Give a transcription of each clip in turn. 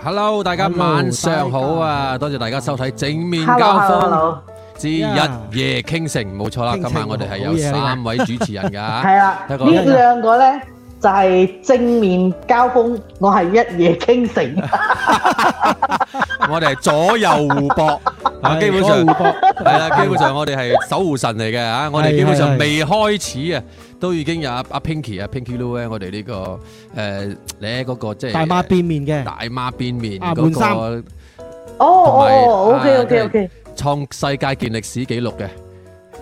Hello，大家晚上好啊！Hello, 多謝大家收睇正面交鋒之、yeah. 一夜傾城，冇錯啦。清清今晚我哋係有三位主持人㗎，係啦。呢兩個咧就係、是、正面交鋒，我係一夜傾城，我哋左右互搏。啊，基本上係啦，基本上我哋係守護神嚟嘅嚇，我哋基本上未開始啊，都已經有阿阿 Pinky、阿 Pinky Lu 咧，我哋呢個誒咧嗰個即係大媽變面嘅大媽變面嗰個哦，OK OK OK，創世界健歷史紀錄嘅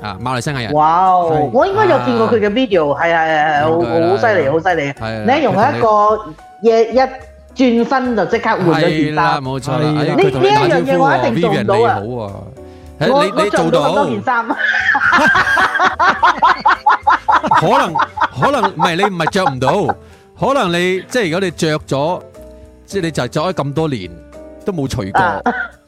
啊，馬來西亞人哇，我應該有見過佢嘅 video，係係係好，好犀利，好犀利啊！你用係一個一一。轉身就即刻換咗件衫，冇錯啦。呢呢一樣嘢我一定做到啊！我我做到咁多件衫，可能可能唔係你唔係著唔到，可能你即係如果你著咗，即係你就係著咗咁多年都冇除過。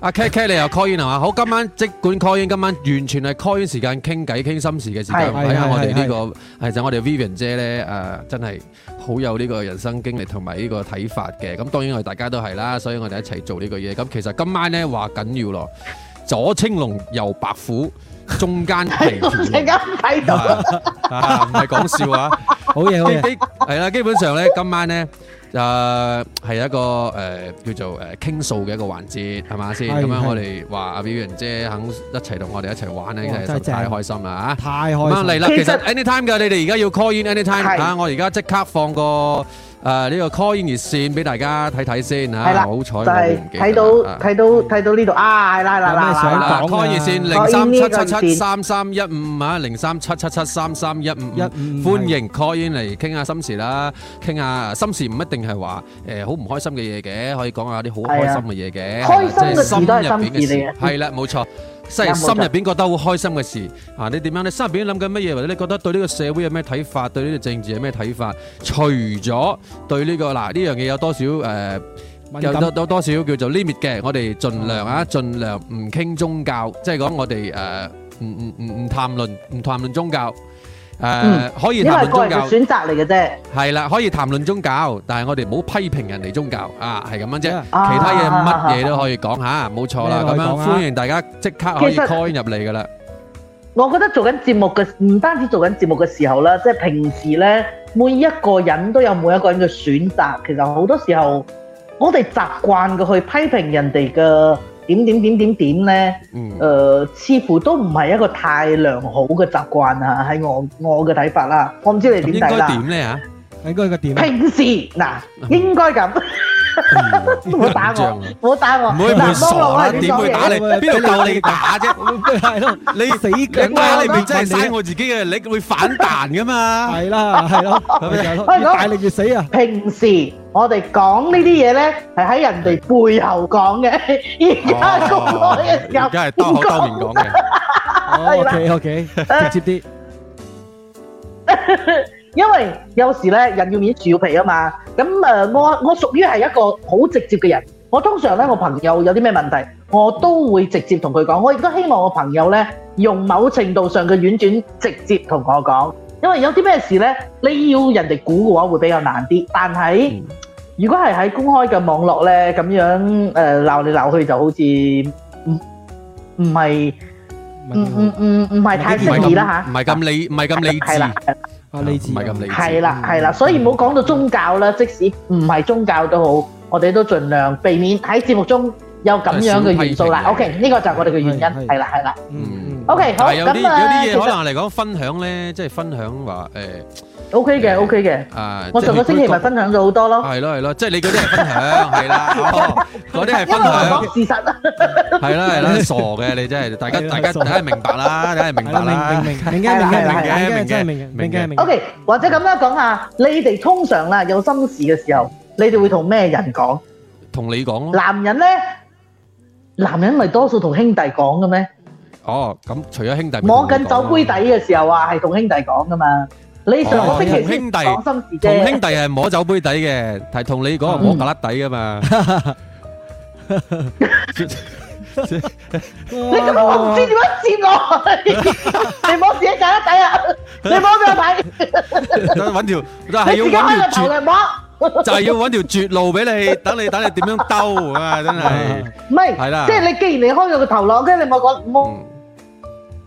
阿 K K，你又 call in 係嘛？好，今晚即管 call in，今晚完全係 call in 時間，傾偈傾心事嘅時間。睇下我哋呢個，係就我哋 Vivian 姐咧，啊，真係好有呢個人生經歷同埋呢個睇法嘅。咁當然我哋大家都係啦，所以我哋一齊做呢個嘢。咁其實今晚咧話緊要咯，左青龍右白虎，中間地盤。大家睇到啊，唔係講笑啊。好嘢，好嘢。係啦，基本上咧，今晚咧。誒係，呃、一個誒、呃、叫做誒、呃、傾訴嘅一個環節，係嘛先？咁是的 樣我哋話阿表姐肯一齊同我哋一齊玩呢，真係正正、啊、太開心啦嚇！太開、嗯，心係嚟啦，真其實 anytime 嘅，你哋而家要 call in anytime 嚇的、啊，我而家即刻放個。啊！呢個 call in 熱線俾大家睇睇先嚇，好彩睇到睇到睇到呢度啊！係啦啦啦啦啦！call in 熱線零三七七七三三一五五，零三七七七三三一五一。5, 5, 1, 2, 歡迎 call in 嚟傾下心事啦，傾下心事唔一定係話誒好唔開心嘅嘢嘅，可以講下啲好開心嘅嘢嘅，即係的心，心都係心事嚟嘅，係啦，冇、嗯、錯。即係心入邊覺得好開心嘅事，啊！你點樣？你心入邊諗緊乜嘢？或者你覺得對呢個社會有咩睇法？對呢個政治有咩睇法？除咗對呢個，嗱呢樣嘢有多少誒？有、呃、敏感、有多少叫做 limit 嘅？我哋盡量啊，嗯、盡量唔傾宗教，即係講我哋誒唔唔唔唔談論，唔談論宗教。誒，可以談論宗教選擇嚟嘅啫，係啦，可以談論宗教，但係我哋唔好批評人哋宗教啊，係咁樣啫，其他嘢乜嘢都可以講吓，冇錯啦咁樣，歡迎大家即刻可以 call 入嚟噶啦。我覺得做緊節目嘅唔單止做緊節目嘅時候啦，即係平時咧，每一個人都有每一個人嘅選擇。其實好多時候我哋習慣嘅去批評人哋嘅。點點點點點咧，誒、嗯呃、似乎都唔係一個太良好嘅習慣啊！喺我我嘅睇法啦，我唔知你點睇啦。應該點咧嚇？應該個點，平時嗱，應該咁。嗯嗯嗯嗯嗯嗯唔好打我，唔好打我，唔會傻啦？點會打你？邊度教你打啫？係咯，你死梗啦！你真係傷我自己嘅，你會反彈噶嘛？係啦，係咯，越大力越死啊！平時我哋講呢啲嘢咧，係喺人哋背後講嘅，而家公開，而家係當可當面講嘅。O K O K，直接啲。因為有時咧，人要面，樹要皮啊嘛。咁啊，我我屬於係一個好直接嘅人。我通常咧，我朋友有啲咩問題，我都會直接同佢講。我亦都希望我朋友咧，用某程度上嘅婉轉直接同我講。因為有啲咩事咧，你要人哋估嘅話會比較難啲。但係如果係喺公開嘅網絡咧，咁樣誒鬧你鬧佢就好似唔唔係唔唔唔唔係太適宜啦嚇，唔係咁理唔係咁理智，唔係咁理智。係啦，係啦，所以唔好講到宗教啦。即使唔係宗教都好，我哋都盡量避免喺節目中有咁樣嘅元素啦。OK，呢個就係我哋嘅原因。係啦，係啦。嗯。OK，好。咁啊，有啲嘢可能嚟講分享咧，即係分享話誒。OK 嘅，OK 嘅，我上個星期咪分享咗好多咯，係咯係咯，即係你嗰啲係分享，係啦，嗰啲係分享，事實，係啦係啦，傻嘅你真係，大家大家大家明白啦，大家明白啦，明明明，明嘅明嘅明嘅明嘅，OK，或者咁樣講下，你哋通常啦有心事嘅時候，你哋會同咩人講？同你講咯。男人呢，男人咪多數同兄弟講嘅咩？哦，咁除咗兄弟，摸緊酒杯底嘅時候啊，係同兄弟講㗎嘛。你同兄弟，同兄弟係摸酒杯底嘅，係同你講係摸隔甩底噶嘛？你做乜我唔知點樣接我？你摸自己隔甩底啊？你摸俾我睇？搵條就係要搵條絕，就係要搵條絕路俾你，等你等你點樣兜啊？真係，唔係，係啦，即係你既然你開咗個頭顱，即係你冇講冇。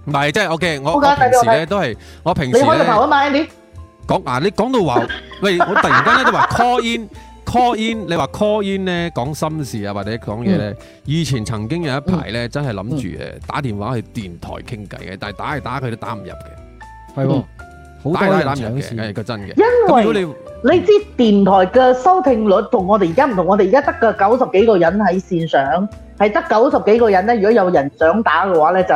唔係，即係 OK。我平時咧都係我平時咧講啊。你講到話，喂，我突然間咧都話 call in call in。你話 call in 咧講心事啊，或者講嘢咧。以前曾經有一排咧，真係諗住嘅打電話去電台傾偈嘅，但係打係打，佢都打唔入嘅，係喎，打係打唔入嘅，係個真嘅。因為你你知電台嘅收聽率同我哋而家唔同，我哋而家得嘅九十幾個人喺線上係得九十幾個人咧。如果有人想打嘅話咧，就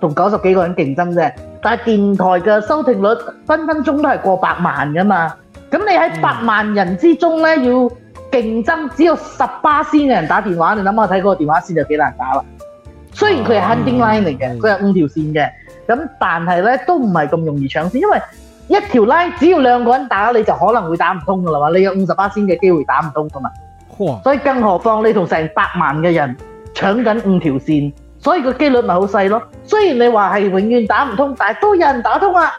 同九十幾個人競爭啫，但係電台嘅收聽率分分鐘都係過百萬㗎嘛。咁你喺百萬人之中呢，要競爭只有十巴仙嘅人打電話，你諗下睇嗰個電話線就幾難打啦。雖然佢係 hunting line 嚟嘅，佢有五條線嘅，咁但係咧都唔係咁容易搶線，因為一條 line 只要兩個人打你就可能會打唔通噶啦嘛。你有五十巴仙嘅機會打唔通噶嘛。所以更何況你同成百萬嘅人搶緊五條線。所以個機率咪好細咯。雖然你話係永遠打唔通，但係都有人打通啦，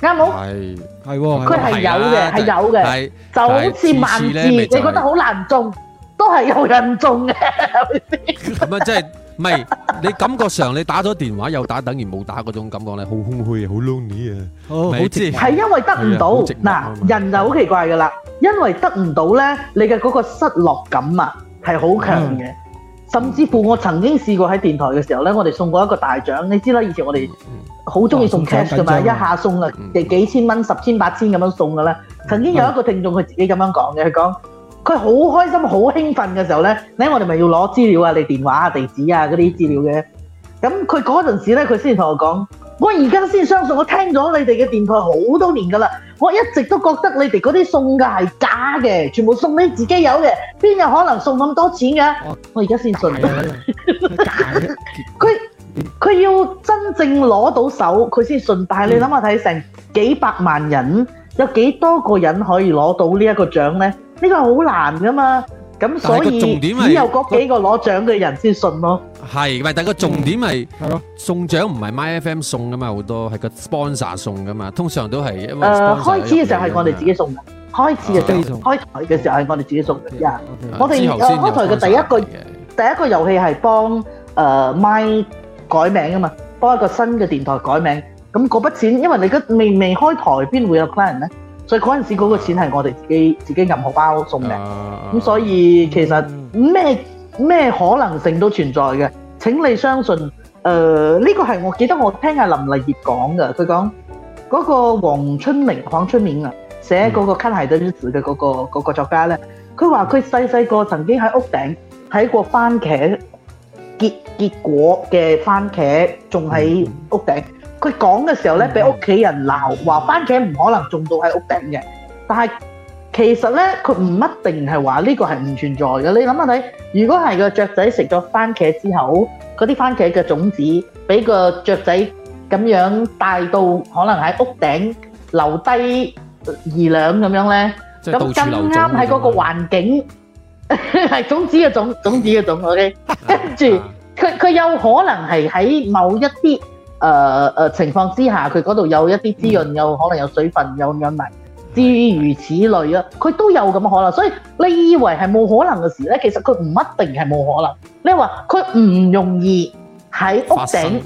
啱好，係係喎，佢係有嘅，係有嘅，就好似萬字，你覺得好難中，都係有人中嘅。係咪？即係唔係？你感覺上你打咗電話又打，等於冇打嗰種感覺咧，好空虛啊，好 lonely 啊。哦，好似係因為得唔到嗱，人就好奇怪噶啦，因為得唔到咧，你嘅嗰個失落感啊係好強嘅。甚至乎我曾經試過喺電台嘅時候呢，我哋送過一個大獎，你知啦，以前我哋好鍾意送 cash 嘅嘛，一下送啊幾千蚊、十千、八千咁樣送嘅呢。曾經有一個聽眾佢自己咁樣講嘅，佢講佢好開心、好興奮嘅時候你呢，我哋咪要攞資料啊，你電話啊、地址啊嗰啲資料嘅。咁佢嗰陣時候呢，佢先同我講：「我而家先相信，我聽咗你哋嘅電台好多年㗎喇。我一直都覺得你哋嗰啲送嘅係假嘅，全部送你自己有嘅，邊有可能送咁多錢㗎？哦、我而家先信。假嘅，佢 要真正攞到手，佢先信。嗯、但係你諗下睇，成幾百萬人，有幾多個人可以攞到呢一個獎呢？呢、呢個好難㗎嘛。咁所以重點係只有嗰幾個攞獎嘅人先信咯。係，喂，但個重點係送獎唔係 My FM 送噶嘛，好多係個 sponsor 送噶嘛。通常都係因為誒開始嘅時候係我哋自己送嘅，開始就開台嘅時候係我哋自己送嘅。呀，我哋開台嘅第一個第一個遊戲係幫誒 My 改名啊嘛，幫一個新嘅電台改名。咁嗰筆錢，因為你都未未開台，邊會有 client 咧？所以嗰陣時嗰個錢係我哋自己自己銀行包送嘅，咁所以其實咩咩可能性都存在嘅。請你相信，誒呢個係我記得我聽阿林麗葉講嘅，佢講嗰個黃春明講出名啊，寫嗰個《看海的日子》嘅嗰個嗰個作家咧，佢話佢細細個曾經喺屋頂睇過番茄結結果嘅，番茄種喺屋頂。佢講嘅時候咧，俾屋企人鬧話番茄唔可能種到喺屋頂嘅。但係其實咧，佢唔一定係話呢個係唔存在嘅。你諗下睇，如果係個雀仔食咗番茄之後，嗰啲番茄嘅種子俾個雀仔咁樣帶到，可能喺屋頂留低二兩咁樣咧。咁正啱喺嗰個環境係種子嘅種，種子嘅種。OK，跟住佢佢又可能係喺某一啲。誒誒情況之下，佢嗰度有一啲滋潤，有可能有水分，有有泥，諸如此類啊，佢都有咁嘅可能。所以你以為係冇可能嘅事咧，其實佢唔一定係冇可能。你話佢唔容易喺屋頂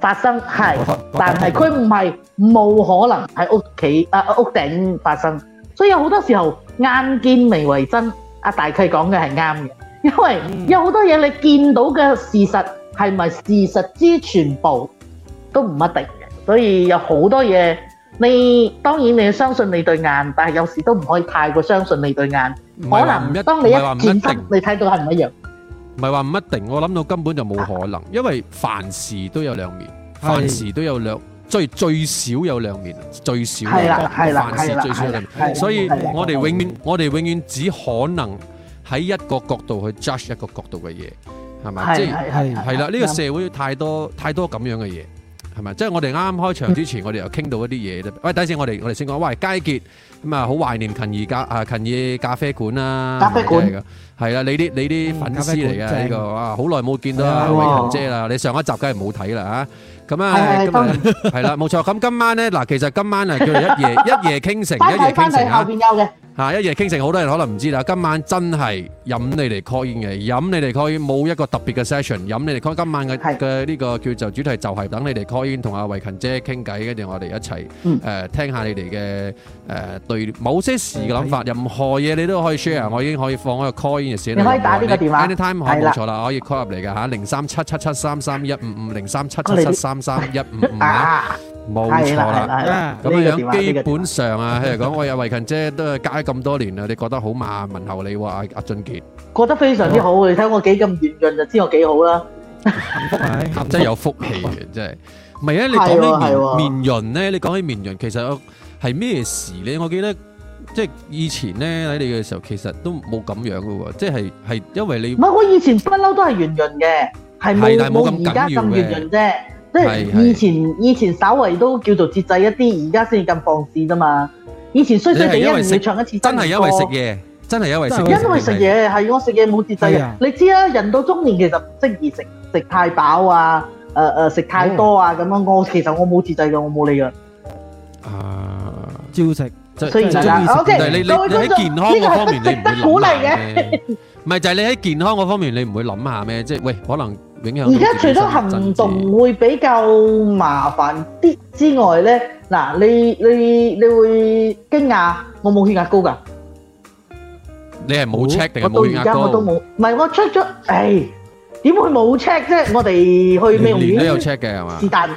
發生，係，但係佢唔係冇可能喺屋企啊屋頂發生。所以有好多時候眼見未為真，阿大 K 講嘅係啱嘅，因為有好多嘢你見到嘅事實係咪事實之全部？都唔一定嘅，所以有好多嘢，你當然你要相信你對眼，但係有時都唔可以太過相信你對眼，可能當你一結婚，你睇到係唔一樣。唔係話唔一定，我諗到根本就冇可能，因為凡事都有兩面，凡事都有兩，最最少有兩面，最少係啦，係啦，係啦，係啦，係啦，凡事最少兩面，所以我哋永遠，我哋永遠只可能喺一個角度去 judge 一個角度嘅嘢，係咪？係係係。係啦，呢個社會太多太多咁樣嘅嘢。係咪？即係我哋啱啱開場之前，嗯、我哋又傾到一啲嘢啫。喂，等陣先，我哋我哋先講。喂，佳傑咁啊，好懷念勤兒咖啊，勤兒咖啡館啊。咖啡館嚟噶，係啦，你啲你啲粉絲嚟嘅呢個，啊，好耐冇見到啊。美琴姐啦，你上一集梗係冇睇啦嚇。咁啊，啊，今日係啦，冇 錯。咁今晚咧嗱，其實今晚啊叫做 「一夜一夜傾城，一夜傾城啊。吓，一夜傾城，好多人可能唔知啦。今晚真係飲你哋 call in 嘅，飲你哋 call in 冇一個特別嘅 session，飲你哋 call in。今晚嘅嘅呢個叫做主題就係等你哋 call in，同阿卉勤姐傾偈，跟住我哋一齊誒、嗯呃、聽下你哋嘅誒對某些事嘅諗法，任何嘢你都可以 share、嗯。我已經可以放喺個 call in 嘅線，你可以打呢個電話,你電話，anytime 係冇錯啦，錯我可以 call 入嚟嘅吓，零三七七七三三一五五，零三七七七三三一五五。冇錯啦，咁樣基本上啊，譬如講，我阿慧勤姐都加咁多年啦，你覺得好嘛？問候你，阿阿俊傑，覺得非常之好。你睇我幾咁圓潤就知我幾好啦，真係有福氣嘅，真係。唔係啊，你講起圓圓潤咧，你講起圓潤，其實我係咩事咧？我記得即係以前咧喺你嘅時候，其實都冇咁樣噶喎，即係係因為你唔係我以前不嬲都係圓潤嘅，係係但係冇而家咁圓潤啫。即係以前，以前稍微都叫做節制一啲，而家先咁放肆咋嘛？以前衰衰地一年要唱一次新歌。真係因為食嘢，真係因為食嘢。因為食嘢係我食嘢冇節制啊！你知啦，人到中年其實唔適宜食食太飽啊，誒誒食太多啊咁樣。我其實我冇節制嘅，我冇理噶。啊，照食，所以啦，即係你你你喺健康嗰方面你唔會諗嘅，唔係就係你喺健康嗰方面你唔會諗下咩？即係喂，可能。而家除咗行動會比較麻煩啲之外咧，嗱，你你你會驚訝我冇血壓高㗎？你係冇 check 定？我到而家我都冇，唔係我 check 咗，誒點會冇 check 啫？我哋去美容院都有 check 嘅係嘛？是但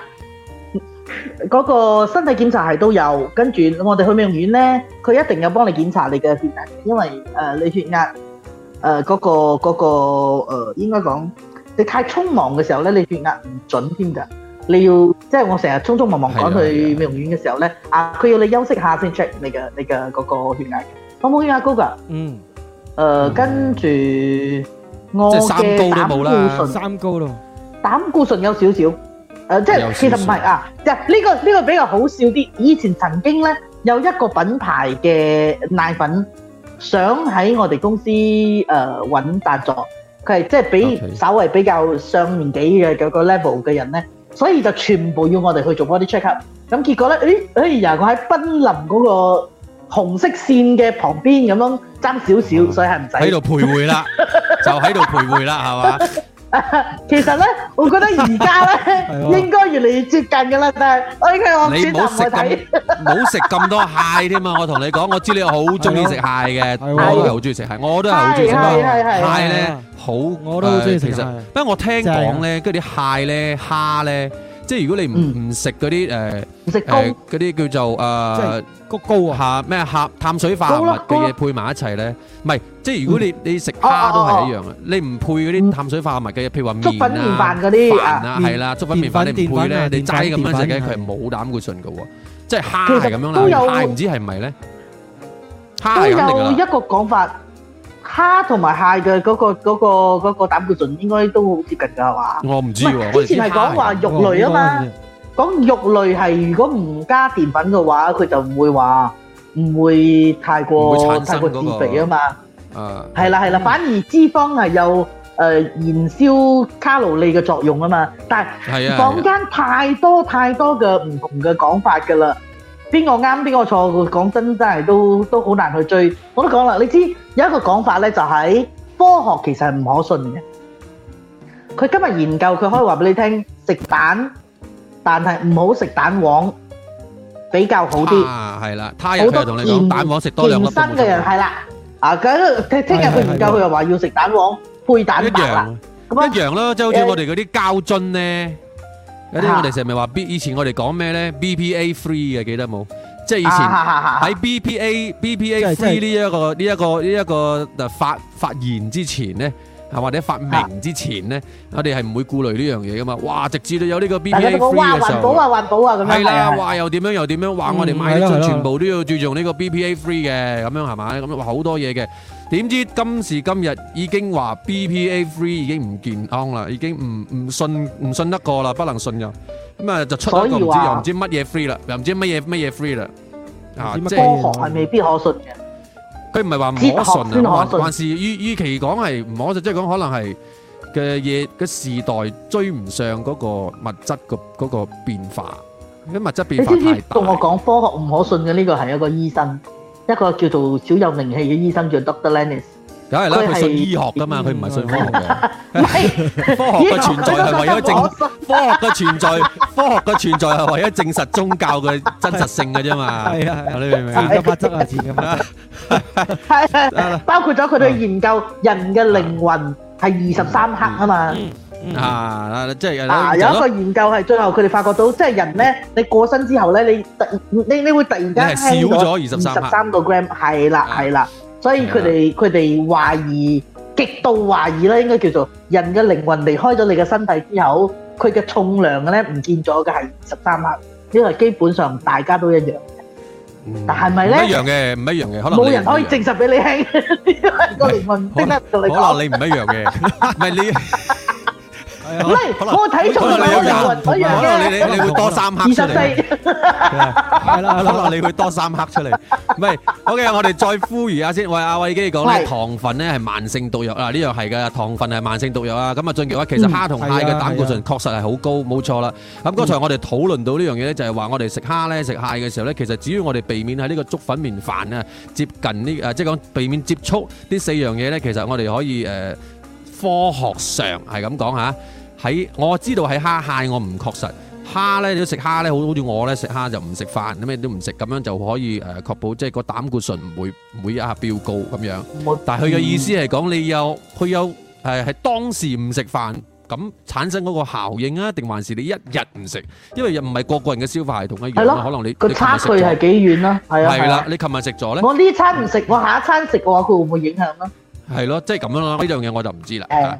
嗰個身體檢查係都有，跟住我哋去美容院咧，佢一定有幫你檢查你嘅血壓，因為誒你血壓誒嗰個嗰個誒應該講。你太匆忙嘅時候咧，你血壓唔準添㗎。你要即係我成日匆匆忙忙趕去美容院嘅時候咧，啊，佢要你休息下先 check 你嘅你嘅嗰個血壓，可唔可以血壓高噶？嗯，誒，跟住我嘅膽固醇三高咯，膽固醇有少少，誒，即係其實唔係啊，就呢個呢個比較好笑啲。以前曾經咧有一個品牌嘅奶粉想喺我哋公司誒揾合作。係，即係比稍為比較上年紀嘅嗰個 level 嘅人咧，所以就全部要我哋去做 body checkup。咁結果咧，誒誒呀，我喺瀕臨嗰個紅色線嘅旁邊咁樣爭少少，所以係唔使喺度徘徊啦，就喺度徘徊啦，係嘛？其實咧，我覺得而家咧應該越嚟越接近噶啦，但係我依家我唔知點解。你唔好食咁，唔好食咁多蟹添嘛！我同你講，我知你好中意食蟹嘅，我都係好中意食蟹，我都係好中意食蟹。蟹咧好，我都好中意食。其實不過我聽講咧，嗰啲蟹咧，蝦咧。即係如果你唔唔食嗰啲誒誒嗰啲叫做誒谷高下咩含碳水化合物嘅嘢配埋一齊咧，唔係，即係如果你你食蝦都係一樣嘅。你唔配嗰啲碳水化合物嘅嘢，譬如話麵粉麵飯嗰啲啊，係啦，粥粉麵飯你唔配咧，你齋咁樣食嘅，佢係冇膽固醇嘅喎。即係蝦係咁樣咧，蝦唔知係唔係咧？蝦係咁定啊！都有一個講法。蝦同埋蟹嘅嗰個嗰個嗰個膽固醇應該都好接近㗎係嘛？我唔知喎。之前係講話肉類啊嘛，講肉類係如果唔加澱粉嘅話，佢就唔會話唔會太過太過自肥啊嘛。誒，係啦係啦，反而脂肪係有誒燃燒卡路里嘅作用啊嘛。但係坊間太多太多嘅唔同嘅講法㗎啦。邊個啱邊個錯？講真真係都都好難去追。我都講啦，你知有一個講法咧，就係科學其實係唔可信嘅。佢今日研究，佢可以話俾你聽，食蛋，但係唔好食蛋黃比較好啲。啊，係啦，他又去同你講蛋黃食多兩個。新嘅人係啦，啊咁聽日佢研究，佢又話要食蛋黃配蛋白啦。咁樣一樣咯，即係好似我哋嗰啲膠樽咧。有啲我哋成日咪話 B，以前我哋講咩咧 BPA free 嘅記得冇？即係以前喺 BPA BPA free 呢一是、這個呢一、這個呢一、這個發發言之前咧，係或者發明之前咧，啊、我哋係唔會顧慮呢樣嘢噶嘛？哇，直至到有呢個 BPA free 嘅時候，環保啊環保啊咁樣，係啦，話又點樣又點樣？話、嗯、我哋買嘅了全部都要注重呢個 BPA free 嘅，咁樣係咪？咁樣話好多嘢嘅。點知今時今日已經話 BPA free 已經唔健康啦，已經唔唔信唔信得過啦，不能信任咁啊！就出咗個唔知又唔知乜嘢 free 啦，又唔知乜嘢乜嘢 free 啦啊！即係科學係未必可信嘅，佢唔係話唔可信啊，還是與其講係唔可信。即係講可能係嘅嘢嘅時代追唔上嗰個物質、嗰個變化，物質變化太大你知同我講科學唔可信嘅呢個係一個醫生？一個叫做小有名氣嘅醫生叫 Doctor Lennis，梗係啦，佢信醫學㗎嘛，佢唔係信科學嘅。唔係科學嘅存在係為咗證實，科學嘅存在，科學嘅存在係為咗證實宗教嘅真實性㗎啫嘛。係啊，你明唔明？自然嘅法則係自然嘅，包括咗佢哋研究人嘅靈魂係二十三克啊嘛。啊、即係、啊、有一個研究係最後佢哋發覺到，即係人咧，你過身之後咧，你突你你會突然間輕咗係少咗二十三克，二十三個 gram，係啦係啦，所以佢哋佢哋懷疑極度懷疑啦，應該叫做人嘅靈魂離開咗你嘅身體之後，佢嘅重量咧唔見咗嘅係二十三克，呢個基本上大家都一樣嘅。唔、嗯、一樣嘅，唔一樣嘅，可能冇人可以證實俾你聽。個靈魂你可,能可能你唔一樣嘅，唔係你。唔、哎、我睇咗可能你你你會多三克出嚟。二啦，可能你會多三克出嚟。唔係，好嘅，我哋再呼籲一下先。喂，阿偉基講咧，是的糖分咧係慢性毒藥啊，呢樣係嘅，糖分係慢性毒藥啊。咁啊，俊傑話其實蝦同蟹嘅膽固醇確實係好高，冇錯啦。咁剛才我哋討論到呢樣嘢咧，就係話我哋食蝦咧、食蟹嘅時候咧，其實只要我哋避免喺呢個粥粉麵飯啊，接近呢啊，即係講避免接觸呢四樣嘢咧，其實我哋可以誒科學上係咁講嚇。喺我知道係蝦蟹，我唔確實蝦咧，你都食蝦咧，好好似我咧食蝦就唔食飯，咩都唔食，咁樣就可以誒確保即係個膽固醇唔會每一下飆高咁樣。沒但係佢嘅意思係講你有佢有係係、呃、當時唔食飯咁產生嗰個效應啊？定還是你一日唔食？因為又唔係個個人嘅消化系統嘅原因，了可能你個差距係幾遠啦。係啊，係啦、啊，你琴日食咗咧？我呢餐唔食，我下一餐食嘅話，佢會唔會影響咧？係咯，即係咁樣咯。呢樣嘢我就唔知啦。嗯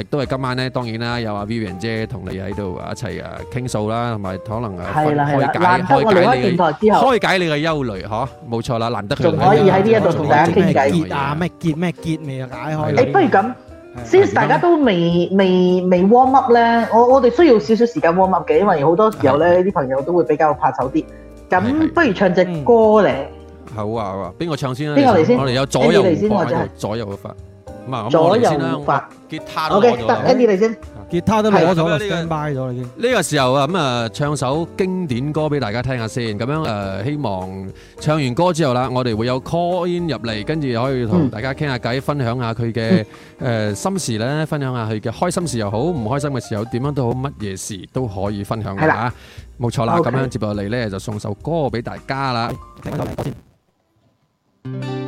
亦都係今晚咧，當然啦，有阿 Vivian 姐同你喺度啊，一齊啊傾訴啦，同埋可能啊開解開解你開解你嘅憂慮嚇，冇錯啦，難得佢仲可以喺呢一度同大家傾偈啊，咩結咩結你又解開。誒，不如咁，先大家都未未未 warm up 咧，我我哋需要少少時間 warm up 嘅，因為好多時候咧啲朋友都會比較怕醜啲。咁不如唱隻歌咧，好啊好啊，邊個唱先啊？邊個嚟先？我嚟，有左右開花，左右開花。左右舞法，OK，得等你哋先。吉他都攞咗，呢個呢個時候啊，咁啊唱首經典歌俾大家聽下先。咁樣誒，希望唱完歌之後啦，我哋會有 call in 入嚟，跟住可以同大家傾下偈，分享下佢嘅誒心事咧，分享下佢嘅開心事又好，唔開心嘅時候點樣都好，乜嘢事都可以分享下。冇錯啦，咁樣接落嚟咧就送首歌俾大家啦。等我嚟先。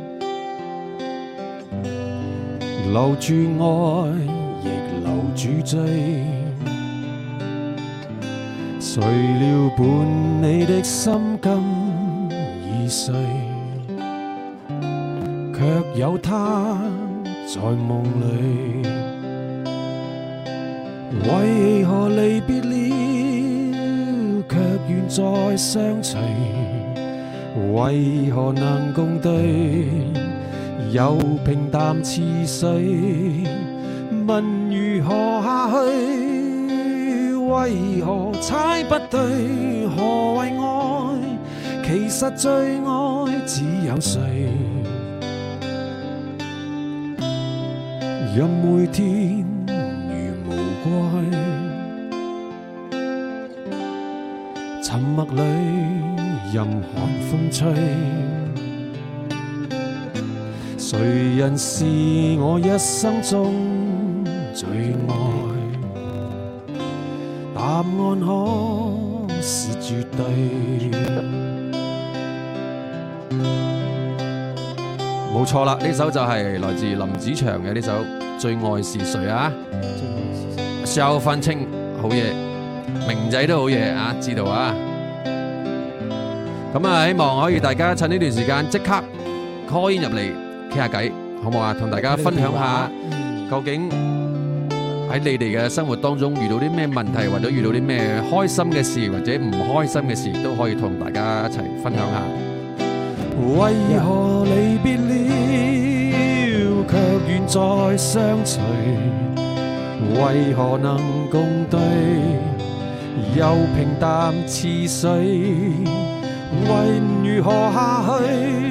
留住愛，亦留住罪。誰料伴你的心更易碎，卻有他在夢裏。為何離別了，卻願再相隨？為何能共對？又平淡似水，問如何下去？為何猜不對？何為愛？其實最愛只有誰？任每天如無歸，沉默裏任寒風吹。誰人是我一生中最愛？答案可是絕對。冇錯啦，呢 首就係來自林子祥嘅呢首《最愛是誰》啊 sell 翻清好嘢，明仔都好嘢啊！知道啊？咁啊，希望可以大家趁呢段時間即刻 call in 入嚟。傾下偈好唔好啊？同大家分享下，究竟喺你哋嘅生活當中遇到啲咩問題，或者遇到啲咩開心嘅事，或者唔開心嘅事，都可以同大家一齊分享下。為何離別了，卻願再相隨？為何能共對，又平淡似水？問如何下去？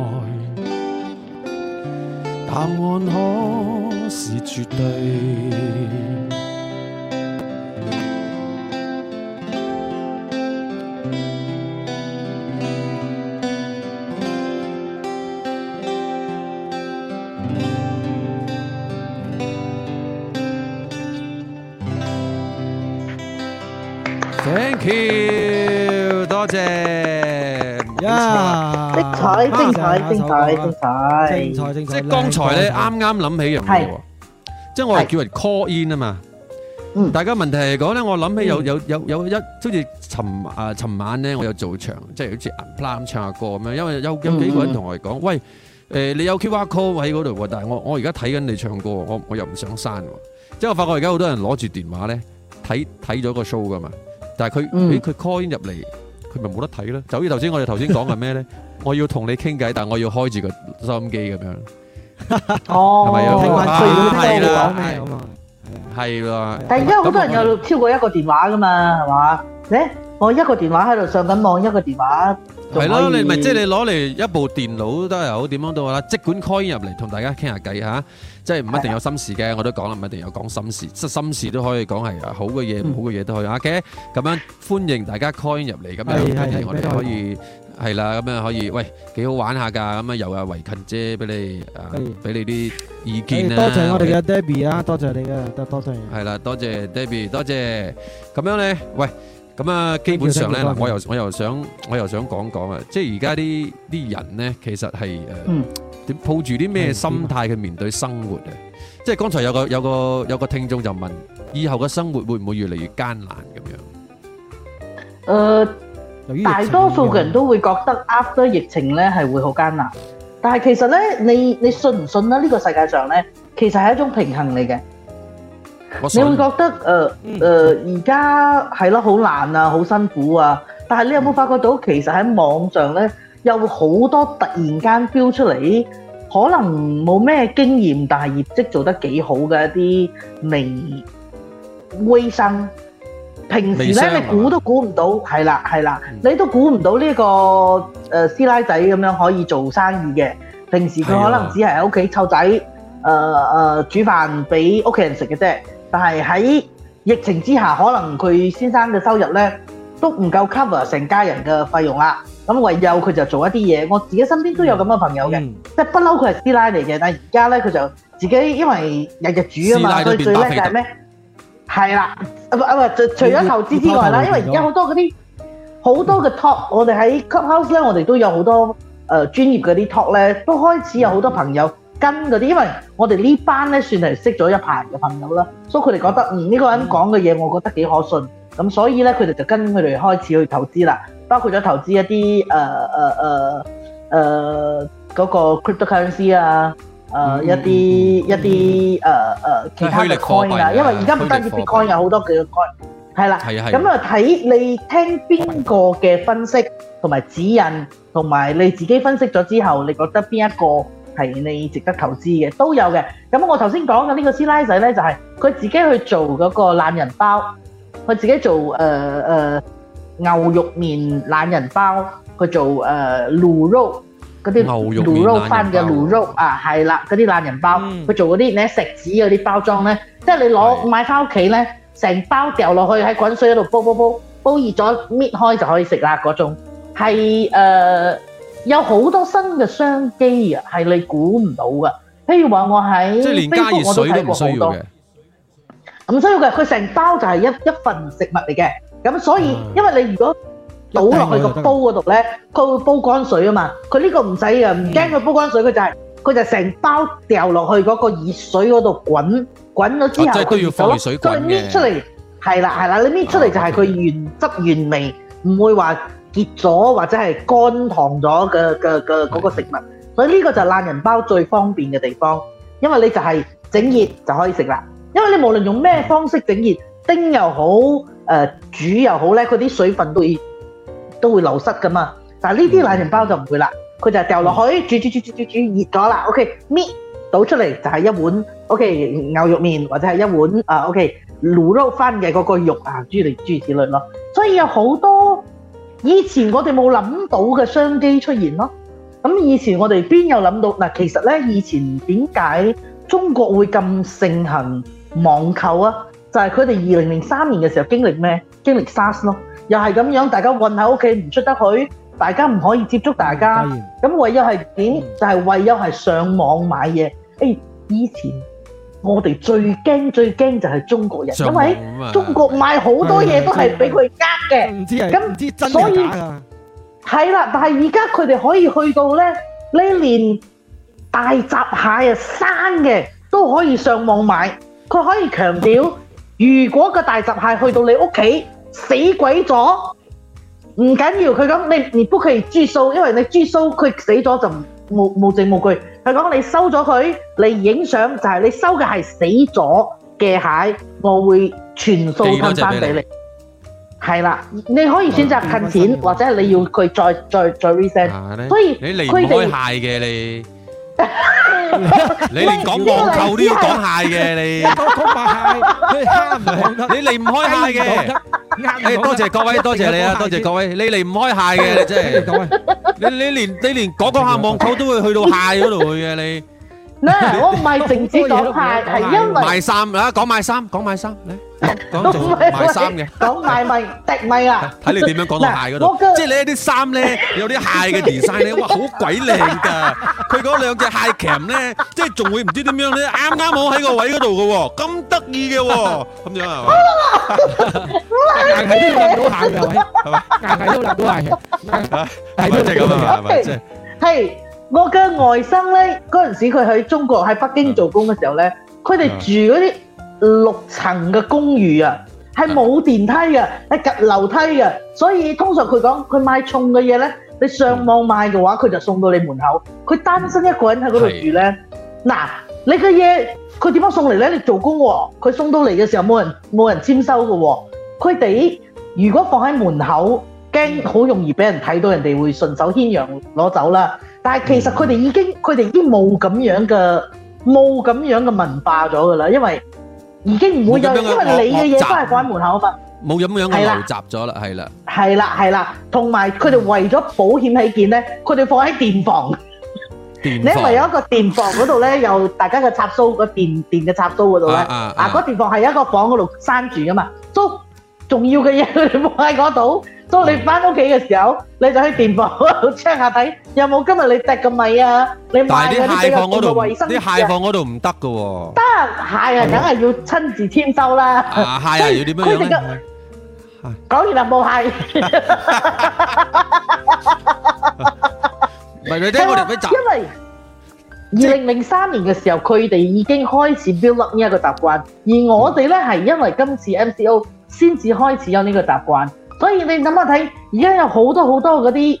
答案可是絕對。精彩精彩精彩！即係剛才咧，啱啱諗起樣嘢，即係我係叫人 call in 啊嘛。嗯，大家問題嚟講咧，我諗起有有有有一，好似尋啊尋晚咧，我有做場，即係好似 plan 唱下歌咁樣。因為有有幾個人同我講，喂，誒，你有 QR call 喺度，但係我我而家睇緊你唱歌，我我又唔想刪。即係我發覺而家好多人攞住電話咧睇睇咗個 show 噶嘛，但係佢佢 call in 入嚟。佢咪冇得睇咯，就好似頭先我哋頭先講嘅咩咧？我要同你傾偈，但我要開住個收音機咁樣，哦，係咪啊？係啊，係啊，係咯。但而家好多人有超過一個電話噶嘛，係嘛？咧，我一個電話喺度上緊網，一個電話，係咯，你咪即係你攞嚟一部電腦都係好，點樣都好啦。即管 call in 入嚟同大家傾下偈吓。即係唔一定有心事嘅，我都講啦，唔一定有講心事，心事都可以講係好嘅嘢，唔好嘅嘢都可以。OK，咁樣歡迎大家 call 入嚟，咁樣我哋可以係啦，咁樣可以，喂，幾好玩下㗎，咁啊又阿卉勤姐俾你，啊俾你啲意見啊，多謝我哋嘅 Debbie 啊，多謝你嘅，多多謝，係啦，多謝 Debbie，多謝，咁樣咧，喂。咁啊，基本上咧，嗱，我又我又想我又想講講啊，即係而家啲啲人咧，其實係誒，點抱住啲咩心態去面對生活啊？即係剛才有個有個有個聽眾就問：以後嘅生活會唔會越嚟越艱難咁樣？誒，大多數嘅人都會覺得 after 疫情咧係會好艱難。但係其實咧，你你信唔信咧？呢個世界上咧，其實係一種平衡嚟嘅。我你會覺得誒誒而家係咯好難啊，好辛苦啊！但係你有冇發覺到，嗯、其實喺網上咧，有好多突然間飆出嚟，可能冇咩經驗，但係業績做得幾好嘅一啲微，微生。平時咧，你估都估唔到、這個，係啦係啦，你都估唔到呢個誒師奶仔咁樣可以做生意嘅。平時佢可能只係喺屋企湊仔，誒誒的、呃呃、煮飯俾屋企人食嘅啫。但係喺疫情之下，可能佢先生嘅收入呢都唔夠 cover 成家人嘅費用啦。咁唯有佢就做一啲嘢。我自己身邊都有咁嘅朋友嘅，嗯、即不嬲佢係師奶嚟嘅，但係而家咧佢就自己因為日日煮啊嘛，佢最、就是、是的就係咩？係、啊、啦、啊啊啊，除咗投資之外，因為有好多嗰啲好多嘅 top，、嗯、我哋喺 clubhouse 咧，我哋都有好多專、呃、專業嗰啲 top 都開始有好多朋友。跟嗰啲，因為我哋呢班咧算係識咗一排嘅朋友啦，所以佢哋覺得嗯、呢個人講嘅嘢我覺得幾可信，咁所以咧佢哋就跟佢哋開始去投資啦，包括咗投資一啲誒誒誒誒嗰個 cryptocurrency 啊，誒一啲一啲誒誒其他嘅 coin 啊，因為而家唔單止 bitcoin 有好多嘅 coin，係啦，咁啊睇你聽邊個嘅分析同埋指引，同埋你自己分析咗之後，你覺得邊一個？係你值得投資嘅都有嘅。咁我頭先講嘅呢個師奶仔咧，就係佢自己去做嗰個懶人包，佢自己做誒誒牛肉麵懶人包，佢做誒滷肉嗰啲滷肉飯嘅滷肉啊，係啦嗰啲懶人包，佢做嗰啲咧食紙嗰啲包裝咧，即係你攞買翻屋企咧，成包掉落去喺滾水嗰度煲煲煲，煲熱咗搣開就可以食啦嗰種係誒。有好多新嘅商機啊，係你估唔到嘅。譬如話，我喺 Facebook，我都睇過好多。即係連加湯水都唔需要多唔需要嘅。佢成包就係一一份食物嚟嘅。咁所以，嗯、因為你如果倒落去個煲嗰度咧，佢、嗯嗯、會煲乾水啊嘛。佢呢個唔使啊，唔驚佢煲乾水。佢就係、是、佢就成包掉落去嗰個熱水嗰度滾滾，咗之後佢、啊，即係都要熱水滾它佢搣出嚟係啦係啦，你搣出嚟就係佢原汁原味，唔會話，結咗或者係乾糖咗嘅個食物，所以呢個就係懶人包最方便嘅地方，因為你就係整熱就可以食啦。因為你無論用咩方式整熱，叮又好，煮又好咧，佢啲水分都會流失噶嘛。但係呢啲懶人包就唔會啦，佢就係掉落去煮煮煮煮煮煮熱咗啦。OK，搣倒出嚟就係一碗 OK 牛肉麵或者係一碗啊 OK 鹵肉飯嘅嗰個肉啊之類之類咯，所以有好多。以前我哋冇諗到嘅商機出現咯，咁以前我哋邊有諗到？其實呢，以前點解中國會咁盛行網購啊？就係佢哋二零零三年嘅時候經歷咩？經歷 SARS 咯又係咁樣，大家困喺屋企唔出得去，大家唔可以接觸大家，咁、嗯、唯有係點？嗯、就係唯有係上網買嘢。誒、欸，以前。我哋最驚最驚就係中國人，因為中國買好多嘢都係俾佢呃嘅。啊、所以係啦，但係而家佢哋可以去到呢，你連大閘蟹啊生嘅都可以上網買。佢可以強調，如果個大閘蟹，蟹去到你屋企死鬼咗，唔緊要。佢咁你你不可以拘束，因為你拘束佢死咗就不無無證無據。佢講你收咗佢，你影相就係、係、你收嘅係死咗嘅蟹，我會全數退返畀你。係啦，你可以選擇退錢或者你要佢再再再 reset。所以你離唔開蟹嘅你。 你連講網購都要講蟹嘅，你。講講下蟹，你離唔開蟹嘅。 蟹 多謝各位，多謝你啊，要要多謝各位，要要 你離唔開蟹嘅，你真係。各位， 你你連你連講講下網購都會去到蟹嗰度去嘅，你。嗱，我唔係淨止講鞋，係因為賣衫啊，講賣衫，講賣衫，嚟，都唔係賣衫嘅，講賣咩，啲咩啊，睇你點樣講到鞋嗰度，即係你啲衫咧，有啲蟹嘅 design 咧，哇，好鬼靚噶，佢嗰兩隻蟹鉗咧，即係仲會唔知點樣咧，啱啱好喺個位嗰度嘅喎，咁得意嘅喎，咁樣啊，硬係都諗到蟹嘅位，係嘛，硬係都諗到蟹嘅，係都係咁啊，係咪先？係。我嘅外甥呢，嗰陣時佢喺中國喺北京做工嘅時候呢，佢哋住嗰啲六層嘅公寓啊，係冇電梯嘅，係夾樓梯嘅。所以通常佢講佢買重嘅嘢呢，你上網買嘅話，佢就送到你門口。佢單身一個人喺嗰度住呢。嗱是的 你嘅嘢佢點樣送嚟呢？你做工喎、啊，佢送到嚟嘅時候冇人冇人簽收嘅喎、啊，佢哋如果放喺門口，驚好容易俾人睇到，人哋會順手牽羊攞走啦。但係其實佢哋已經佢哋已經冇咁樣嘅冇咁樣嘅文化咗㗎啦，因為已經唔會有因為你嘅嘢都係擺門口啊嘛，冇咁樣混雜咗啦，係啦了，係啦，係啦，同埋佢哋為咗保險起見咧，佢哋放喺電房。嗯、 你因為有一個電房嗰度咧，有大家嘅插蘇個電電嘅插蘇嗰度咧，啊，嗰電房係一個房嗰度閂住噶嘛，都重要嘅嘢佢哋放喺嗰度。到你返屋企嘅時候，你就喺電房嗰度 check 下睇有冇今日你食嘅米啊！你買嗰啲寄嘅，冇衞生，啲鞋放嗰度唔得嘅喎。得鞋啊，梗係要親自簽收啦。啊，鞋啊要點樣樣？講完又冇鞋。因為二零零三年嘅時候，佢哋已經開始建立呢一個習慣，而我哋咧係因為今次 MCO 先至開始有呢個習慣。所以你諗下睇，而家有好多好多嗰啲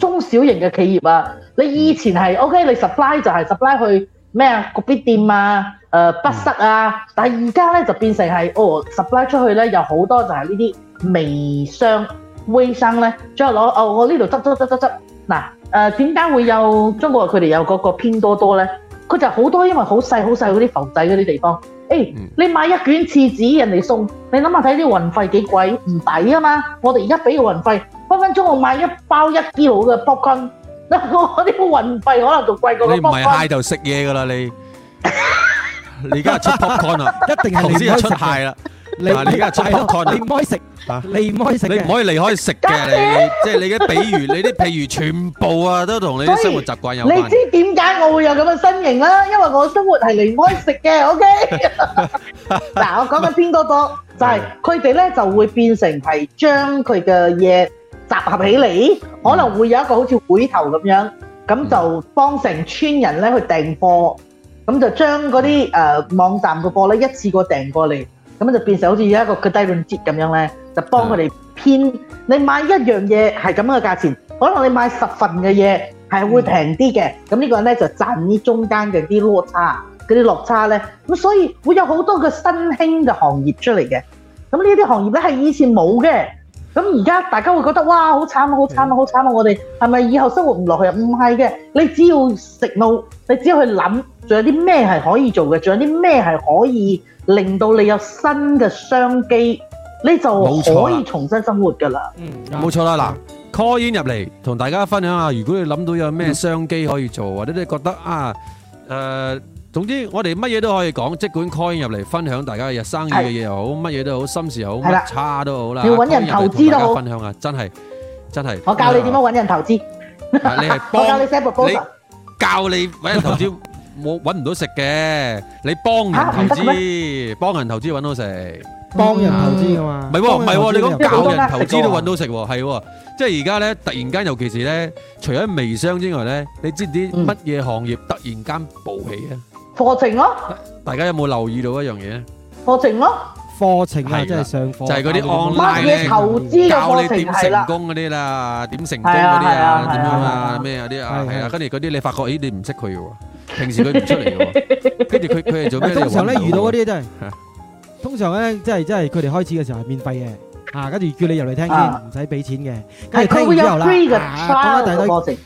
中小型嘅企業啊！你以前係 OK，你 supply 就係 supply 去咩啊？個店啊，呃，不適啊，但係而家呢，就變成係哦 supply 出去呢，有好多就係呢啲微商、微商咧，再攞哦我呢度執執執執執。嗱誒，點解、啊呃、會有中國佢哋有嗰個拼多多呢？佢就好多，因為好細好細嗰啲浮仔嗰啲地方。誒，hey, 你買一卷廁紙人哋送，你諗下睇啲運費幾貴，唔抵啊嘛！我哋而家俾個運費，分分鐘我買一包一啲佬嘅 popcorn，我 啲運費可能仲貴過。你唔係蟹就食嘢噶啦你現在，你而家出 popcorn 啦，一定係你而家出蟹啦。 你依家出拍你唔可以食，你唔可以食你唔可以離開食嘅，你即係你嘅比喻，你啲譬如全部啊，都同你啲生活習慣有關。你知點解我會有咁嘅身形啦？因為我生活係離唔開食嘅，OK。嗱，我講緊拼多多就係佢哋咧就會變成係將佢嘅嘢集合起嚟，可能會有一個好似會頭咁樣，咁就幫成村人咧去訂貨，咁就將嗰啲網站嘅貨一次過訂過嚟。咁就變成好似 a 一個個低運節咁樣咧，就幫佢哋編。你買一樣嘢係咁樣嘅價錢，可能你買十份嘅嘢係會平啲嘅。咁、嗯、呢個就賺中間嘅啲落差，嗰啲落差呢，所以會有好多個新興嘅行業出嚟嘅。咁呢啲行業呢是係以前冇嘅。咁而家大家會覺得哇，好慘啊，好慘啊，好慘啊！嗯、我哋係咪以後生活唔落去啊？唔係嘅，你只要食腦，你只要去諗，仲有啲咩係可以做嘅，仲有啲咩係可以。令到你有新嘅商機，你就可以重新生活噶啦。嗯，冇錯啦。嗱，call in 入嚟同大家分享下！如果你諗到有咩商機可以做，或者你覺得啊，誒，總之我哋乜嘢都可以講。即管 call in 入嚟分享大家嘅日生意嘅嘢又好，乜嘢都好，心事又好，差都好啦。要揾人投資都好。分享啊，真係真係。我教你點樣揾人投資。你係幫我教你寫 proposal，教你揾人投資。我揾唔到食嘅，你幫人投資，幫人投資揾到食，幫、嗯、人投資嘅嘛，唔係喎，唔係喎，哦、你講教人投資都揾到食喎，係、嗯，即係而家咧，突然間，尤其是咧，除咗微商之外咧，你知唔知乜嘢，嗯、行業突然間暴起啊？課程咯，大家有冇留意到一樣嘢？課程咯。課程啊，即係上課，就係嗰啲 online 嘅投資，教你點成功嗰啲啦，點成功嗰啲啊，點樣啊，咩啊啲啊，係啊，跟住嗰啲你發覺，咦，你唔識佢嘅喎，平時佢唔出嚟嘅喎，跟住佢佢係做咩嘅時候咧，遇到嗰啲真係，通常咧，即係即係佢哋開始嘅時候係免費嘅，嚇，跟住叫你入嚟聽先，唔使俾錢嘅，跟住聽之後啦，大堆課程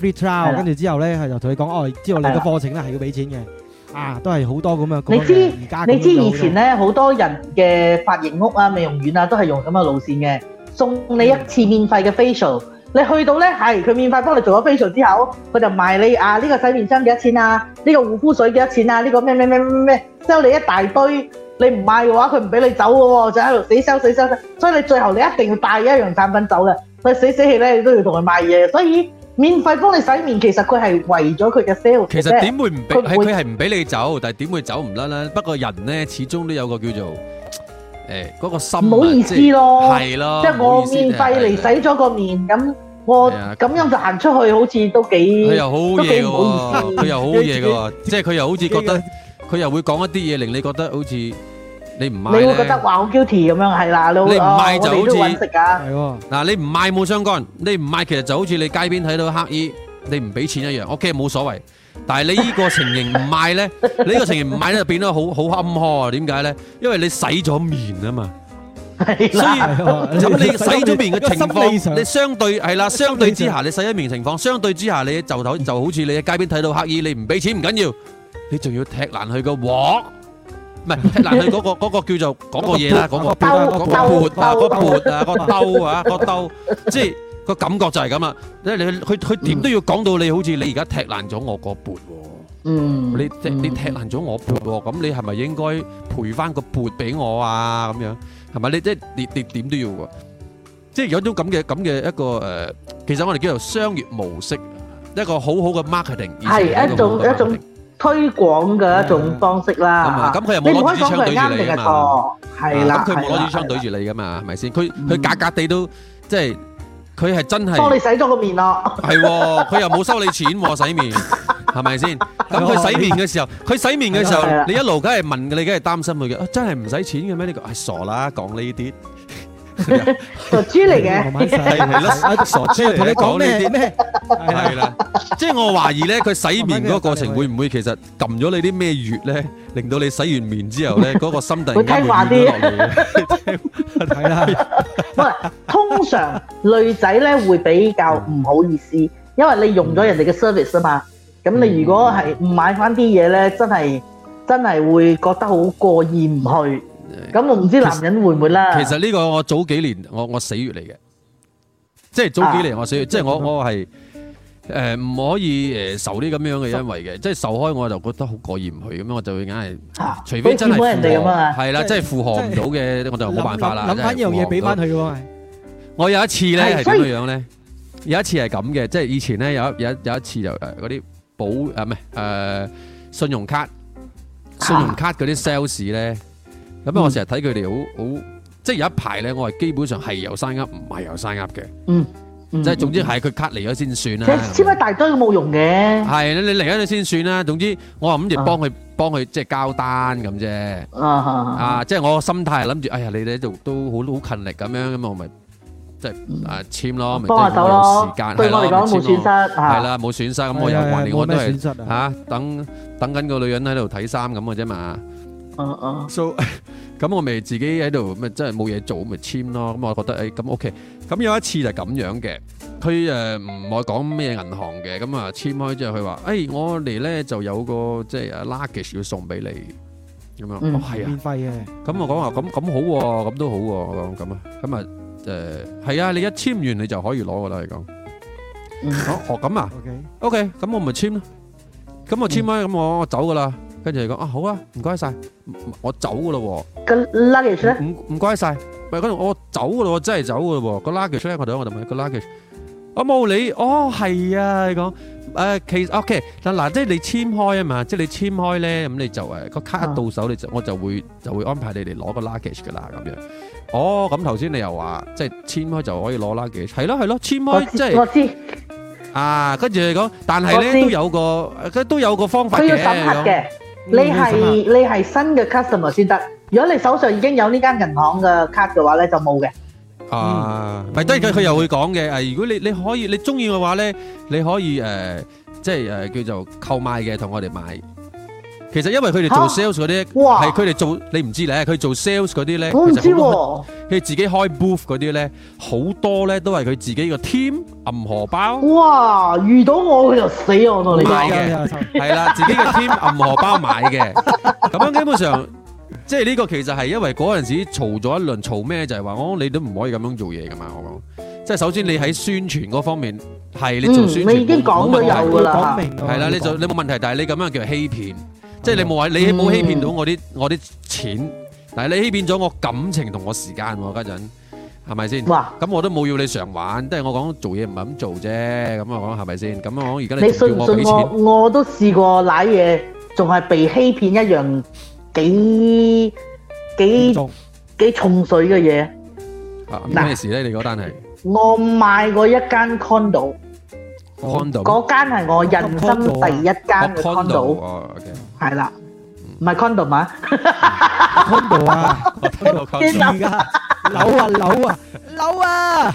，free trial 跟住之後咧，佢就同你講，哦，之後你嘅課程咧係要俾錢嘅。啊，都係好多咁啊！你知，你知以前呢，好多人嘅髮型屋啊、美容院啊，都係用咁嘅路線嘅，送你一次免費嘅 facial，嗯、你去到呢，係佢免費幫你做咗 facial 之後，佢就賣你啊呢、呢個洗面霜幾多錢啊？呢、呢個護膚水幾多錢啊？呢、呢個咩咩咩咩咩收你一大堆，你唔買嘅話，佢唔俾你走嘅喎，就喺度死收死收。所以你最後你一定要帶一樣產品走啦，所以死死氣咧都要同佢買嘅，所以。免費幫你洗面，其實佢係為咗佢嘅 sale。其實點會唔俾？佢係唔俾你走，但係點會走唔甩咧？不過人咧，始終都有個叫做誒嗰個心。唔好意思咯，係咯，即係我免費嚟洗咗個面咁，我咁樣就行出去，好似都幾佢又好嘢㗎喎，佢又好嘢㗎喎，即係佢又好似覺得佢 又會講一啲嘢，令你覺得好似。你唔買咧，你會覺得話好 guilty 咁樣，係啦，你唔賣就好似，係喎。嗱，你唔賣冇相干，你唔賣其實就好似你街邊睇到乞兒，你唔俾錢一樣，OK 冇所謂。但係你呢個情形唔賣咧，你呢個情形唔賣咧就變得好好坎坷。點解咧？因為你洗咗面啊嘛，所以。咁你洗咗面嘅情況，你相對，係啦，相對之下你洗咗面情況，相對之下你就好就好似你喺街邊睇到乞兒，你唔俾錢唔緊要，你仲要踢爛佢個鑊。唔係，踢爛佢嗰個嗰個叫做講個嘢啦，講個撥啦，個撥啊，個撥啊，個兜啊，個兜，即係個感覺就係咁啦。即係你佢佢點都要講到你好似你而家踢爛咗我個撥喎。嗯，你即係你踢爛咗我撥喎，咁你係咪應該賠翻個撥俾我啊？咁樣係咪？你即係你你點都要喎？即係有種咁嘅咁嘅一個誒，其實我哋叫做商業模式，一個好好嘅 marketing 係一種一種推廣嘅一種方式啦，咁佢又冇攞支槍對住你㗎嘛，哦，係啦，佢冇攞支槍對住你噶嘛，係咪先？佢佢格格地都即係佢係真係幫你洗咗個面咯，係，佢又冇收你錢喎洗面，係咪先？咁佢洗面嘅時候，佢洗面嘅時候，你一路梗係問嘅，你梗係擔心佢嘅，啊真係唔使錢嘅咩你？係傻啦，講呢啲。傻豬嚟嘅，係係咯，傻豬同你講呢啲咩？係啦，即係我懷疑咧，佢洗面嗰個過程會唔會其實撳咗你啲咩穴咧，令到你洗完面之後咧，嗰個心突然間聽話啲？係啦，不過通常女仔咧會比較唔好意思，因為你用咗人哋嘅 service 啊嘛，咁你如果係唔買翻啲嘢咧，真係真係會覺得好過意唔去。咁我唔知男人會唔會啦。其實呢個我早幾年我我死穴嚟嘅，即係早幾年我死穴，啊、即係我我係誒唔可以誒、呃、受啲咁樣嘅恩惠嘅，受即係受開我就覺得好過意唔去咁樣，我就會梗係除非真係人哋咁啊，係啦了，即係是負荷唔到嘅，是我就冇辦法啦。諗翻呢樣嘢俾翻佢嘅。我有一次咧係咁嘅樣咧？有一次係咁嘅，即係以前咧有有有一次就誒嗰啲保誒唔係誒信用卡，啊、信用卡嗰啲 sales 咧。咁我成日睇佢哋好好，即係有一排咧，我係基本上係有生鴨，唔係有生鴨嘅。嗯，即係總之係佢卡嚟咗先算啦。簽一大堆都冇用嘅。係，你嚟咗你先算啦。總之我係諗住幫佢幫佢即係交單咁啫。啊，即係我個心態係諗住，哎呀，你哋喺度都好好勤力咁樣，咁我咪即係簽咯。幫下手咯。對我嚟講冇損失。係啦，冇損失。咁我又還你我都係。嚇！等等緊個女人喺度睇衫咁嘅啫嘛。哦哦，so 咁我咪自己喺度咪真係冇嘢做，咪簽咯。咁我覺得誒，咁 OK。咁有一次就咁樣嘅，佢誒唔係講咩銀行嘅，咁啊簽開之後佢話，誒我嚟咧就有個即係啊 luggage 要送俾你，咁樣哦係啊，免費嘅。咁我講話咁咁好，咁都好，咁啊咁啊，誒係啊，你一簽完你就可以攞噶啦，係講。哦哦咁啊，OK，OK，咁我咪簽咯。咁我簽開，咁我我走噶啦。跟住佢講：啊好啊，唔該曬，我走噶咯喎。個 luggage 咧？唔唔，唔該曬。唔係，跟住我走噶咯，我真係走噶咯喎。個 luggage 咧？我睇下我就問個 luggage，我冇理，哦係啊，你講誒，其實 OK，嗱嗱，即係你簽開啊嘛，即係你簽開咧，咁你就誒個 card 一到手，你就我就會就會安排你嚟攞個 luggage 噶啦咁樣。哦，咁頭先你又話即係簽開就可以攞 luggage，係咯係咯，簽開即係。我知。啊，跟住佢講，但係咧都有個都有個方法嘅。佢要審核嘅。你係你係新嘅 customer 先得，如果你手上已經有呢間銀行嘅卡嘅話咧，就冇嘅。啊，唔係，但係佢佢又會講嘅。誒，如果你你可以你中意嘅話咧，你可以誒，即係誒叫做購買嘅，同我哋買。其實因為佢哋做 sales 嗰啲，係佢哋做你唔知咧。佢做 sales 嗰啲咧，我唔知，佢、啊、自己開 booth 嗰啲咧，好多咧都係佢自己個 team 揞荷包。哇！遇到我佢就死我同你買嘅的，係啦， 自己個 team 揞荷包買嘅，咁樣基本上即係呢個其實係因為嗰陣時嘈咗一輪，嘈咩就係話我你都唔可以咁樣做嘢噶嘛。我講即係首先你喺宣傳嗰方面係你做宣傳，嗯，你已經講到有噶啦，係啦，你做你冇問題，但係你咁樣叫做欺騙。即係你冇話，你冇欺騙到我啲、嗯、我啲錢，但係你欺騙咗我感情同我時間，家陣係咪先？咁哇我都冇要你償還，即、就、係、是就是、我講做嘢唔係咁做啫。咁我講係咪先？咁我講而家你信唔需要我？我都試過瀨嘢，仲係被欺騙一樣幾幾重幾重水嘅嘢。咩、啊、事咧？啊、你嗰單係我賣過一間 condo。嗰間係我人生第一間嘅 condo，係啦，唔係 condo 嘛？condo 啊，樓啊樓啊樓啊，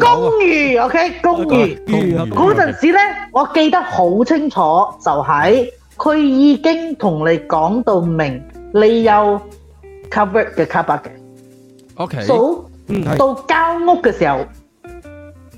公寓，OK，公寓。嗰陣時呢，我記得好清楚，就係佢已經同你講到明，你有 cover 嘅 cover 嘅，OK，到到交屋嘅時候。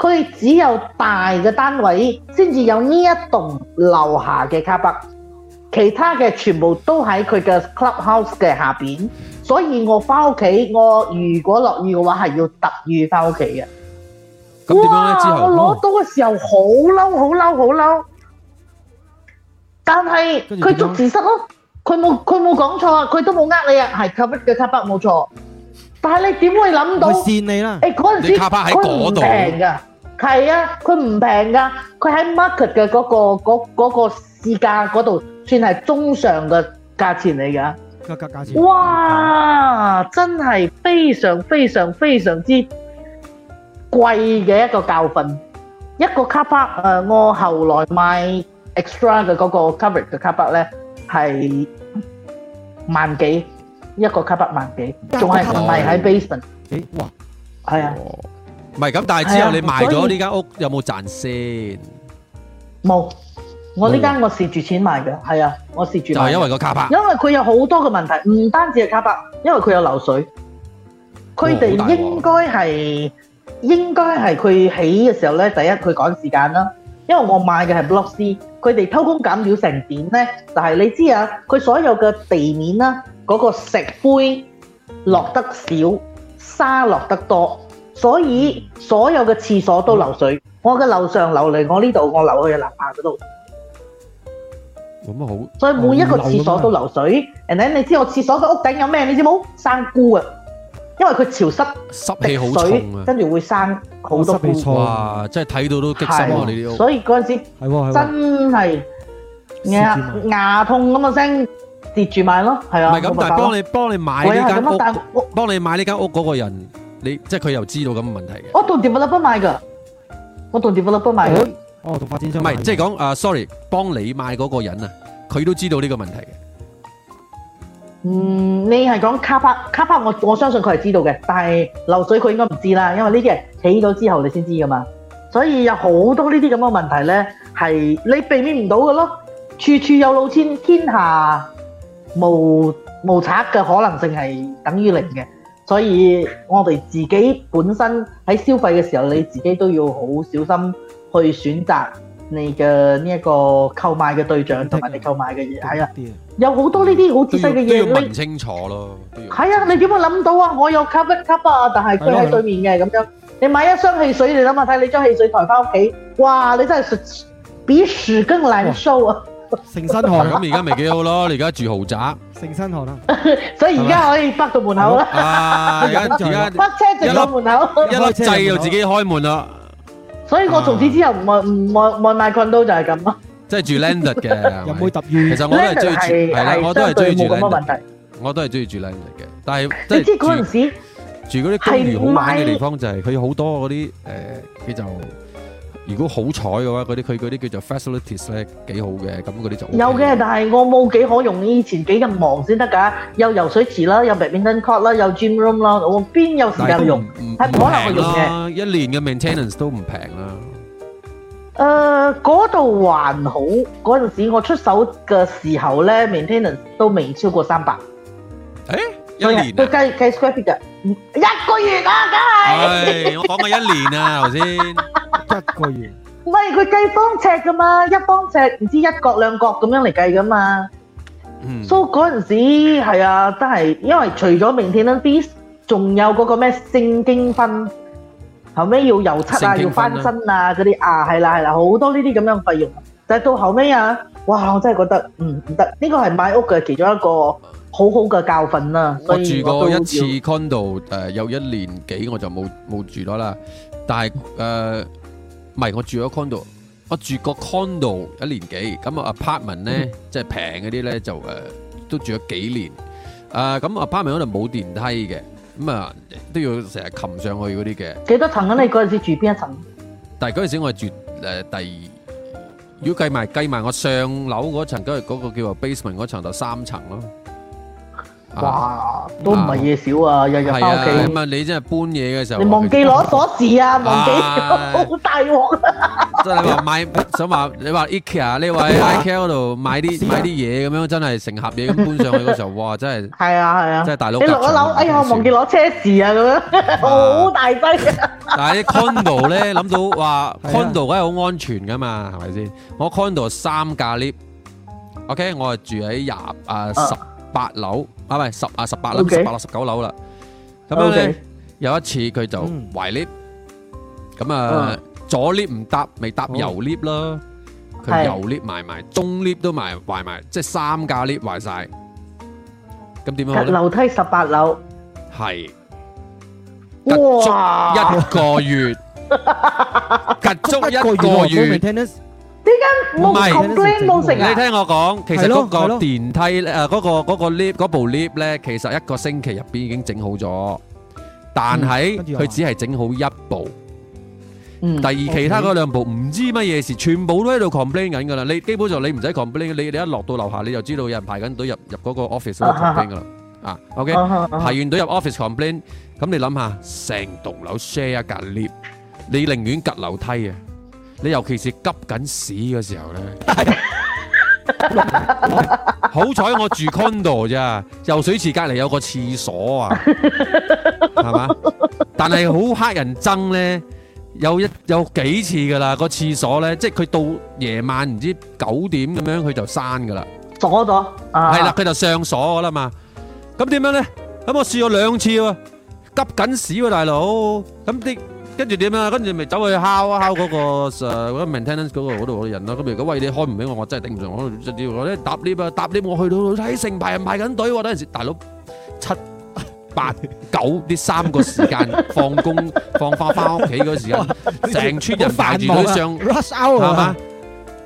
佢只有大嘅單位先至有呢一棟樓下嘅卡巴，其他嘅全部都喺佢嘅 clubhouse 嘅下面。所以我返屋企，我如果落雨嘅話，係要特意返屋企嘅。那哇！我攞到嘅時候好嬲，好嬲，好嬲！但係佢作字失咯，佢冇，佢冇講錯啊，佢都冇呃你啊，係卡巴嘅卡巴冇錯。但係你點會諗到？佢騙你啦！誒嗰陣時便宜的，卡巴喺嗰度嘅。係啊，佢唔平噶，佢喺 market 嘅嗰個嗰嗰個市價嗰度算係中上嘅價錢嚟噶。價格價錢。哇，真係非常非常非常之貴嘅一個教訓。一個 carpark，誒，我後來買 extra 嘅嗰個 carpark 嘅 carpark 咧，係萬幾一個 carpark 萬幾，仲係唔係喺 basement？誒哇，係啊。唔係咁，但係之後你賣咗呢間屋有冇賺先？冇，我呢間我蝕住錢賣嘅，係啊，我蝕住錢。就係因為個卡巴，因為佢有好多嘅問題，唔單止係卡巴，因為佢有流水。佢哋應該係，應該係佢起嘅時候咧，第一佢趕時間啦。因為我賣嘅係 blocks，佢哋偷工減料成點咧？就係你知啊，佢所有嘅地面啦，嗰個石灰落得少，沙落得多。所以所有嘅廁所都流水，我嘅樓上流嚟我呢度，我流去個樓下嗰度。咁啊好！所以每一個廁所都流水，人哋你知我廁所嘅屋頂有咩？你知冇？生菇啊！因為佢潮濕，濕氣好重啊，跟住會生好多菇。哇！真係睇到都激心啊！我哋呢屋，所以嗰陣時係哇係哇，真係牙牙痛咁嘅聲跌住埋咯，係啊。唔係咁，但係幫你幫你買呢間屋，幫你買呢間屋嗰個人。你即係佢又知道咁嘅問題嘅。我同 developer 買噶，我同 developer 買噶。哦，同發展商唔係，即係講誒，sorry，幫你買嗰個人啊，佢都知道呢個問題嘅。嗯，你係講卡拍卡拍，我我相信佢係知道嘅，但係流水佢應該唔知啦，因為呢啲人起咗之後你先知噶嘛。所以有好多呢啲咁嘅問題咧，係你避免唔到噶咯。處處有老千，天下無無賊嘅可能性係等於零嘅。所以我哋自己本身喺消費嘅時候，你自己都要好小心去選擇你嘅呢一個購買嘅對象，同埋你購買嘅嘢係啊，有好多呢啲好仔細嘅嘢都，都要問清楚咯。係啊，你點會諗到啊？我有卡一卡啊，但係佢喺對面嘅咁樣。你買一箱汽水，你諗下睇你將汽水抬返屋企，哇！你真係比死更難受啊！嗯成身汗，咁而家咪幾好咯？你而家住豪宅，成身汗啦，所以而家可以北到門口啦。而家就而家北車直落門口，一開掣就自己開門啦。所以我從此之後外外外賣困到就係咁咯。即係住 landed 嘅，其實我都係中意住係啦，我都係中意住 landed 嘅，我都係中意住 landed 嘅。但係即係陣時住嗰啲公寓好買嘅地方就係佢好多嗰啲誒，佢就。如果好彩嘅話，啲佢嗰啲叫做 facilities 咧，幾好嘅，咁嗰啲就、ok、有嘅。但係我冇幾可用，以前幾咁忙先得㗎。有游水池啦，有 badminton court 啦，有 gym room 啦，我邊有時間用？係唔可能去用嘅。一年嘅 maintenance 都唔平啦。誒、呃，嗰度還好，嗰陣時我出手嘅時候咧，maintenance 都未超過三百。誒、欸？一年佢計計 square feet 啊，一個月啊，梗係。係我講過一年啊，頭先一個月。唔係佢計方尺噶嘛，一方尺唔知一角兩角咁樣嚟計噶嘛。嗯。so 嗰陣時係啊，真係因為除咗明天呢啲，仲有嗰個咩聖經分，後尾要油漆啊，要翻新啊，嗰啲啊，係啦係啦，好多呢啲咁樣費用。但係到後尾啊，哇！我真係覺得，嗯，唔得，呢個係買屋嘅其中一個。好好嘅教訓啦。我住過一次 condo，誒有一年幾我就冇冇住咗啦。但係誒，唔係我住咗 condo，我住個 condo 一年幾咁啊？apartment 咧即係平嗰啲咧就誒都住咗幾年啊。咁啊，apartment 嗰度冇電梯嘅，咁啊都要成日擒上去嗰啲嘅。幾多層啊？你嗰陣時住邊一層？但係嗰陣時我係住誒第二，如果計埋計埋我上樓嗰層，今日嗰個叫做 basement 嗰層就三層咯。哇，都唔係嘢少啊！日日翻屋企，咁你真係搬嘢嘅時候，你忘記攞鎖匙啊！忘記咗，好大鑊啦！即係你話買，想話你話 IKEA，你話喺 IKEA 嗰度買啲買啲嘢咁樣，真係成盒嘢咁搬上去嘅時候，哇！真係係啊係啊，真係大佬，你落一樓，哎呀，忘記攞車匙啊！咁樣，好大劑。但係啲 condo 咧諗到話 condo 梗係好安全噶嘛，係咪先？我 condo 三架 lift，OK，我係住喺廿啊十八樓。係咪十啊十八啦，十八、十九樓啦，咁樣咧，有一次佢就壞 lift，咁啊左 lift 唔搭咪搭右 lift 啦，佢右 lift 埋埋，中 lift 都埋壞埋，即係三架 lift 壞晒，咁點樣？樓梯十八樓係，隔足一個月，隔足一個月。唔係，你聽我講，其實嗰個電梯咧，誒嗰個嗰個 lift 嗰部 lift 咧，其實一個星期入邊已經整好咗，但係佢只係整好一部，第二其他嗰兩部唔知乜嘢事，全部都喺度 complain 緊噶啦。你基本上你唔使 complain，你你一落到樓下，你就知道有人排緊隊入入嗰個 office 都 complain 噶啦。啊，OK，排完隊入 office complain，咁你諗下，成棟樓 share 一格 lift，你寧願隔樓梯啊？你尤其是急緊屎嘅時候咧，好彩我住 condo 咋，游水池隔離有個廁所啊，係嘛？但係好黑人憎咧，有一有幾次噶啦，個廁所咧，即係佢到夜晚唔知九點咁樣佢就閂噶啦，鎖咗，係啦，佢就上鎖噶啦嘛。咁點樣咧？咁我試過兩次喎，急緊屎喎，大佬，咁啲。跟住點啊？跟住咪走去敲一敲嗰個誒嗰個 maintenance 嗰個嗰度嘅人咯。咁如果，喂，你開唔俾我，我真係頂唔順。我真係點講咧？搭 lift 啊，搭 lift，我去到睇成排人排緊隊喎。嗰陣時大佬七八九呢三個時間放工放翻翻屋企嗰時候，成村人排住隊上，係嘛？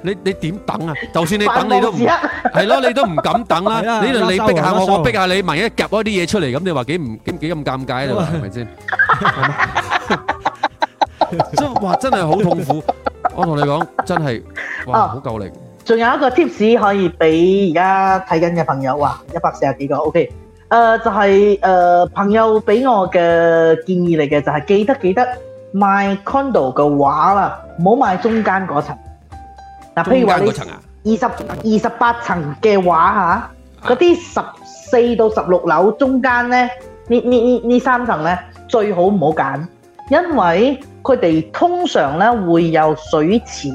你你點等啊？就算你等你都唔係咯，你都唔敢等啦。呢輪你逼下我，我逼下你，萬一夾開啲嘢出嚟，咁你話幾唔幾幾咁尷尬啊？係咪先？即係哇，真係好痛苦。我同你講，真係哇，好夠力。仲、哦、有一個 tips 可以俾而家睇緊嘅朋友，哇，一百四十幾個。O.K.，誒、呃，就係、是、誒、呃、朋友俾我嘅建議嚟嘅，就係、是、記得記得賣 condo 嘅話啦，唔好賣中間嗰層。嗱、啊，譬如你 20,、啊、20, 話的你二十二十八層嘅話吓，嗰啲十四到十六樓中間咧，三層呢呢呢呢三層咧最好唔好揀，因為。佢哋通常咧會有水池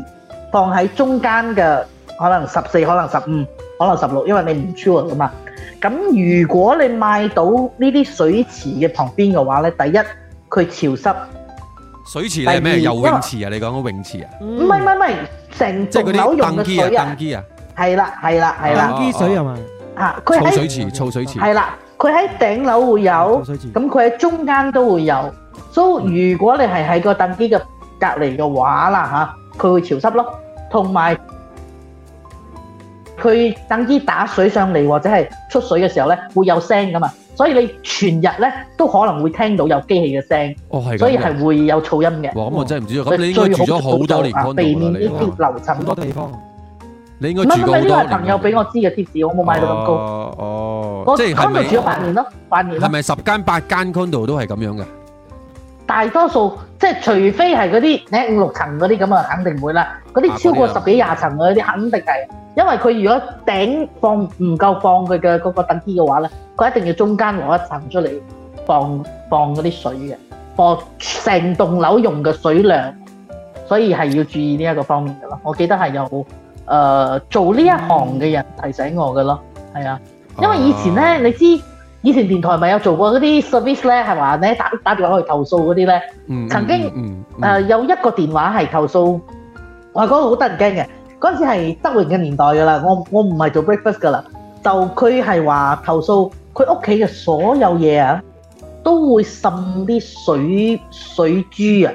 放喺中間嘅，可能十四，可能十五，可能十六，因為你唔超啊嘛。咁如果你買到呢啲水池嘅旁邊嘅話咧，第一佢潮濕，水池你係咩游泳池啊？為你講個泳池啊？唔係唔係唔係，成棟樓用嘅水啊？係啦係啦係啦，泳池啊嘛啊！儲水池儲水池係啦，佢喺頂樓會有，咁佢喺中間都會有。所以如果你係喺個凳機嘅隔離嘅話啦嚇，佢會潮濕咯，同埋佢凳機打水上嚟或者係出水嘅時候咧，會有聲噶嘛。所以你全日咧都可能會聽到有機器嘅聲，所以係會有噪音嘅。哇！咁我真係唔知喎。咁你應該住咗好多年 condo 嘅你。避免啲積留塵嘅地方。你應該住咁多年。唔係唔係，呢個係朋友俾我知嘅貼士，我冇買到咁高。哦哦，即係 condo 住咗八年咯，八年。係咪十間八間 condo 都係咁樣嘅？大多數即係除非係嗰啲咧五六層嗰啲咁啊，就肯定會啦。嗰啲超過十幾廿層嗰啲，肯定係，因為佢如果頂放唔夠放佢嘅嗰個等啲嘅話咧，佢一定要中間攞一層出嚟放放嗰啲水嘅，放成棟樓用嘅水量，所以係要注意呢一個方面嘅咯。我記得係有誒、呃、做呢一行嘅人提醒我嘅咯，係啊、嗯，因為以前咧、嗯、你知。以前電台咪有做過嗰啲 service 咧，係嘛咧，打打電話去投訴嗰啲咧，曾經誒有一個電話係投訴，我覺得好得人驚嘅。嗰陣時係德榮嘅年代噶啦，我我唔係做 breakfast 噶啦，就佢係話投訴佢屋企嘅所有嘢啊，都會滲啲水水珠啊，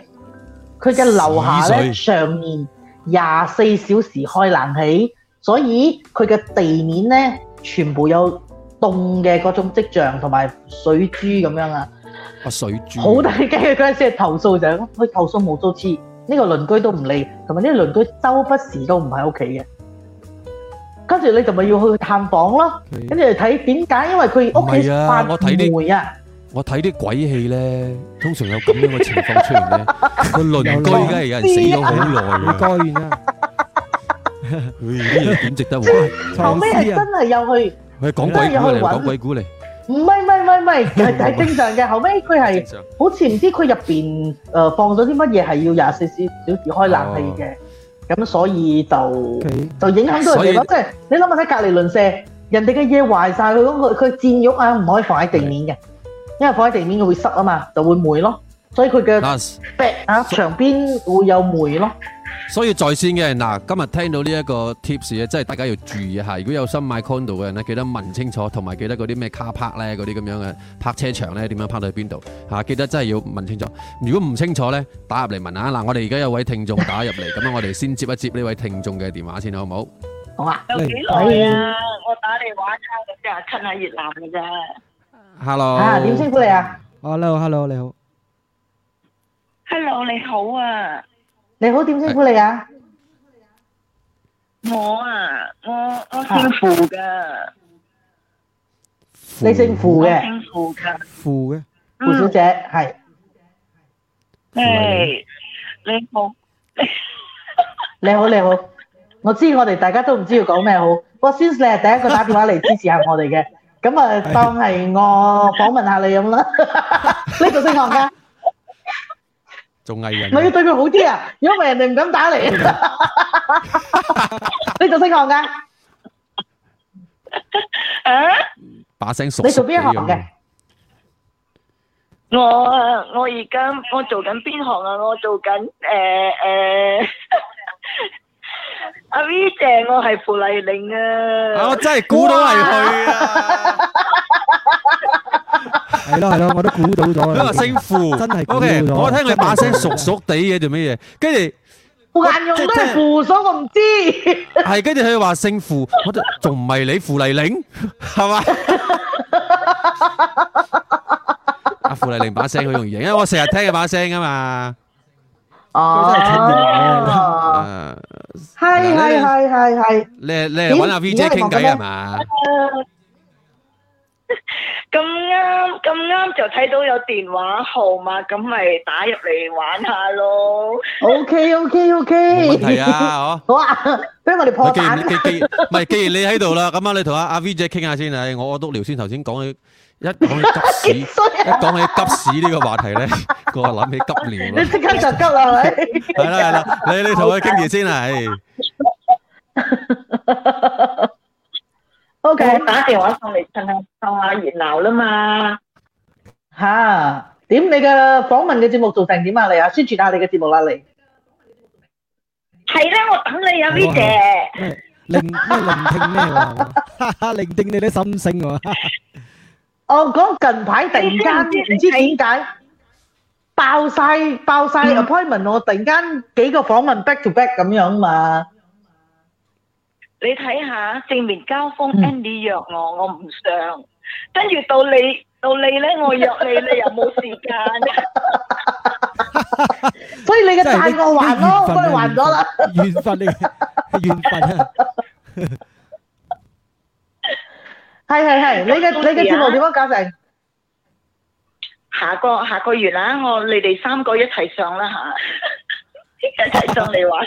佢嘅樓下咧上面廿四小時開冷氣，所以佢嘅地面咧全部有。凍嘅嗰種跡象同埋水珠咁樣啊，個水珠好大驚嘅嗰陣時，投訴就係咁，佢投訴無數次，呢個鄰居都唔理，同埋呢個鄰居周不時都唔喺屋企嘅，跟住你就咪要去探訪咯，跟住睇點解，因為佢屋企啊，我睇啲，我睇啲鬼戲咧，通常有咁樣嘅情況出嚟嘅，個鄰居梗係有人死咗好耐，唔該先啦，呢啲嘢點值得玩？後尾係真係又去。喂，講鬼嚟，講鬼故嚟，唔係唔係唔係，係正常嘅。後尾佢係好似唔知佢入邊誒放咗啲乜嘢，係要廿四小時開冷氣嘅，咁所以就就影響到人哋咯。即係你諗下喺隔離鄰舍，人哋嘅嘢壞晒，佢嗰個佢箭喐啊，唔可以放喺地面嘅，因為放喺地面佢會濕啊嘛，就會霉咯，所以佢嘅壁啊牆邊會有霉咯。所以在線嘅嗱，今日聽到呢一個 tips 咧，真係大家要注意下。如果有新買 condo 嘅人咧，記得問清楚，同埋記得嗰啲咩 car park 咧，嗰啲咁樣嘅泊車場咧，點樣拍到去邊度吓？記得真係要問清楚。如果唔清楚咧，打入嚟問下。嗱，我哋而家有位聽眾打入嚟，咁樣 我哋先接一接呢位聽眾嘅電話先，好唔好？好啊。來有幾耐啊？啊我打你玩吓，咁即係趁下越南嘅啫。Hello。啊？點先過嚟啊？Hello，Hello，hello，你好。Hello，你好啊。你好，點稱呼你啊？我啊，我我姓傅噶你姓傅嘅？我姓傅噶傅嘅，傅小姐係。誒，你好，你好你好你好，我知我哋大家都唔知要講咩好，不過先你係第一個打電話嚟，支持下我哋嘅，咁啊當係我訪問下你咁啦，呢個先我噶做藝人，我要對佢好啲啊！如果唔係，人哋唔敢打嚟。你做識行噶？啊！把聲熟。你做邊行嘅？我我而家我做緊邊行啊？我做緊誒誒，阿 V 姐，我係傅麗玲啊！我真係估到嚟佢啊！係咯係咯，我都估到咗。佢話姓傅，真係估到咗。我聽佢把聲熟熟地嘅做乜嘢？跟住顏容都係傅嫂，我唔知。係跟住佢話姓傅，我哋仲唔係你傅麗玲，係嘛？阿傅麗玲把聲好容易認，因為我成日聽佢把聲啊嘛。哦，係係係係係。你你嚟搵阿 V 姐傾偈係嘛？咁啱咁啱就睇到有電話號碼，咁咪打入嚟玩下咯。OK OK OK，冇問題啊，俾 我哋破唔係，既然你喺度啦，咁啊，你同阿阿 V 姐傾下先啊。我都督聊先，頭先講起一講起急屎， 啊、一講起急屎呢個話題咧，我諗 起急尿。你即刻就急啦，係咪？係啦係啦，你你同佢傾住先啊。O K，打電話上嚟趁下，湊下熱鬧啦嘛。嚇，點你嘅訪問嘅節目做成點啊？你啊，宣傳下你嘅節目啦。你係咧，我等你啊，Vi 姐。聆咩聆聽咩？聆聽你啲心聲喎。我講近排突然間唔知點解爆曬爆曬，appointment 我，突然間幾個訪問 back to back 咁樣嘛。你睇下正面交鋒，Andy、嗯、約我，我唔上。跟住到你，到你咧，我約你，你又冇時間。 所以你嘅債我還咯，我幫你還咗啦。緣分嚟，緣分啊！係係係，你嘅你嘅 節目點樣搞成？下個下個月啦，我你哋三個一齊上啦吓， 一齊上嚟玩。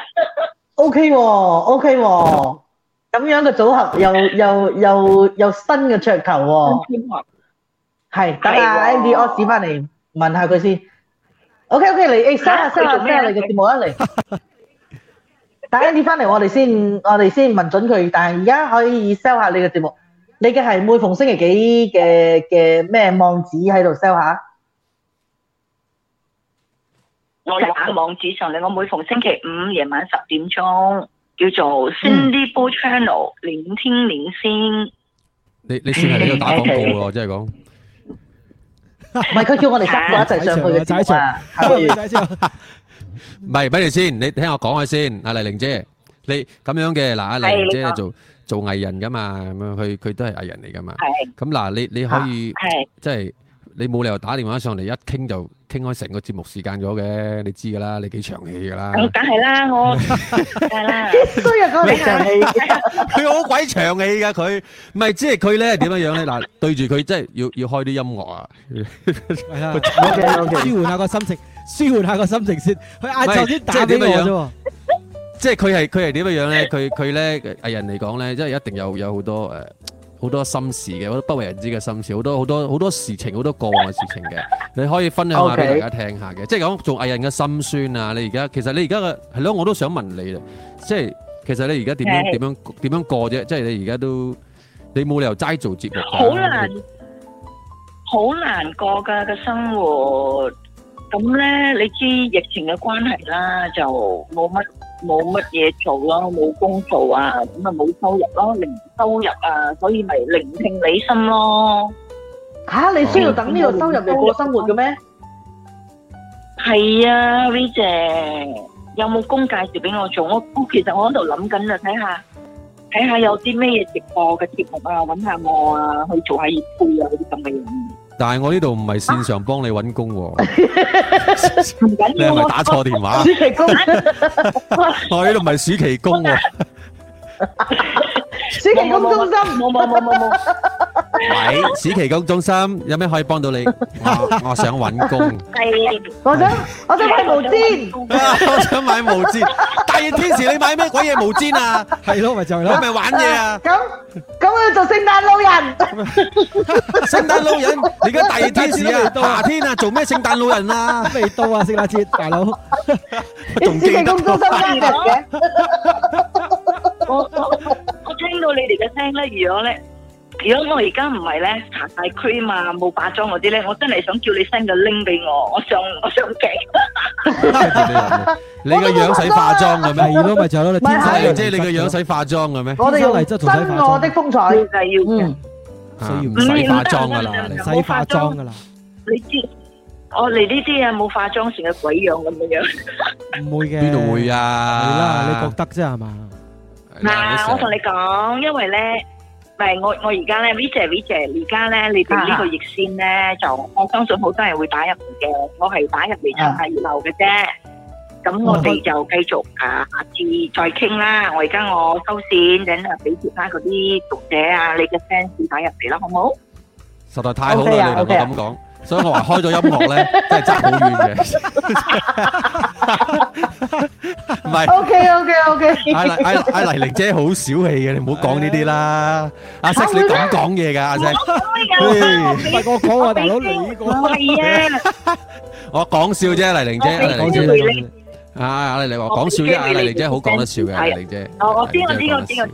OK 喎，OK 喎。Okay 哦咁樣嘅組合又又又有又新嘅噱頭喎，係得啦，Andy Os 翻嚟問下佢先。OK OK，嚟誒，sell 下 sell 下 sell 下你嘅節目啦，嚟。等 Andy 翻嚟，我哋先，我哋先問准佢。但係而家可以 sell 下你嘅節目，你嘅係每逢星期幾嘅嘅咩網址喺度 sell 下？我嘅網址上嚟，我每逢星期五夜晚十點鐘。叫做 Cindy Bo Channel，聆聽聆先。你你先，你算係喺度打廣告喎，即係講。唔係佢叫我哋打過一齊上去嘅。唔係，俾你先，你聽我講下先。阿麗玲姐，你咁樣嘅嗱，阿麗玲姐做做藝人噶嘛，咁樣佢佢都係藝人嚟噶嘛。係。咁嗱，你你可以，係即係。你冇理由打電話上嚟一傾就傾開成個節目時間咗嘅，你知㗎啦，你幾長氣㗎啦。梗係啦，我梗係啦，必須要咁長氣。佢好鬼長氣㗎佢，唔係即係佢咧點樣樣咧嗱？對住佢即係要要開啲音樂啊，舒緩下個心情，舒緩下個心情先。佢嗌頭先打俾我啫喎，即係佢係佢係點樣樣咧？佢佢咧，藝人嚟講咧，即係一定有有好多誒。好多心事嘅，好多不為人知嘅心事，好多好多好多事情，好多過往嘅事情嘅，你可以分享下俾大家聽下嘅，即係講做藝人嘅心酸啊！你而家其實你而家嘅係咯，我都想問你啦，即係其實你而家點樣點樣點樣過啫？即係你而家都你冇理由齋做節目，好難好難過噶嘅生活。咁咧，你知疫情嘅關係啦，就冇乜。冇乜嘢做咯，冇工做啊，咁咪冇收入咯，零收入啊，所以咪聆聽你心咯。吓，你需要等呢個收入嚟過生活嘅咩？係啊，V 姐，有冇工介紹俾我做？我其實我喺度諗緊啊，睇下睇下有啲咩嘢直播嘅節目啊，搵下我啊，去做下業配啊，嗰啲咁嘅嘢。但係我呢度唔係線上幫你揾工喎， 你係咪打錯電話？ 哦，暑期工，我呢度唔係暑期工喎。暑期工中心，冇冇冇冇冇。喂，暑期工中心，有咩可以幫到你？我想搵工，係，我想，我想買毛氈，啊，我想買毛氈。大熱天時，你買咩鬼嘢毛氈啊？係咯，咪就係咯，咪玩嘢啊？咁，咁我要做聖誕老人。聖誕老人，你而家大熱天時啊，到夏天啊，做咩聖誕老人啊？未到啊，聖誕節，大佬。啲暑期工中心啱嘅。我我我聽到你哋嘅聲咧，如果咧，如果我而家唔係咧搽晒 cream 啊，冇化妝嗰啲咧，我真係想叫你 send 個 link 俾我，我想我想記。你個樣使化妝嘅咩？如果唔係就咯，天生嚟，即係你個樣使化妝嘅咩？天生嚟，即係真我的風采，就要所以唔使化妝噶啦，唔使化妝噶啦。你知我嚟呢啲啊，冇化妝成個鬼樣咁樣，唔會嘅，邊度會啊？係啦，你覺得啫係嘛？嗱、啊，我同你講，因為咧，係我我而家咧，V 姐 V 姐而家咧，你哋呢個熱線咧，就我相信好多人會打入嚟嘅，我係打入嚟就下熱流嘅啫。咁我哋就繼續啊，下次再傾啦。我而家我收線，等下俾其他嗰啲讀者啊，你嘅 fans 打入嚟啦，好唔好？實在太好啦，你咁講。所以我話開咗音樂咧，即係爭好遠嘅。唔係。O K O K O K。阿阿阿麗玲姐好小氣嘅，你唔好講呢啲啦。阿 Sa 你咁講嘢噶，阿 Sa。我開㗎。唔係我講啊大佬，你講嘅。係啊。我講笑啫，麗玲姐。啊！麗玲話講笑啫，麗玲姐好講得笑嘅，麗玲姐。哦！我知我知我知我知。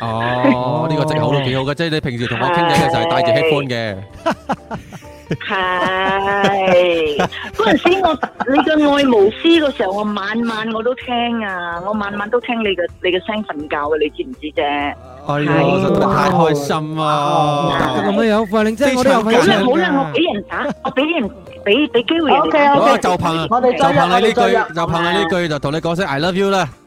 哦，呢個籍口都幾好嘅，即係你平時同我傾偈咧，就係帶住氣氛嘅。係嗰陣時我你嘅愛無私嘅時候，我晚晚我都聽啊，我晚晚都聽你嘅你嘅聲瞓覺嘅，你知唔知啫？係我真係太開心啊！咁有樣，慧玲姐，我真有好啦，我俾人打，我俾人俾俾機會人。O K O K，就憑我哋就憑你呢句，就憑你呢句，就同你講聲 I love you 啦。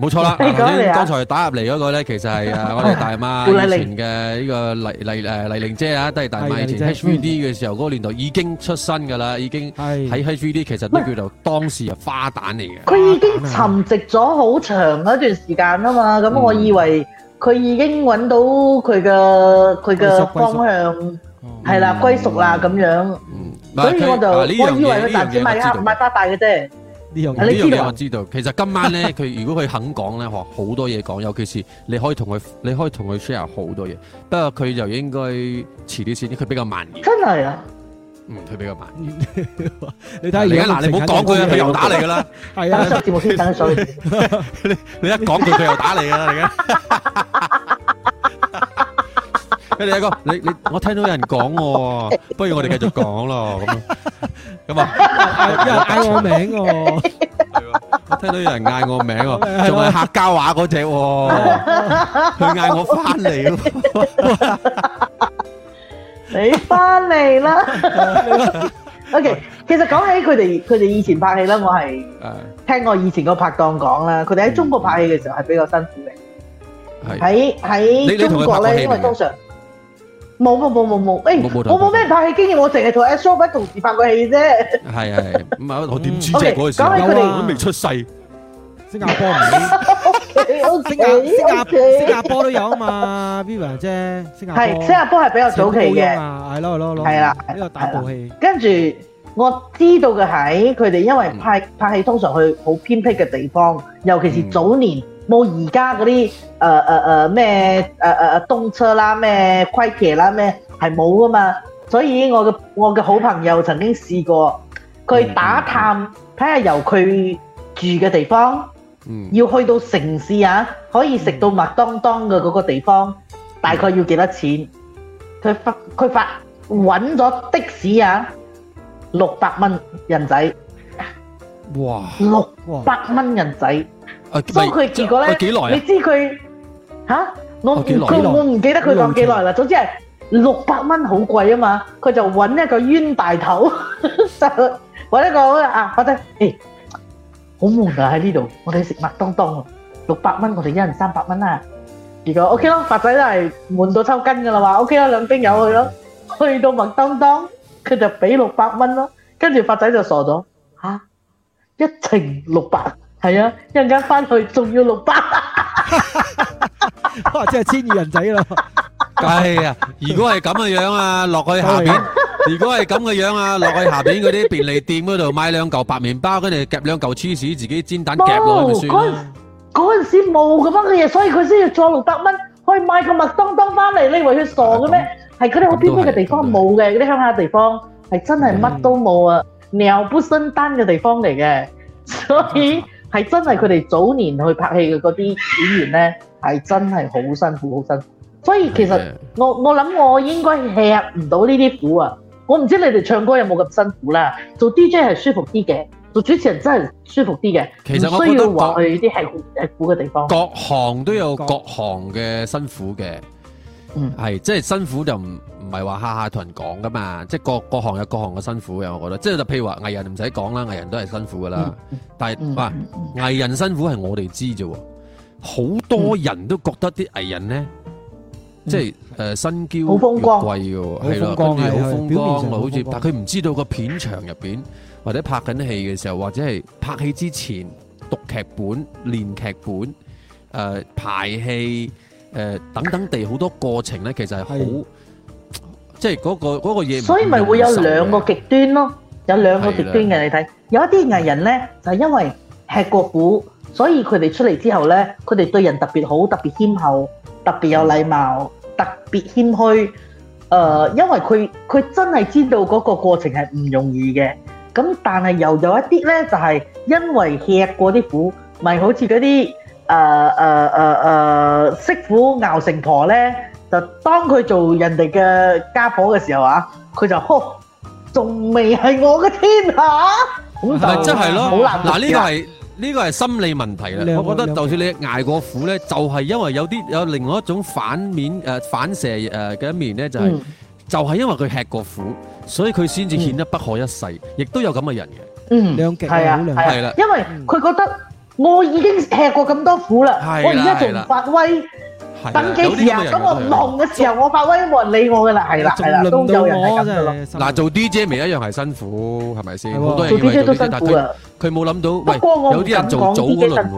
冇錯啦，頭先剛才打入嚟嗰個咧，其實係啊，我哋大媽以前嘅呢個黎黎誒黎玲姐啊，都係大媽以前 HVD 嘅時候嗰個年代已經出身噶啦，已經喺 HVD 其實都叫做當時係花旦嚟嘅。佢已經沉寂咗好長一段時間啊嘛，咁我以為佢已經揾到佢嘅佢嘅方向，係啦，歸屬啦咁樣，所以我就我以為佢大姊咪嚇咪花旦嘅啫。呢樣嘢我知道，其實今晚咧，佢如果佢肯講咧，好多嘢講，尤其是你可以同佢你可以同佢 share 好多嘢，不過佢就應該遲啲先，佢比較慢熱。真係啊，嗯，佢比較慢。你睇下，而家嗱，你唔好講佢佢又打嚟噶啦。係啊，我先等一陣。你你一講佢，佢又打嚟啊！而家，兄弟哥，你你我聽到有人講喎，不如我哋繼續講咯。咁啊！有人嗌我名喎，我聽到有人嗌我名喎，仲係客家話嗰隻，佢嗌我翻嚟咯，你翻嚟啦。OK，其實講起佢哋，佢哋以前拍戲咧，我係聽我以前個拍檔講啦，佢哋喺中國拍戲嘅時候係比較辛苦嘅，喺喺中國咧，因為通常。冇冇冇冇冇，誒，我冇咩拍戲經驗，我淨係同 SOP 同時拍過戲啫。係係，唔係我點知啫，嗰陣時，我都未出世。新加坡唔啲，新加坡新加坡都有啊嘛，Viva 啫。新加坡係比較早期嘅，係咯係咯係啦，呢個大冒氣。跟住我知道嘅係佢哋因為拍拍戲通常去好偏僻嘅地方，尤其是早年。冇而家嗰啲誒誒誒咩誒誒東車啦咩規騎啦咩係冇㗎嘛。所以我嘅我嘅好朋友曾經試過，佢打探睇下由佢住嘅地方，要去到城市啊，可以食到麥當當嘅嗰個地方，大概要幾多錢？佢發佢發揾咗的士啊，六百蚊人仔，哇，六百蚊人仔。咁佢結果咧，你知佢？吓？我唔佢我唔記得佢講幾耐啦。總之係六百蚊好貴啊嘛，佢就揾一個冤大頭，揾一個啊！發仔，誒，好悶啊喺呢度，我哋食麥當當啊，六百蚊，我哋一人三百蚊啦！結果 OK 咯，發仔都係悶到抽筋噶啦嘛，OK 咯，兩丁友去咯，去到麥當當，佢就俾六百蚊咯，跟住發仔就傻咗，吓，一程六百。係啊，一陣間翻去仲要六百， 真係千二人仔咯。係啊、 哎，如果係咁嘅樣啊，落去下邊；然 如果係咁嘅樣啊，落去下面嗰啲便利店嗰度買兩嚿白麵包，跟住夾兩嚿芝士，自己煎蛋夾落就算啦。嗰陣時冇咁樣嘅嘢，所以佢先要再六百蚊去買個麥當當翻嚟。你以為佢傻嘅咩？係嗰啲好偏僻嘅地方冇嘅，嗰鄉、嗯、下地方係、嗯、真係乜都冇啊，鳥、嗯、不生蛋嘅地方嚟嘅，所以。係真係佢哋早年去拍戲嘅嗰啲演員呢，係真係好辛苦，好辛苦。所以其實我我諗我應該吃唔到呢啲苦啊！我唔知你哋唱歌有冇咁辛苦啦、啊？做 DJ 係舒服啲嘅，做主持人真係舒服啲嘅，其實我需要話去啲係吃苦嘅地方。各，各行都有各行嘅辛苦嘅。係、嗯，即係辛苦就唔唔係話下下同人講噶嘛，即係各各行有各行嘅辛苦嘅，我覺得，即係就譬如話藝人唔使講啦，藝人都係辛苦噶啦。嗯、但係，哇、嗯，藝人辛苦係我哋知啫，好多人都覺得啲藝人咧，嗯、即係誒身嬌又貴嘅，係、呃、啦，好、嗯、風光好似像，但係佢唔知道個片場入邊或者拍緊戲嘅時候，或者係拍戲之前讀劇本、練劇本、誒、呃、排戲。誒，等等地好多過程咧，其實係好，即係嗰個嗰個嘢。所以咪會有兩個極端咯，有兩個極端嘅，你睇，有一啲藝人咧就係因為吃過苦，所以佢哋出嚟之後咧，佢哋對人特別好，特別謙厚，特別有禮貌，特別謙虛。誒，因為佢佢真係知道嗰個過程係唔容易嘅，咁但係又有一啲咧就係因為吃過啲苦，咪好似嗰啲。誒誒誒誒，媳婦、呃呃呃呃、熬成婆咧，就當佢做人哋嘅家婆嘅時候啊，佢就呵，仲、哦、未係我嘅天下，咁真係咯，好、就是、難、啊。嗱呢個係呢、這個係心理問題啦。兩極我覺得就算你挨過苦咧，兩極就係因為有啲有另外一種反面誒、呃、反射誒嘅一面咧，就係、是嗯、就係因為佢吃過苦，所以佢先至顯得不可一世，亦、嗯、都有咁嘅人嘅。嗯，兩極係啊，係啦、啊，啊、因為佢覺得。我已經吃過咁多苦啦，我而家仲發威，等幾時啊？咁我唔紅嘅時候，我發威冇人理我㗎啦，係啦係啦，都有人啊嗱，做 DJ 咪一樣係辛苦，係咪先？好多人以為做 DJ 都辛苦，但係佢冇諗到，喂，有啲人做早嗰輪，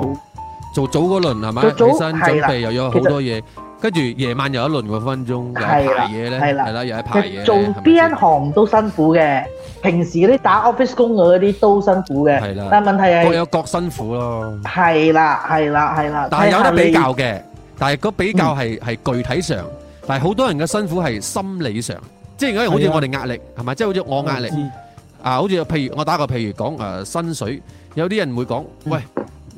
做早嗰輪係咪？起身準備又有好多嘢。跟住夜晚又一輪個分鐘，排嘢咧，係啦，係啦，又係排嘢。做邊行都辛苦嘅，平時嗰啲打 office 工嗰啲都辛苦嘅，係啦。但問題係各有各辛苦咯。係啦，係啦，係啦。但係有得比較嘅，但係個比較係係具體上，但係好多人嘅辛苦係心理上，即係如果好似我哋壓力係咪？即係好似我壓力啊！好似譬如我打個譬如講誒薪水，有啲人會講，喂。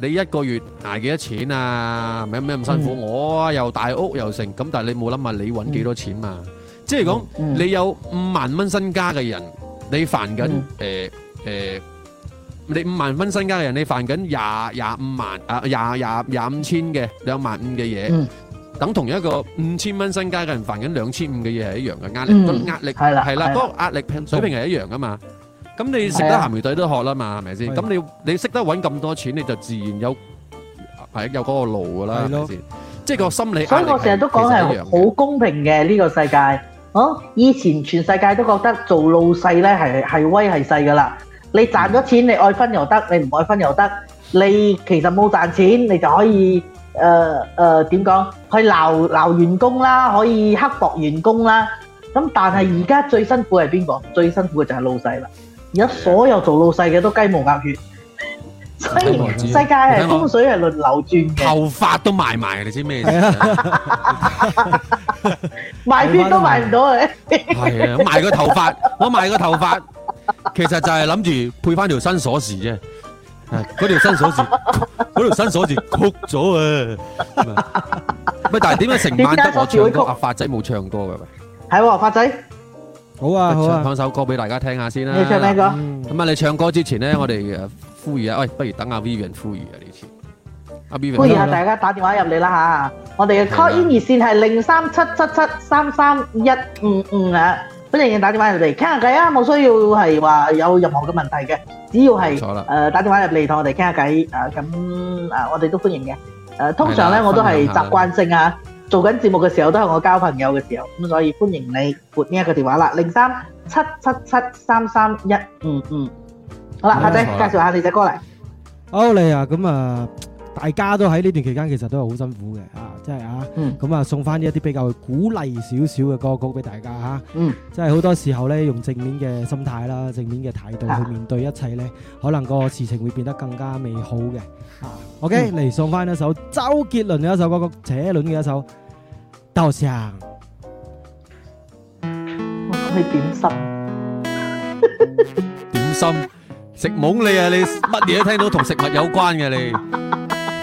你一個月挨幾多錢啊？咩咩咁辛苦，我、嗯哦、又大屋又成咁，但係你冇諗下，你揾幾多錢啊？嗯、即係講、嗯、你有五萬蚊身家嘅人，你煩緊誒誒，你五萬蚊身家嘅人，你煩緊廿廿五萬啊廿廿廿五千嘅兩萬五嘅嘢，1, 的嗯、等同一個五千蚊身家嘅人煩緊兩千五嘅嘢，係一樣嘅壓力，個壓力係啦係啦，個壓力水平係一樣噶嘛。咁你食得鹹魚仔都學啦嘛，係咪先？咁你你識得搵咁多錢，你就自然有係有嗰個路噶啦，係咪先？即係個心理。所以我成日都講係好公平嘅呢個世界。啊，以前全世界都覺得做老細咧係係威係勢噶啦。你賺咗錢，你愛分又得，你唔愛分又得。你其實冇賺錢，你就可以誒誒點講？去鬧鬧員工啦，可以刻薄員工啦。咁但係而家最辛苦係邊個？最辛苦嘅就係老細啦。而家所有做老細嘅都雞毛鴨血，世界係風水係輪流轉嘅，頭髮都賣埋，你知咩意思？賣片都賣唔到嘅，係啊！賣個頭髮，我賣個頭髮，其實就係諗住配翻條新鎖匙啫。嗰條新鎖匙，嗰條新鎖匙曲咗啊！咪，但係點解成晚得我唱歌，阿發仔冇唱歌嘅？係喎，發仔。好啊好啊，唱首歌俾大家聽下先啦。你唱咩歌？咁啊，你唱歌之前咧，我哋誒呼籲啊，喂，不如等阿 Vivian 呼籲啊呢次。阿 Vivian 呼籲下大家打電話入嚟啦吓，我哋嘅 call in 熱線係零三七七七三三一五五啊，歡迎打電話入嚟傾下偈啊，冇需要係話有任何嘅問題嘅，只要係誒打電話入嚟同我哋傾下偈啊，咁啊我哋都歡迎嘅。誒，通常咧我都係習慣性啊。做緊節目嘅時候都係我交朋友嘅時候，咁所以歡迎你撥呢一個電話啦，零三七七七三三一嗯嗯，嗯好啦了，阿仔介紹下你隻歌嚟。哦，你啊，咁啊。大家都喺呢段期間其實都係好辛苦嘅啊，即係啊，咁啊送翻一啲比較鼓勵少少嘅歌曲俾大家嚇，嗯，即係好多時候咧用正面嘅心態啦、正面嘅態度去面對一切咧，可能個事情會變得更加美好嘅。OK，嚟送翻一首周杰倫嘅一首歌曲《車輪》嘅一首《稻香》。我講你點心？點心食懵你啊！你乜嘢都聽到同食物有關嘅你。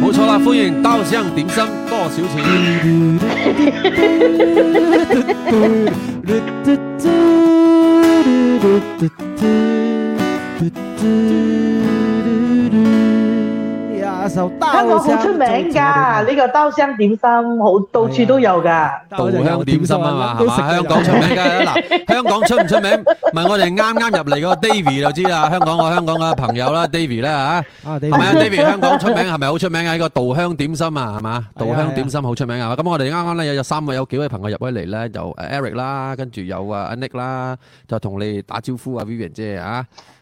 冇錯啦，歡迎刀上點心，多少錢？ 香港好出名噶，呢個稻香點心好到處都有噶。稻香點心啊嘛，係嘛？香港出名噶，嗱，香港出唔出名？問我哋啱啱入嚟嗰個 David 就知啦。香港我香港嘅朋友啦，David 咧吓。係咪啊 David，David 香港出名係咪好出名啊？呢個稻香點心啊，係嘛？稻香點心好出名啊。咁我哋啱啱咧有三位有幾位朋友入咗嚟咧，就 Eric 啦，跟住，有啊阿 Nick 啦，就同你打招呼啊，Vivian 姐啊。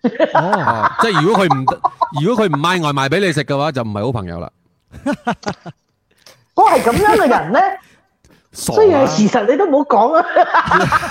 哦，即係如果佢唔， 如果佢唔買外賣俾你食嘅話，就唔係好朋友啦。我係咁樣嘅人咧，雖然係事實，你都唔好講啊。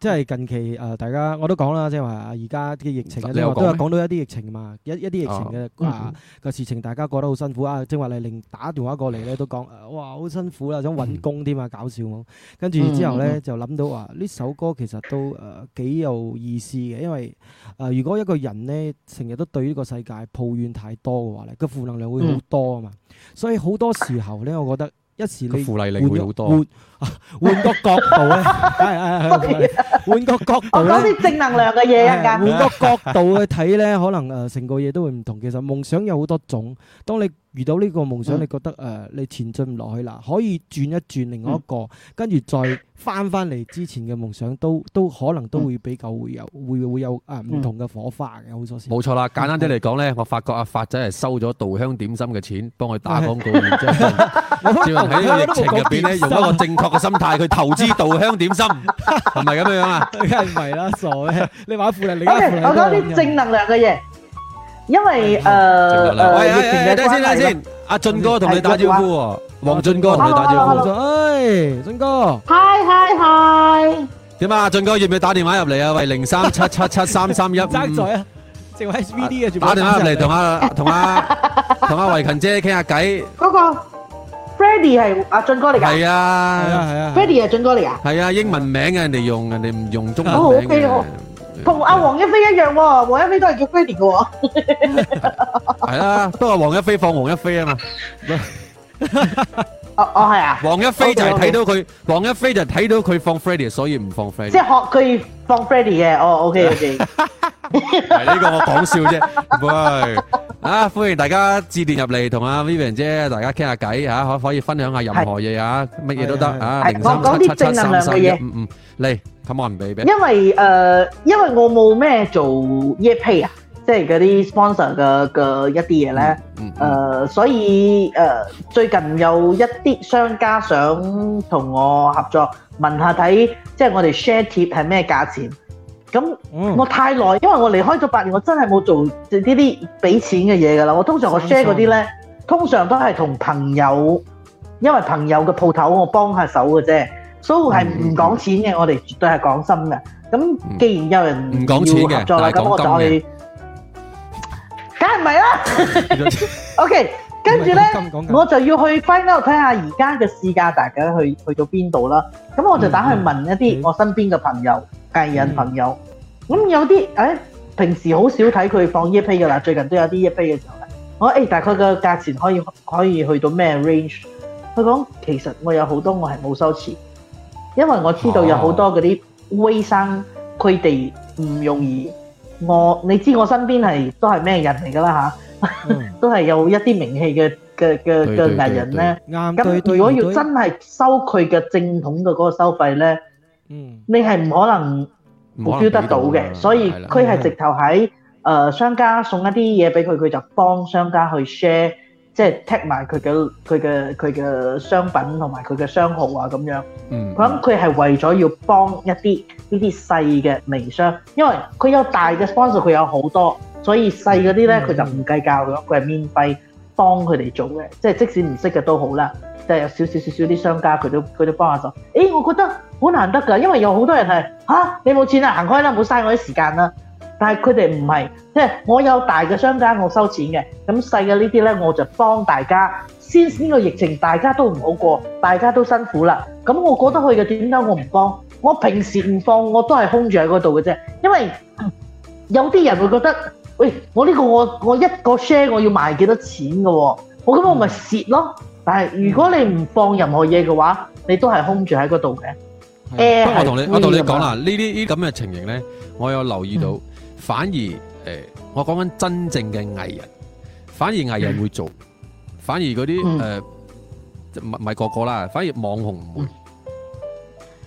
即係近期誒、呃，大家我都講啦，即係話而家嘅疫情，即係有都有講到一啲疫情嘛，啊、一一啲疫情嘅啊個、啊嗯、哼事情，大家過得好辛苦啊！正話你令打電話過嚟咧都講、呃，哇，好辛苦啦，想揾工添啊，搞笑喎！跟住之後咧，就諗到話呢首歌其實都誒幾、呃、有意思嘅，因為誒、呃、如果一個人咧成日都對呢個世界抱怨太多嘅話咧，個負能量會好多啊嘛，嗯、哼所以好多時候咧，我覺得。一次佢鼓勵你會好多換，換換個角度咧，換個角度咧，我講啲正能量嘅嘢啊，換個角度去睇咧， 可能誒成個嘢都會唔同。其實夢想有好多種，當你。遇到呢個夢想，你覺得誒、嗯呃，你前進唔落去啦，可以轉一轉另外一個，跟住、嗯、再翻翻嚟之前嘅夢想，都都可能都會比較會有，會會有啊唔同嘅火花嘅，好咗先。冇錯啦，簡單啲嚟講咧，我發覺阿發仔係收咗稻香點心嘅錢，幫佢打廣告嘅啫。照喺呢個疫情入邊咧，用一個正確嘅心態去投資稻香點心，係咪咁樣啊？梗係唔係啦，傻嘅！你玩負離，你玩負離。Okay, 都玩 我講啲正能量嘅嘢。因為誒，喂喂喂，停下先，停下先。阿俊哥同你打招呼，黃俊哥同你打招呼。哎，俊哥。Hi hi hi。點啊，俊哥要唔要打電話入嚟啊？喂，零三七七七三三一五。正在啊，成為 S V D 嘅。打電話入嚟同阿同阿同阿維勤姐傾下偈。嗰個 Freddie 係阿俊哥嚟噶。係啊係啊。Freddie 係俊哥嚟啊。係啊，英文名啊，人哋用啊，人哋唔用中文名嘅。同阿黃一飛一樣喎，黃一飛都係叫 Freddie 嘅，係啦，都係黃一飛放黃一飛啊嘛，哦哦係啊，黃一飛就係睇到佢，黃一飛就係睇到佢放 Freddie，所以唔放 Freddie，即係學佢放 Freddie 嘅，哦 OK，嚟。呢個我講笑啫，喂，啊，歡迎大家致電入嚟同阿 Vivian 姐大家傾下偈吓，可可以分享下任何嘢啊，乜嘢都得啊，零三七七三三一五五嚟。On, 因為誒、呃，因為我冇咩做嘢 pay 啊，即係嗰啲 sponsor 嘅嘅一啲嘢咧，誒、嗯嗯嗯呃，所以誒、呃，最近有一啲商家想同我合作，問下睇，即、就、係、是、我哋 share 貼係咩價錢？咁、嗯、我太耐，因為我離開咗八年，我真係冇做呢啲俾錢嘅嘢噶啦。我通常我 share 嗰啲咧，通常都係同朋友，因為朋友嘅鋪頭，我幫下手嘅啫。所以係唔講錢嘅，嗯、我哋絕對係講心嘅。咁既然有人要合作啦，咁我就去，梗係唔係啦？OK，跟住咧，我就要去 final 睇下而家嘅市價，大家去去到邊度啦。咁我就打去問一啲我身邊嘅朋友、藝人、嗯、朋友。咁、嗯、有啲誒、哎，平時好少睇佢放 E P a 嘅啦，最近都有啲 E P a 嘅時候啦。我誒、哎、大概嘅價錢可以可以去到咩 range？佢講其實我有好多我係冇收錢。因為我知道有好多嗰啲微商，佢哋唔容易。我你知我身邊係都係咩人嚟㗎啦嚇，都係、嗯、有一啲名氣嘅嘅嘅嘅藝人咧。啱，如果要真係收佢嘅正統嘅嗰個收費咧，對對對，你係唔可能目標得到嘅，到的所以佢係直頭喺誒商家送一啲嘢俾佢，佢就幫商家去 share。即係 take 埋佢嘅佢嘅佢嘅商品同埋佢嘅商號啊咁樣，咁佢係為咗要幫一啲呢啲細嘅微商，因為佢有大嘅 sponsor，佢有好多，所以細嗰啲咧佢就唔計較嘅，佢係、嗯、免費幫佢哋做嘅，即係即使唔識嘅都好啦，即係有少少少少啲商家佢都佢都幫下手。誒、欸，我覺得好難得㗎，因為有好多人係吓，你冇錢啊，行開啦，冇嘥我啲時間啦。但係佢哋唔係，即係我有大嘅商家我收錢嘅，咁細嘅呢啲呢我就幫大家。Since 呢個疫情大家都唔好過，大家都辛苦喇咁我覺得可以嘅，點解我唔幫？我平時唔放我都係空住喺嗰度嘅啫，因為有啲人會覺得，喂我呢個我,我一個 share 我要賣幾多錢嘅喎、哦，那我咁我咪蝕咯。嗯、但係如果你唔放任何嘢嘅話，你都係空住喺嗰度嘅。我同你,我同你講啦呢啲,咁嘅情形呢我有留意到。嗯反而誒，我講緊真正嘅藝人，反而藝人會做，反而嗰啲誒，唔係個個啦，反而網紅唔會，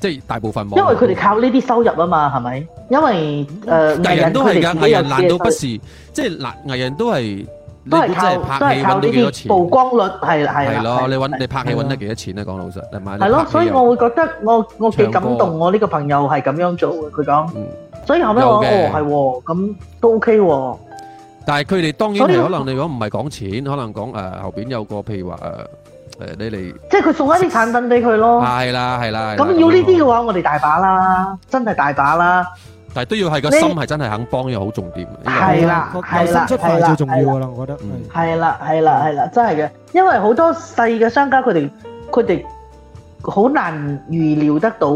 即係大部分網紅。因為佢哋靠呢啲收入啊嘛，係咪？因為誒，藝人都係㗎，藝人難道不是？即係難，藝人都係都係靠都係靠呢啲曝光率係係啊。係咯，你揾你拍戲揾得幾多錢啊？講老實係咪？係咯，所以我會覺得我我幾感動，我呢個朋友係咁樣做嘅。佢講。所以後屘話哦係咁都 OK 喎，但係佢哋當然可能你如果唔係講錢，可能講誒後邊有個譬如話誒誒你嚟，即係佢送一啲產品俾佢咯，係啦係啦，咁要呢啲嘅話我哋大把啦，真係大把啦，但係都要係個心係真係肯幫又好重點，係啦係啦係啦，最重要啦，我覺得係啦係啦係啦，真係嘅，因為好多細嘅商家佢哋佢哋。好難預料得到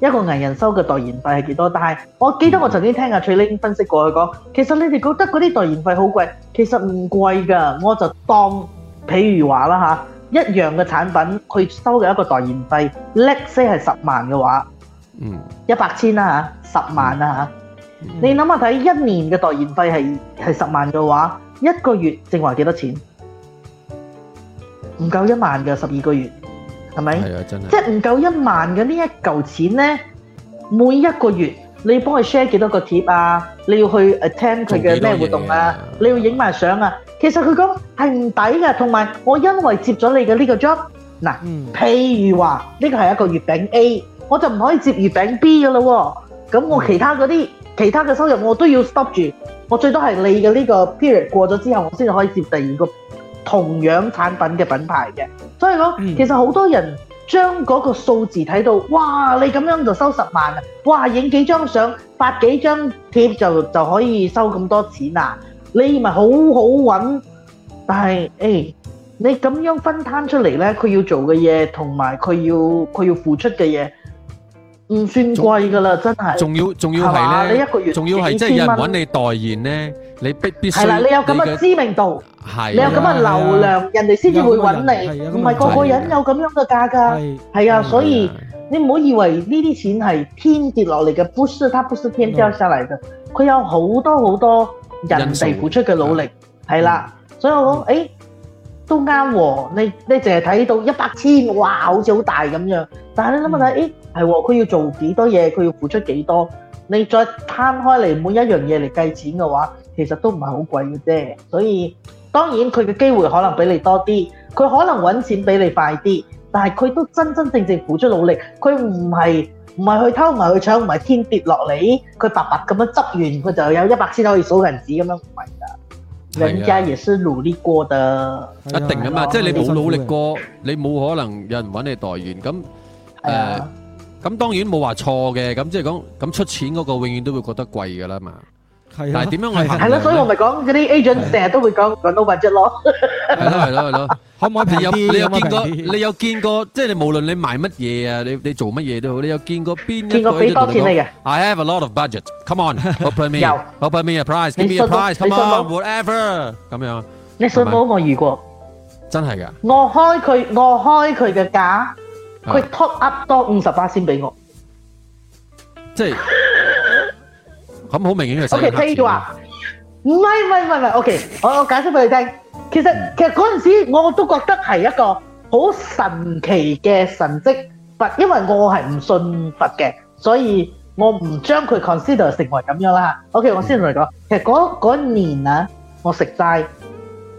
一個藝人收嘅代言費係幾多，但係我記得我曾經聽阿翠玲分析過的說，佢講，其實你哋覺得嗰啲代言費好貴，其實唔貴㗎。我就當譬如話啦，一樣嘅產品佢收嘅一個代言費 least 係十萬嘅話，一百千啦，十萬啦、啊嗯嗯、你諗下睇一年嘅代言費是係十萬嘅話，一個月淨係幾多錢？唔夠一萬嘅十二個月。係咪？係啊，真係。即係唔夠一萬嘅呢一嚿錢，每一個月你要幫佢 share 幾多個貼啊？你要去 attend 佢嘅咩活動啊？啊你要影埋相啊？吧其實佢說係唔抵嘅，同埋我因為接咗你嘅呢個 job 嗱、嗯，譬如話呢個係一個月餅 A，我就唔可以接月餅 B 了、啊、咁我其他嗰啲、嗯、其他嘅收入我都要 stop 住，我最多係你嘅呢個 period 過咗之後，我先可以接第二個。同樣產品嘅品牌嘅，所以講其實好多人將嗰個數字睇到，哇！你咁樣就收十萬啊！哇！影幾張相，發幾張貼就就可以收咁多錢啊！你咪好好揾，但係誒、欸，你咁樣分攤出嚟呢，佢要做嘅嘢同埋佢要佢要付出嘅嘢。唔算貴㗎喇，真係。仲要仲要係咧，你一個月，仲要係即係人搵你代言咧，你必必須係啦。你有咁嘅知名度，係你有咁嘅流量，人哋先至會搵你，唔係個個人有咁樣嘅價格係啊。所以你唔好以為呢啲錢係天跌落嚟嘅，不是，它不是天掉下來嘅，佢有好多好多人哋付出嘅努力係啦。所以我講誒。都啱喎、啊，你只淨係睇到一百千，哇，好似好大咁樣，但係你諗下睇，係喎、嗯哎，佢、啊、要做幾多嘢，佢要付出幾多？你再攤開嚟每一樣嘢嚟計錢嘅話，其實都唔係好貴嘅啫。所以當然佢嘅機會可能比你多啲，佢可能揾錢比你快啲，但係佢都真真正正付出努力，佢唔係唔係去偷，唔係去搶，唔係天跌落嚟，佢白白咁樣執完，佢就有一百千可以數銀紙咁樣。人家也是努力過的，啊、一定的啊嘛！即係你冇努力過，啊、你冇可能有人揾你代言咁誒，咁、啊呃、當然冇話錯嘅，咁即係講咁出錢嗰個永遠都會覺得貴噶啦嘛。係，但係點樣係？係啦，所以我咪講嗰啲 agent 成日都會講冇 budget 咯。係啦，係啦，係啦。可唔可以平啲？你有見過？你有見過？即係你無論你賣乜嘢啊，你你做乜嘢都好，你有見過邊個俾多錢你嘅？I have a lot of budget. Come on, open me. 有，open me a price. 你信冇？你信冇？Whatever，咁樣。你信冇我遇過？真係噶。我開佢，我開佢嘅價，佢 top up 多五十八先俾我。即係。咁好明顯嘅神跡。O K，譬如話，唔係唔係唔係，O K，我我解釋俾你聽。其實其實嗰陣時，我都覺得係一個好神奇嘅神跡。佛，因為我係唔信佛嘅，所以我唔將佢 consider 成為咁樣啦。O K，我先嚟講。其實嗰嗰年啊，我食齋，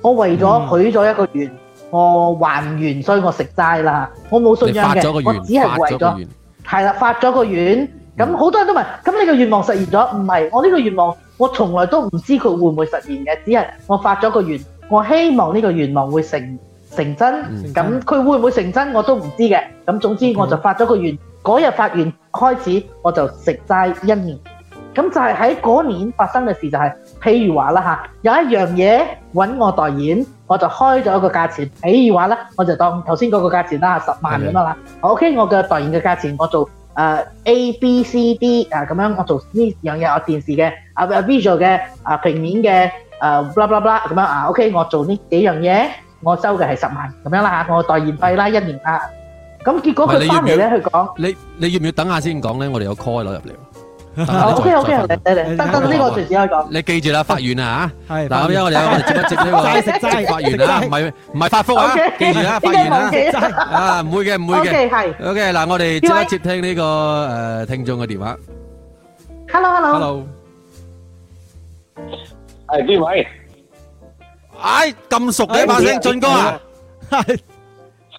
我為咗許咗一個願，我還願，所以我食齋啦。我冇信仰嘅，我只係為咗，係啦，發咗個願。咁好、嗯、多人都問，咁你個願望實現咗？唔係，我呢個願望，我從來都唔知佢會唔會實現嘅。只係我發咗個願，我希望呢個願望會成成真。咁佢、嗯、會唔會成真我都唔知嘅。咁總之我就發咗個願，嗰日、嗯、發完開始我就食齋一年。咁就係喺嗰年發生嘅事、就是，就係譬如話啦吓，有一樣嘢搵我代言，我就開咗個價錢。譬如話啦，我就當頭先嗰個價錢啦，十萬咁啦。好、嗯 okay，我嘅代言嘅價錢我做。誒、uh, A B C D 啊、uh, 咁樣，我做呢樣嘢，我電視嘅啊 visual 嘅啊平面嘅啊、uh,，blah blah blah 咁樣啊、uh,，OK，我做呢幾樣嘢，我收嘅係十萬咁樣啦嚇，我代言費啦、嗯、一年啦，咁、uh, 結果佢翻嚟咧，佢講，你不要說你要唔要等下先講咧？我哋有 call 攞入嚟。O K O K，嚟嚟，等等呢個隨時可以講。你記住啦，發完啊吓，嗱，咁樣我哋我哋接一接呢個齋食齋發完啊，唔係唔係發福啊，記住啦，發完啦，啊，唔會嘅唔會嘅，係。O K，嗱，我哋接一接聽呢個誒聽眾嘅電話。Hello Hello，係邊位？哎，咁熟嘅把聲，俊哥啊。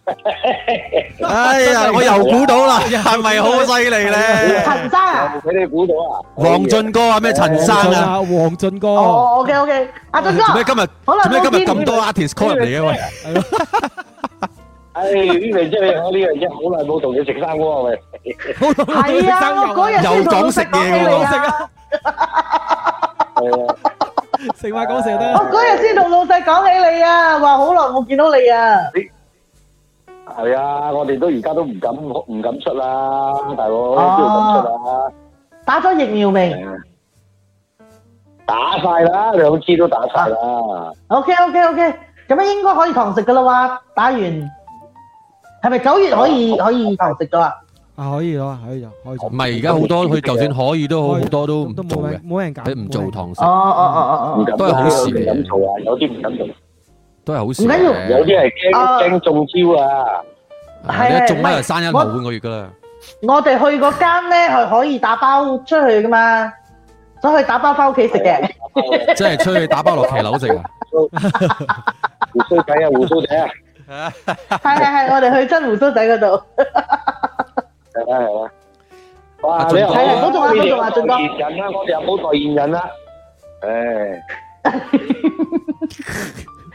哎呀！我又估到啦，係咪好犀利咧？陳生啊，俾你估到啊？黃俊哥啊，咩陳生啊？黃俊哥。哦，OK，OK，阿俊哥。做咩今日？好啦，做咩今日咁多 artist call 嚟嘅？喂，係咯。哎，呢樣嘢我呢樣嘢好耐冇同你食生鍋係咪？係啊，我嗰日又講食嘢嚟啊。係啊，食話講食得。我嗰日先同老細講起你啊，話好耐冇見到你啊。係啊，我哋都而家都唔敢唔敢出啦，大佬邊度敢出啊？打咗疫苗未？打曬啦，兩次都打曬啦。OK OK OK，咁樣應該可以堂食噶啦喎，打完係咪九月可以可以堂食咗啊？啊可以咯，可以啊，唔係而家好多佢就算可以都好多都唔做嘅，冇人唔做堂食。哦哦哦哦哦，都係好事，唔敢做啊，有啲唔敢做。都係好少，有啲係驚驚中招啊。係，中咗就生一個半個月噶啦。我哋去嗰間咧係可以打包出去噶嘛，都可以打包翻屋企食嘅。即係出去打包落騎樓食啊。鬍鬚仔啊，鬍鬚仔啊！係係係，我哋去真鬍鬚仔嗰度。係啊，係啊，哇！係好嗰仲話嗰仲話仲講代言人，我哋又冇代言人啦。誒。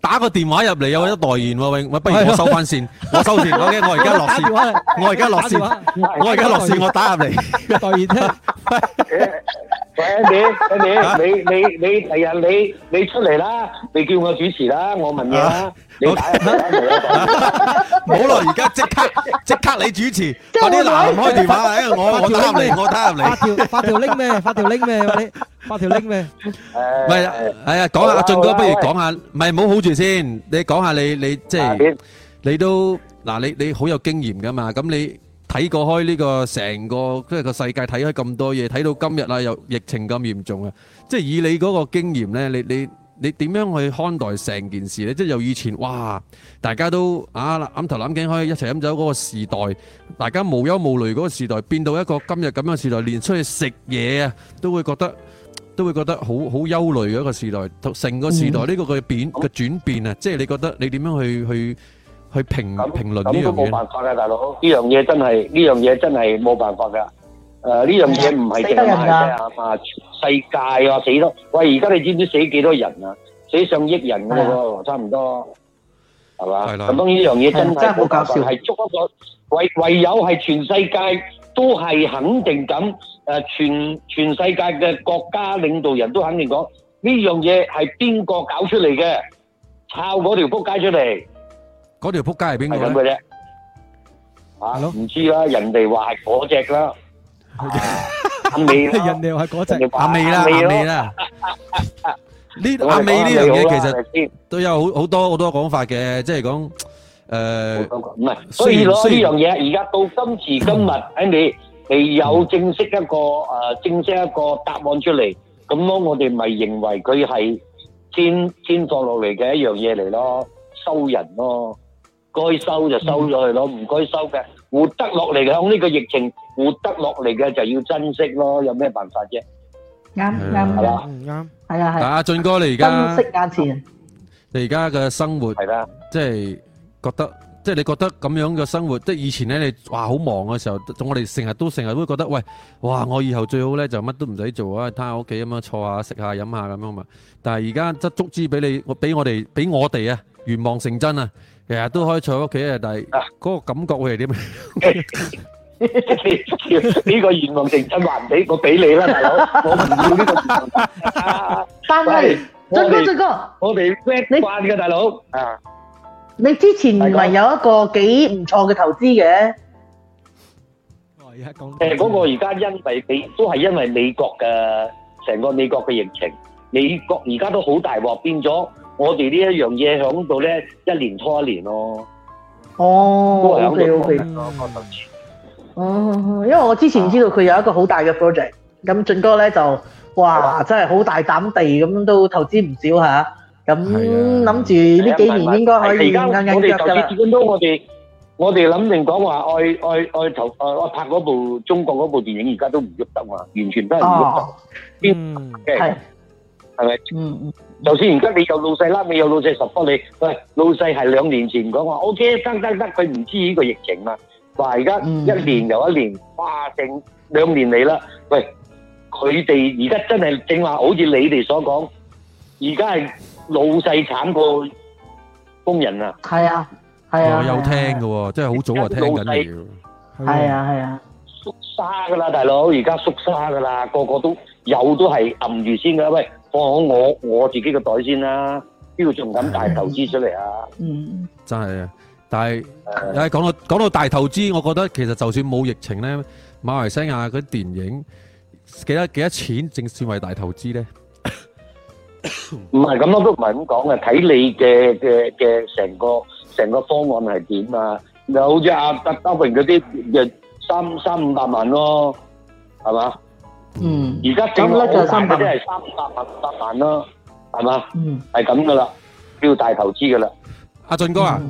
打個電話入嚟有個代言喎，喂咪不如我收翻線，我收線，OK，我而家落線，我而家落線，我而家落線，我打入嚟代言。阿姐，阿姐，你你你第日你你出嚟啦，你叫我主持啦，我問你啦，好，唔好咯，而家即刻即刻你主持，快啲嗱開電話啊，我我打入嚟，我打入嚟，發條發條 link 咩？發條 link 咩？發條 link 咩？唔係啊，係啊，講下阿俊哥，不如講下，唔係冇。hold 住先，你講下你你即係，你都嗱你你好有經驗噶嘛？咁你睇過開呢個成個即係個世界睇開咁多嘢，睇到今日啦又疫情咁嚴重啊！即係以你嗰個經驗呢，你你你點樣去看待成件事呢？即係由以前哇，大家都啊攬頭攬頸可以一齊飲酒嗰個時代，大家無憂無慮嗰個時代，變到一個今日咁樣嘅時代，連出去食嘢啊都會覺得。都會覺得好好憂慮嘅一個時代，成個時代呢個嘅變嘅轉變啊！即係你覺得你點樣去去去評評論呢樣嘢？冇辦法嘅大佬，呢樣嘢真係呢樣嘢真係冇辦法㗎。誒，呢樣嘢唔係淨係啊啊！世界啊死咯！喂，而家你知唔知死幾多人啊？死上億人咁咯，差唔多係嘛？咁當然呢樣嘢真係冇辦法，係捉一個唯唯有係全世界都係肯定咁。誒，全全世界嘅國家領導人都肯定講呢樣嘢係邊個搞出嚟嘅？抄嗰條扑街出嚟，嗰條扑街係邊個？係咁嘅啫，啊，唔知啦，人哋話係嗰隻啦，阿美啦，人哋話係嗰隻，阿美啦，阿美啦，呢阿美呢樣嘢其實都有好好多好多講法嘅，即係講誒，唔係，所以攞呢樣嘢而家到今時今日，阿美。係有正式一個誒、呃，正式一個答案出嚟，咁咯，我哋咪認為佢係先先放落嚟嘅一樣嘢嚟咯，收人咯，該收就收咗佢咯，唔該、嗯、收嘅活得落嚟，向、這、呢個疫情活得落嚟嘅就要珍惜咯，有咩辦法啫？啱啱啱，係吧啊係。阿俊哥，你而家珍惜眼前，你而家嘅生活係啦，吧即係覺得。即係你覺得咁樣嘅生活，即係以前咧，你哇好忙嘅時候，我哋成日都成日都會覺得，喂，哇，我以後最好咧就乜都唔使做啊，攤喺屋企咁樣坐下、食下、飲下咁樣嘛。但係而家則足之俾你，我俾我哋，俾我哋啊，願望成真啊，日日都可以坐喺屋企啊。但係嗰個感覺會係點？呢個願望成真還唔俾我俾你啦，大佬，我唔要呢個。但係，大哥，大哥，我哋 activate 嘅大佬啊。你之前唔係有一個幾唔錯嘅投資嘅？誒，嗰個而家因為你都係因為美國嘅成個美國嘅疫情，美國而家都好大鑊，變咗我哋呢一樣嘢響度咧，一年拖一年咯。哦，O K O K，哦，因為我之前知道佢有一個好大嘅 project，咁俊哥咧就哇，真係好大膽地咁都投資唔少吓。啊咁諗住呢幾年應該可以硬硬腳噶啦。而家我哋頭先幾分鐘，我哋我哋諗定講話愛愛愛投愛拍嗰部中國嗰部電影，而家都唔喐得嘛，完全都係唔喐得。嗯，係係咪？就算而家你有老細啦你，有老細 support 你，喂，老細係兩年前講話 OK 得得得，佢唔知呢個疫情嘛。話而家一年又一年，嘩成兩年嚟啦。喂，佢哋而家真係正話，好似你哋所講，而家係。老細慘過工人啊！係啊，係啊，我有聽嘅，即係好早啊，聽緊你。係啊，係啊，縮沙噶啦，大佬，而家縮沙噶啦，個個都有都係揞住先噶。喂，放好我我自己嘅袋先啦，邊度仲咁大投資出嚟啊？嗯，真係啊，但係誒，講到講到大投資，我覺得其實就算冇疫情咧，馬來西亞嗰啲電影幾多幾多錢正算為大投資咧？唔係咁咯，都唔係咁講嘅，睇你嘅嘅嘅成個成個方案係點啊？有好似阿阿嘉榮嗰啲，誒，三三五百萬咯，係嘛？嗯，而家咁咧就三五，嗰啲係三五百萬八萬咯，係嘛？嗯，係咁噶啦，要大投資噶啦。阿俊哥啊，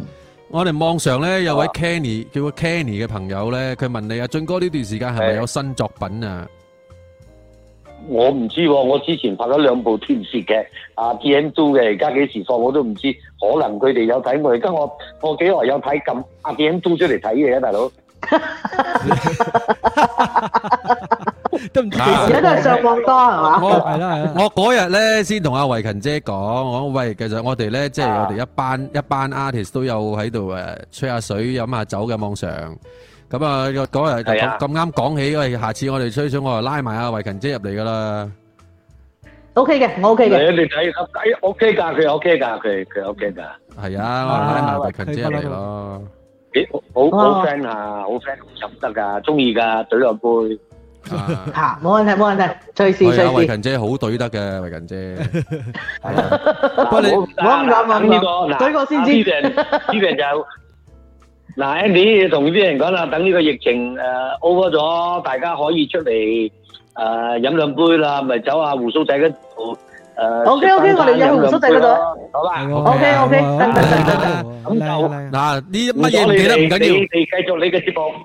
我哋網上咧有位 Kenny 叫阿 Kenny 嘅朋友咧，佢問你阿俊哥呢段時間係咪有新作品啊？我唔知喎，我之前拍咗兩部天使嘅，啊 a n do 嘅，而家幾時放我都唔知，可能佢哋有睇我而家我過幾耐有睇咁阿 a n do 出嚟睇嘅啊，大佬，都唔知，而家都係上網多係嘛？我係啦，我嗰日咧先同阿卉勤姐講，我講喂，其實我哋咧即係我哋一班、啊、一班 artist 都有喺度誒吹下水飲下酒嘅網上。咁啊，嗰日咁啱講起，喂，下次我哋吹水，我又拉埋阿卉勤姐入嚟噶啦。O K 嘅，我 O K 嘅。你你睇，我 O K 噶，佢 O K 噶，佢佢 O K 噶。係啊，我拉埋卉勤姐入嚟咯。幾好好 friend 啊，好 friend，飲得噶，中意噶，嘴落杯。嚇，冇問題，冇問題，隨時隨時。卉勤姐好對得嘅，卉勤姐。不過你我唔飲，我唔飲。嗱，呢個對過先知，呢邊有。嗱 Andy，你同啲人講啦，等呢個疫情誒 over 咗，大家可以出嚟誒飲兩杯啦，咪走下胡鬚仔嗰度誒。OK OK，我哋去胡鬚仔嗰度，好啦。OK OK，得得得得，咁就嗱啲乜嘢都唔緊要，你繼續你嘅節目。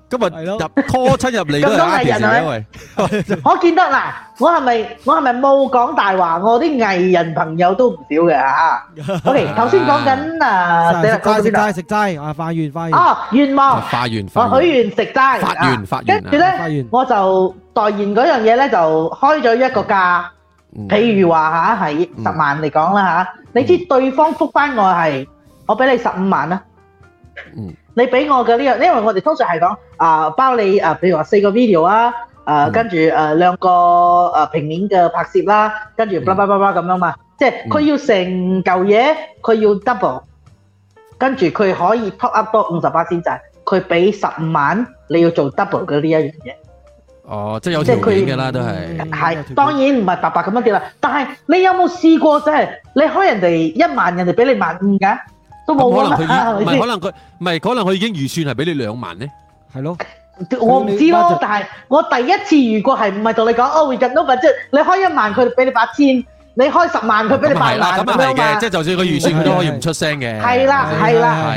今日入拖親入嚟咁多藝人係咪？我見到喇，我係咪我係咪冇講大話？我啲藝人朋友都唔少嘅吓。Okay，頭先講緊啊，齋齋食齋啊，化緣化哦，願望化緣哦，許願食齋，化緣化緣。跟住咧，我就代言嗰樣嘢咧，就開咗一個價，譬如話吓係十萬嚟講啦吓，你知對方覆返我係，我俾你十五萬啦。你俾我嘅呢樣，因為我哋通常係講啊包你啊，譬如話四個 video 啊，誒跟住誒兩個誒平面嘅拍攝啦，跟住巴拉巴拉咁樣嘛，即係佢要成嚿嘢，佢要 double，跟住佢可以 top up 多五十八千仔，佢俾十五萬，你要做 double 嘅呢一樣嘢。哦，即係有條件嘅啦，都係係當然唔係白白咁樣嘅啦。但係你有冇試過即係你開人哋一萬，人哋俾你萬五嘅？都冇可能，佢可能已經預算係俾你兩萬呢？係囉，我唔知道，但係我第一次如果係唔係同你講哦，會入 n u 即係你開一萬佢俾你八千，你開十萬佢俾你八萬，咁即係就算佢預算佢都可以唔出聲嘅。係啦，係啦，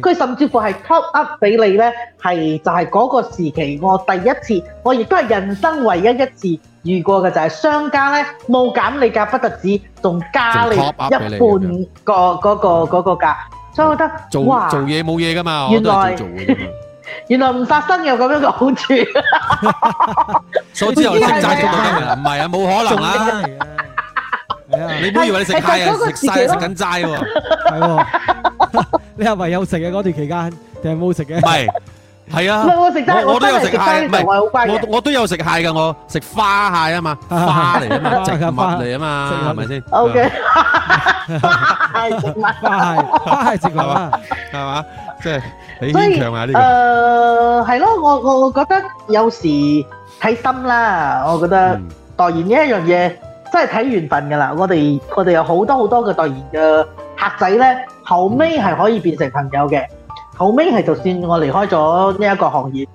佢甚至乎係 top up 俾你呢，係就係嗰個時期，我第一次，我亦都係人生唯一一次。遇過嘅就係商家咧冇減你價，不特止，仲加你一半個嗰個嗰個價，所以我覺得哇，做嘢冇嘢噶嘛，原來原來唔殺生有咁樣嘅好處，所以之後食齋食唔得。唔係啊，冇可能啦，係啊，你唔好以為你食蟹啊食曬食緊齋喎，係喎，你係咪有食嘅嗰段期間定係冇食嘅？係啊，我我都有食蟹，唔係，我都有食蟹噶，我食花蟹啊嘛，花蟹嚟嘛，植物嚟啊嘛，係咪先？O K，花蟹植物，花蟹植物係嘛？係嘛？即係，所以，誒係咯，我我覺得有時睇心啦，我覺得代言呢一樣嘢真係睇緣分㗎啦。我哋我哋有好多好多嘅代言嘅客仔呢，後尾係可以變成朋友嘅。後尾係就算我離開咗呢一個行業，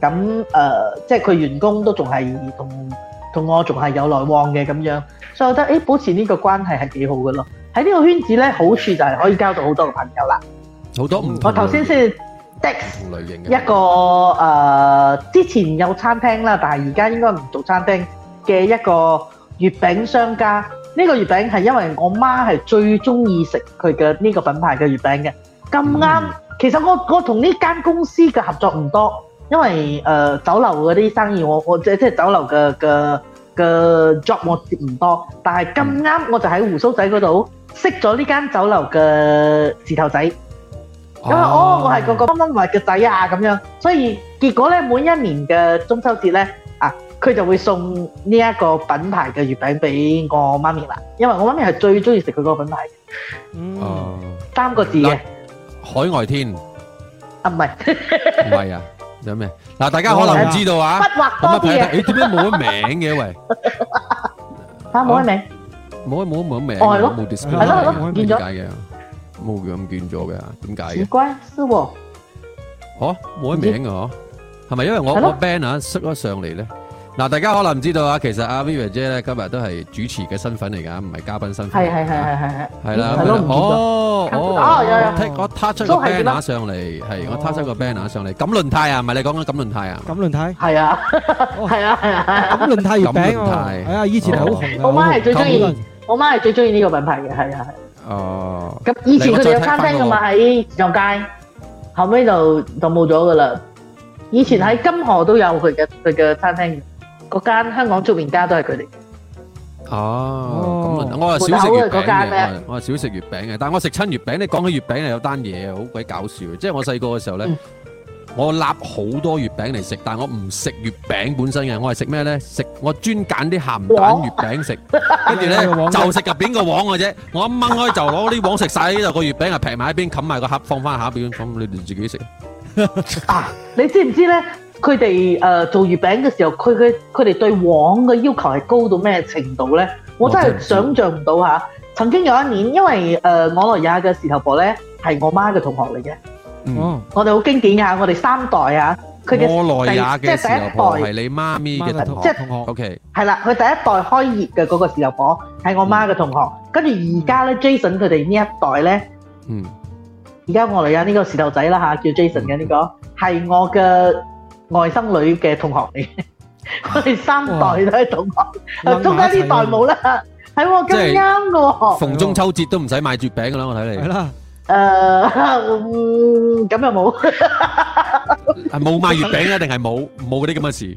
咁誒，即係佢員工都仲係同同我仲係有來往嘅咁樣，所以我覺得誒保持呢個關係係幾好嘅咯。喺呢個圈子咧，好處就係可以交到好多嘅朋友啦。好多唔，我頭先先一個誒，之前有餐廳啦，但係而家應該唔做餐廳嘅一個月餅商家。呢個月餅係因為我媽係最中意食佢嘅呢個品牌嘅月餅嘅咁啱。其實我我同呢間公司嘅合作唔多，因為誒酒樓嗰啲生意我我即即係酒樓嘅嘅嘅 job 我接唔多，但係咁啱我就喺胡鬚仔嗰度識咗呢間酒樓嘅字頭仔，咁啊哦我係個個孖孖嘅仔啊咁樣，所以結果咧每一年嘅中秋節咧啊，佢就會送呢一個品牌嘅月餅俾我媽咪啦，因為我媽咪係最中意食佢嗰個品牌，嗯，三個字嘅。海外天，啊唔係唔係啊，有咩嗱。大家可能唔知道啊，咁啊排排，你點解冇咗名嘅喂？吓冇乜名，冇啊冇啊冇乜名，係咯，係咯，唔知點解嘅，冇咁斷咗嘅，點解嘅？奇怪，衰喎，吓冇乜名嘅吓，係咪因為我我 band 吓 set 咗上嚟咧？嗱，大家可能唔知道啊。其實阿 Vivian 姐咧，今日都係主持嘅身份嚟噶，唔係嘉賓身份。係係係係係係係啦，係咯。哦哦哦，有有。我撻出個 band 上嚟，係我撻出個 band 上嚟。錦輪胎啊，唔係你講緊錦輪胎啊？錦輪胎係啊係啊，錦輪胎。錦輪胎。係啊，以前好紅。我媽係最中意，我媽係最中意呢個品牌嘅，係係係。哦，咁以前佢哋有餐廳噶嘛？喺自助街，後尾就就冇咗噶啦。以前喺金河都有佢嘅佢嘅餐廳。嗰間香港粥麵家都係佢哋。哦，我係少食月餅嘅，我係少食月餅嘅。但係我食親月餅，你講起月餅係有單嘢，好鬼搞笑嘅。即係我細個嘅時候咧，我攬好多月餅嚟食，但係我唔食月餅本身嘅，我係食咩咧？食我專揀啲鹹蛋月餅食，跟住咧就食入邊個黃嘅啫。我一掹開就攞啲黃食曬，喺度個月餅啊劈埋一邊，冚埋個盒放翻下邊，咁你哋自己食。啊，你知唔知咧？佢哋誒做月餅嘅時候，佢佢佢哋對黃嘅要求係高到咩程度咧？我真係想像唔到嚇。曾經有一年，因為誒、呃、我來也嘅豉油婆咧係我媽嘅同學嚟嘅，嗯，我哋好經典嘅嚇，我哋三代啊，佢嘅我來也嘅即係第一代係你媽咪嘅同學，OK，係啦，佢第一代開業嘅嗰個豉油婆係我媽嘅同學，跟住而家咧 Jason 佢哋呢一代咧，嗯，而家我來也呢個豉油仔啦吓，叫 Jason 嘅呢、呢個係、嗯、我嘅。外甥女嘅同學嚟，我哋三代都係同學，中間呢代冇啦，係喎，咁啱嘅喎。逢中秋節都唔使買月餅噶啦，我睇你。係啦。誒，咁又冇。係冇買月餅啊？定係冇冇嗰啲咁嘅事？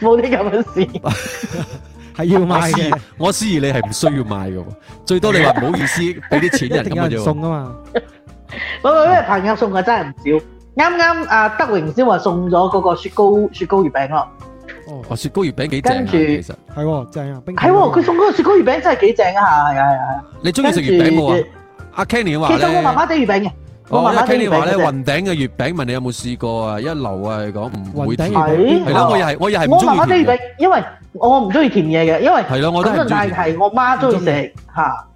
冇啲咁嘅事。係要買。我思疑你係唔需要買嘅，最多你話唔好意思俾啲錢人，噉樣樣送啊嘛。唔係，因為朋友送嘅真係唔少。啱啱阿德榮先話送咗嗰個雪糕，雪糕月餅咯。哦，雪糕月餅幾正啊！其實係喎，正啊，冰係喎，佢送嗰個雪糕月餅真係幾正啊！係係係。你中意食月餅冇啊？阿 Kenny 話咧，其實我媽媽啲月餅嘅。我媽媽 Kenny 話咧，雲頂嘅月餅問你有冇試過啊？一流啊，係講唔會。雲頂係咯，我又係，我又係。唔中意月餅，因為我唔中意甜嘢嘅，因為係咯，我都係中意。但係我媽中意食嚇，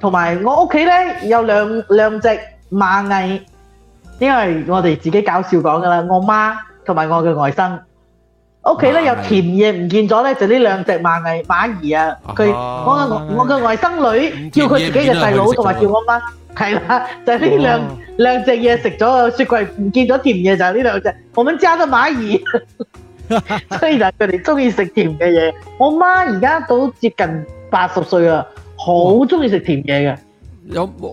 同埋我屋企咧有兩兩隻螞蟻。因為我哋自己搞笑講噶啦，我媽同埋我嘅外甥屋企咧有甜嘢唔見咗咧，就呢兩隻螞蟻螞蟻啊，佢我我我嘅外甥女叫佢自己嘅細佬同埋叫我媽，係啦，就呢兩兩隻嘢食咗雪櫃唔見咗甜嘢就係呢兩隻，我們家的螞蟻，所以就佢哋中意食甜嘅嘢。我媽而家都接近八十歲啦，好中意食甜嘢嘅。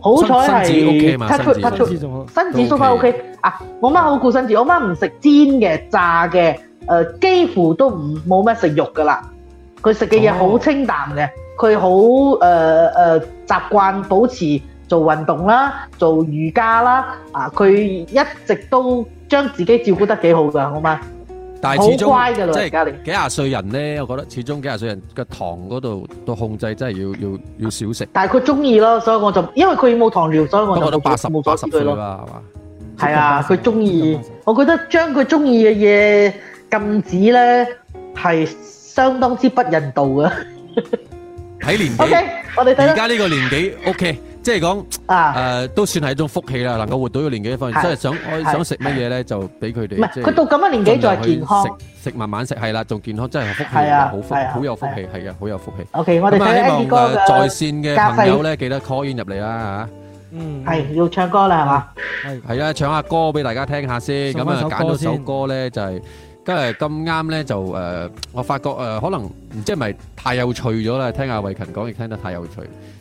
好彩係，出出出出，身子縮 O K 啊！我媽好顧身子，我媽唔食煎嘅、炸嘅、呃，幾乎都唔冇乜食肉噶啦。佢食嘅嘢好清淡嘅，佢好、呃呃、習慣習慣保持做運動啦，做瑜伽啦，佢、啊、一直都將自己照顧得幾好噶，好嘛？但係始終即係而家啲幾廿歲人咧，我覺得始終幾廿歲人嘅糖嗰度嘅控制真係要要要少食。但係佢中意咯，所以我就因為佢冇糖尿，所以我就覺得都八十冇咗八十歲咯，係嘛？係啊，佢中意，我覺得將佢中意嘅嘢禁止咧係相當之不人道嘅。睇年紀，OK，而家呢個年紀，OK。即係講誒，都算係一種福氣啦，能夠活到呢個年紀，當然真係想我想食乜嘢咧，就俾佢哋。唔係佢到咁嘅年紀仲係健康，食慢慢食係啦，仲健康真係福氣，好福好有福氣，係啊，好有福氣。OK，我哋希望在線嘅朋友咧，記得 call in 入嚟啦嚇。嗯，係要唱歌啦，係嘛？係係啊，唱下歌俾大家聽下先。咁啊，揀咗首歌咧就係。咁誒咁啱咧，就誒我發覺誒可能唔知係咪太有趣咗啦？聽阿卉勤講嘢，聽得太有趣，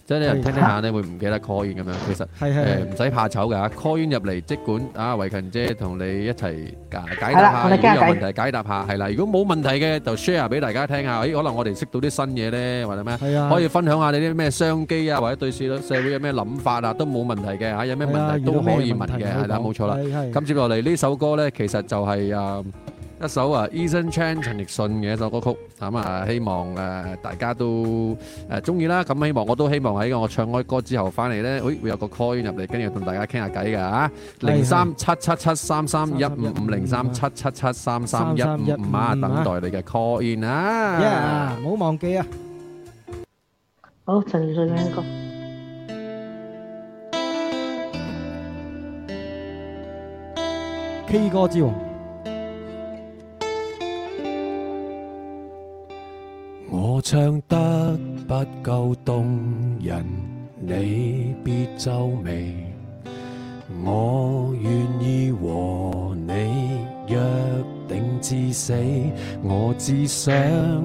即係啲人聽聽下咧，會唔記得 call in 咁樣。其實誒唔使怕醜噶，call in 入嚟即管啊，卉勤姐同你一齊解解答下。如果有問題解答下，係啦。如果冇問題嘅就 share 俾大家聽下。咦，可能我哋識到啲新嘢咧，或者咩？係啊，可以分享下你啲咩商機啊，或者對住咯社會有咩諗法啊，都冇問題嘅嚇。有咩問題都可以問嘅，係啦，冇錯啦。咁接落嚟呢首歌咧，其實就係啊。一首啊，Eason Chan 陳奕迅嘅一首歌曲，咁啊希望誒大家都誒中意啦。咁希望我都希望喺我唱開歌之後翻嚟咧，會有個 call in 入嚟，跟住同大家傾下偈噶嚇。零三七七七三三一五五，零三七七七三三一五一五啊，等待你嘅 call in 啊，唔好忘記啊。好，陳奕迅嘅呢個 K 歌之王。我唱得不夠動人，你別皺眉。我願意和你約定至死，我只想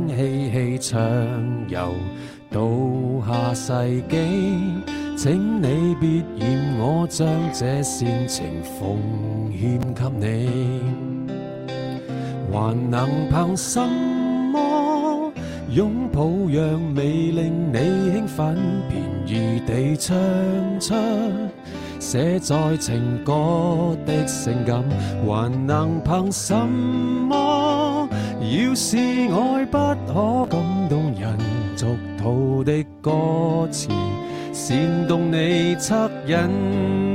嬉戲唱遊到下世紀。請你別嫌我將這煽情奉獻給你，還能憑心。擁抱讓未令你興奮，便宜地唱出寫在情歌的性感，還能憑什麼？要是愛不可感動人，俗套的歌詞煽動你惻隱。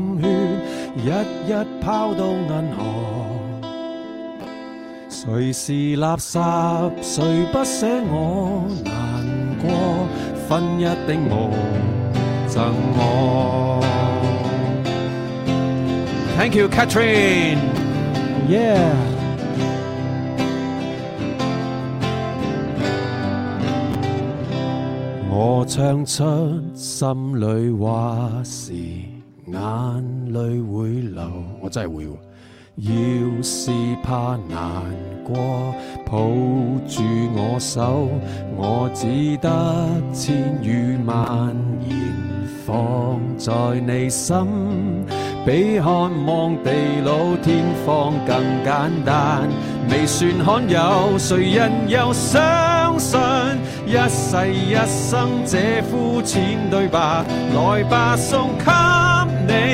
一一拋到銀河，誰是垃圾？誰不捨我難過？分一丁無贈我。Thank you, Katrina. Yeah. 我唱出心裏話時。眼淚會流，我真係會喎、啊。要是怕難過，抱住我手，我只得千語萬言放在你心，比看望地老天荒更簡單。未算罕有，誰人又相信一世一生這膚淺對白？來吧送，送給。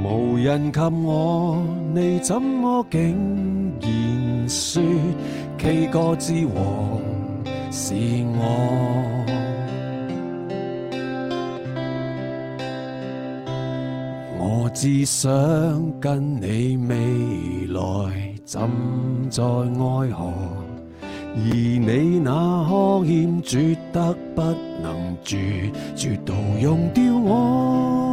無人及我，你怎麼竟然說？K 歌之王是我。我只想跟你未來浸在愛河，而你那可欠絕得不能絕，絕對用掉我。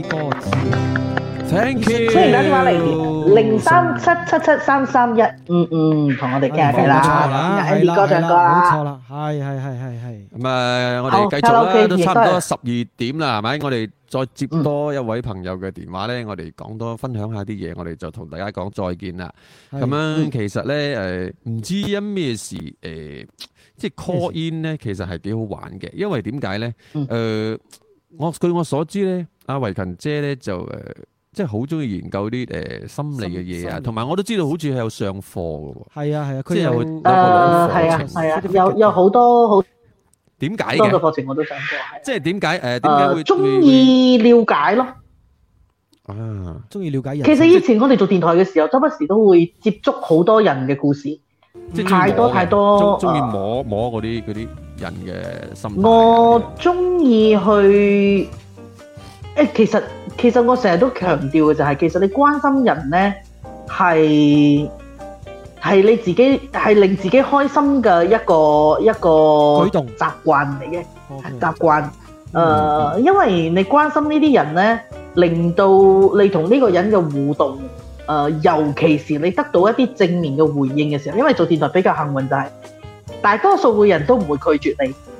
歡迎打電話嚟，零三七七七三三一五五，同我哋傾下偈啦。係啦係啦係啦，冇錯啦，係係係係係。咁誒，我哋繼續啦，都差唔多十二點啦，係咪？我哋再接多一位朋友嘅電話咧，我哋講多分享下啲嘢，我哋就同大家講再見啦。咁樣其實咧，誒，唔知因咩事，誒，即係 call in 咧，其實係幾好玩嘅，因為點解咧？誒，我據我所知咧。阿卉勤姐咧就誒，即係好中意研究啲誒心理嘅嘢啊，同埋我都知道好似係有上課嘅。係啊係啊，即係啊係啊係啊，有有好多好點解嘅？好多課程我都上過。即係點解？誒，點解會中意了解咯？啊，中意了解人。其實以前我哋做電台嘅時候，周不時都會接觸好多人嘅故事，太多太多，中意摸摸嗰啲嗰啲人嘅心。我中意去。誒，其實其實我成日都強調嘅就係，其實你關心人呢，係係你自己係令自己開心嘅一個一個舉動習慣嚟嘅習慣。誒，因為你關心呢啲人呢，令到你同呢個人嘅互動，誒，尤其是你得到一啲正面嘅回應嘅時候，因為做電台比較幸運就係，大多數嘅人都唔會拒絕你。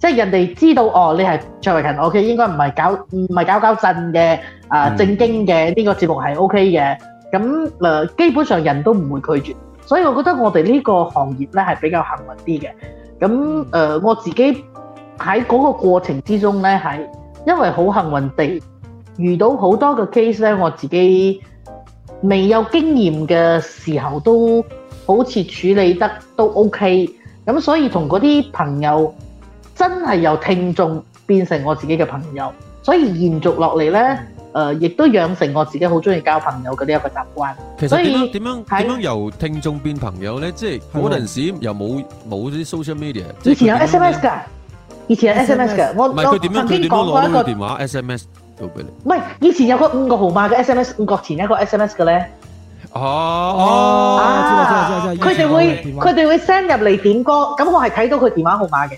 即係人哋知道哦，你係卓卉勤，OK，應該唔係搞唔係搞搞震嘅啊、呃，正經嘅呢個節目係 O K 嘅。咁、呃、基本上人都唔會拒絕，所以我覺得我哋呢個行業咧係比較幸運啲嘅。咁誒、呃，我自己喺嗰個過程之中咧，係因為好幸運地遇到好多嘅 case 咧，我自己未有經驗嘅時候都好似處理得都 O K。咁所以同嗰啲朋友。真係由聽眾變成我自己嘅朋友，所以延續落嚟咧，誒，亦都養成我自己好中意交朋友嘅呢一個習慣。其實點樣點樣點樣由聽眾變朋友咧？即係嗰陣時又冇冇啲 social media，以前有 sms 噶以前有 sms 噶。我我旁邊講嗰個電話 sms 都俾你，唔係以前有嗰五個號碼嘅 sms，五個前一個 sms 嘅咧。哦哦，啊，知啦知啦知啦。佢哋會佢哋會 send 入嚟點歌，咁我係睇到佢電話號碼嘅。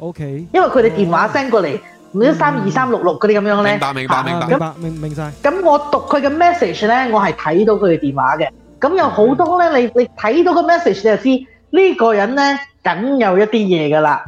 O K，因為佢哋電話 send 過嚟五一三二三六六嗰啲咁樣咧，明白明白明明明。咁我讀佢嘅 message 咧，我係睇到佢嘅電話嘅。咁有好多咧，你你睇到個 message 你就知呢個人咧，梗有一啲嘢噶啦。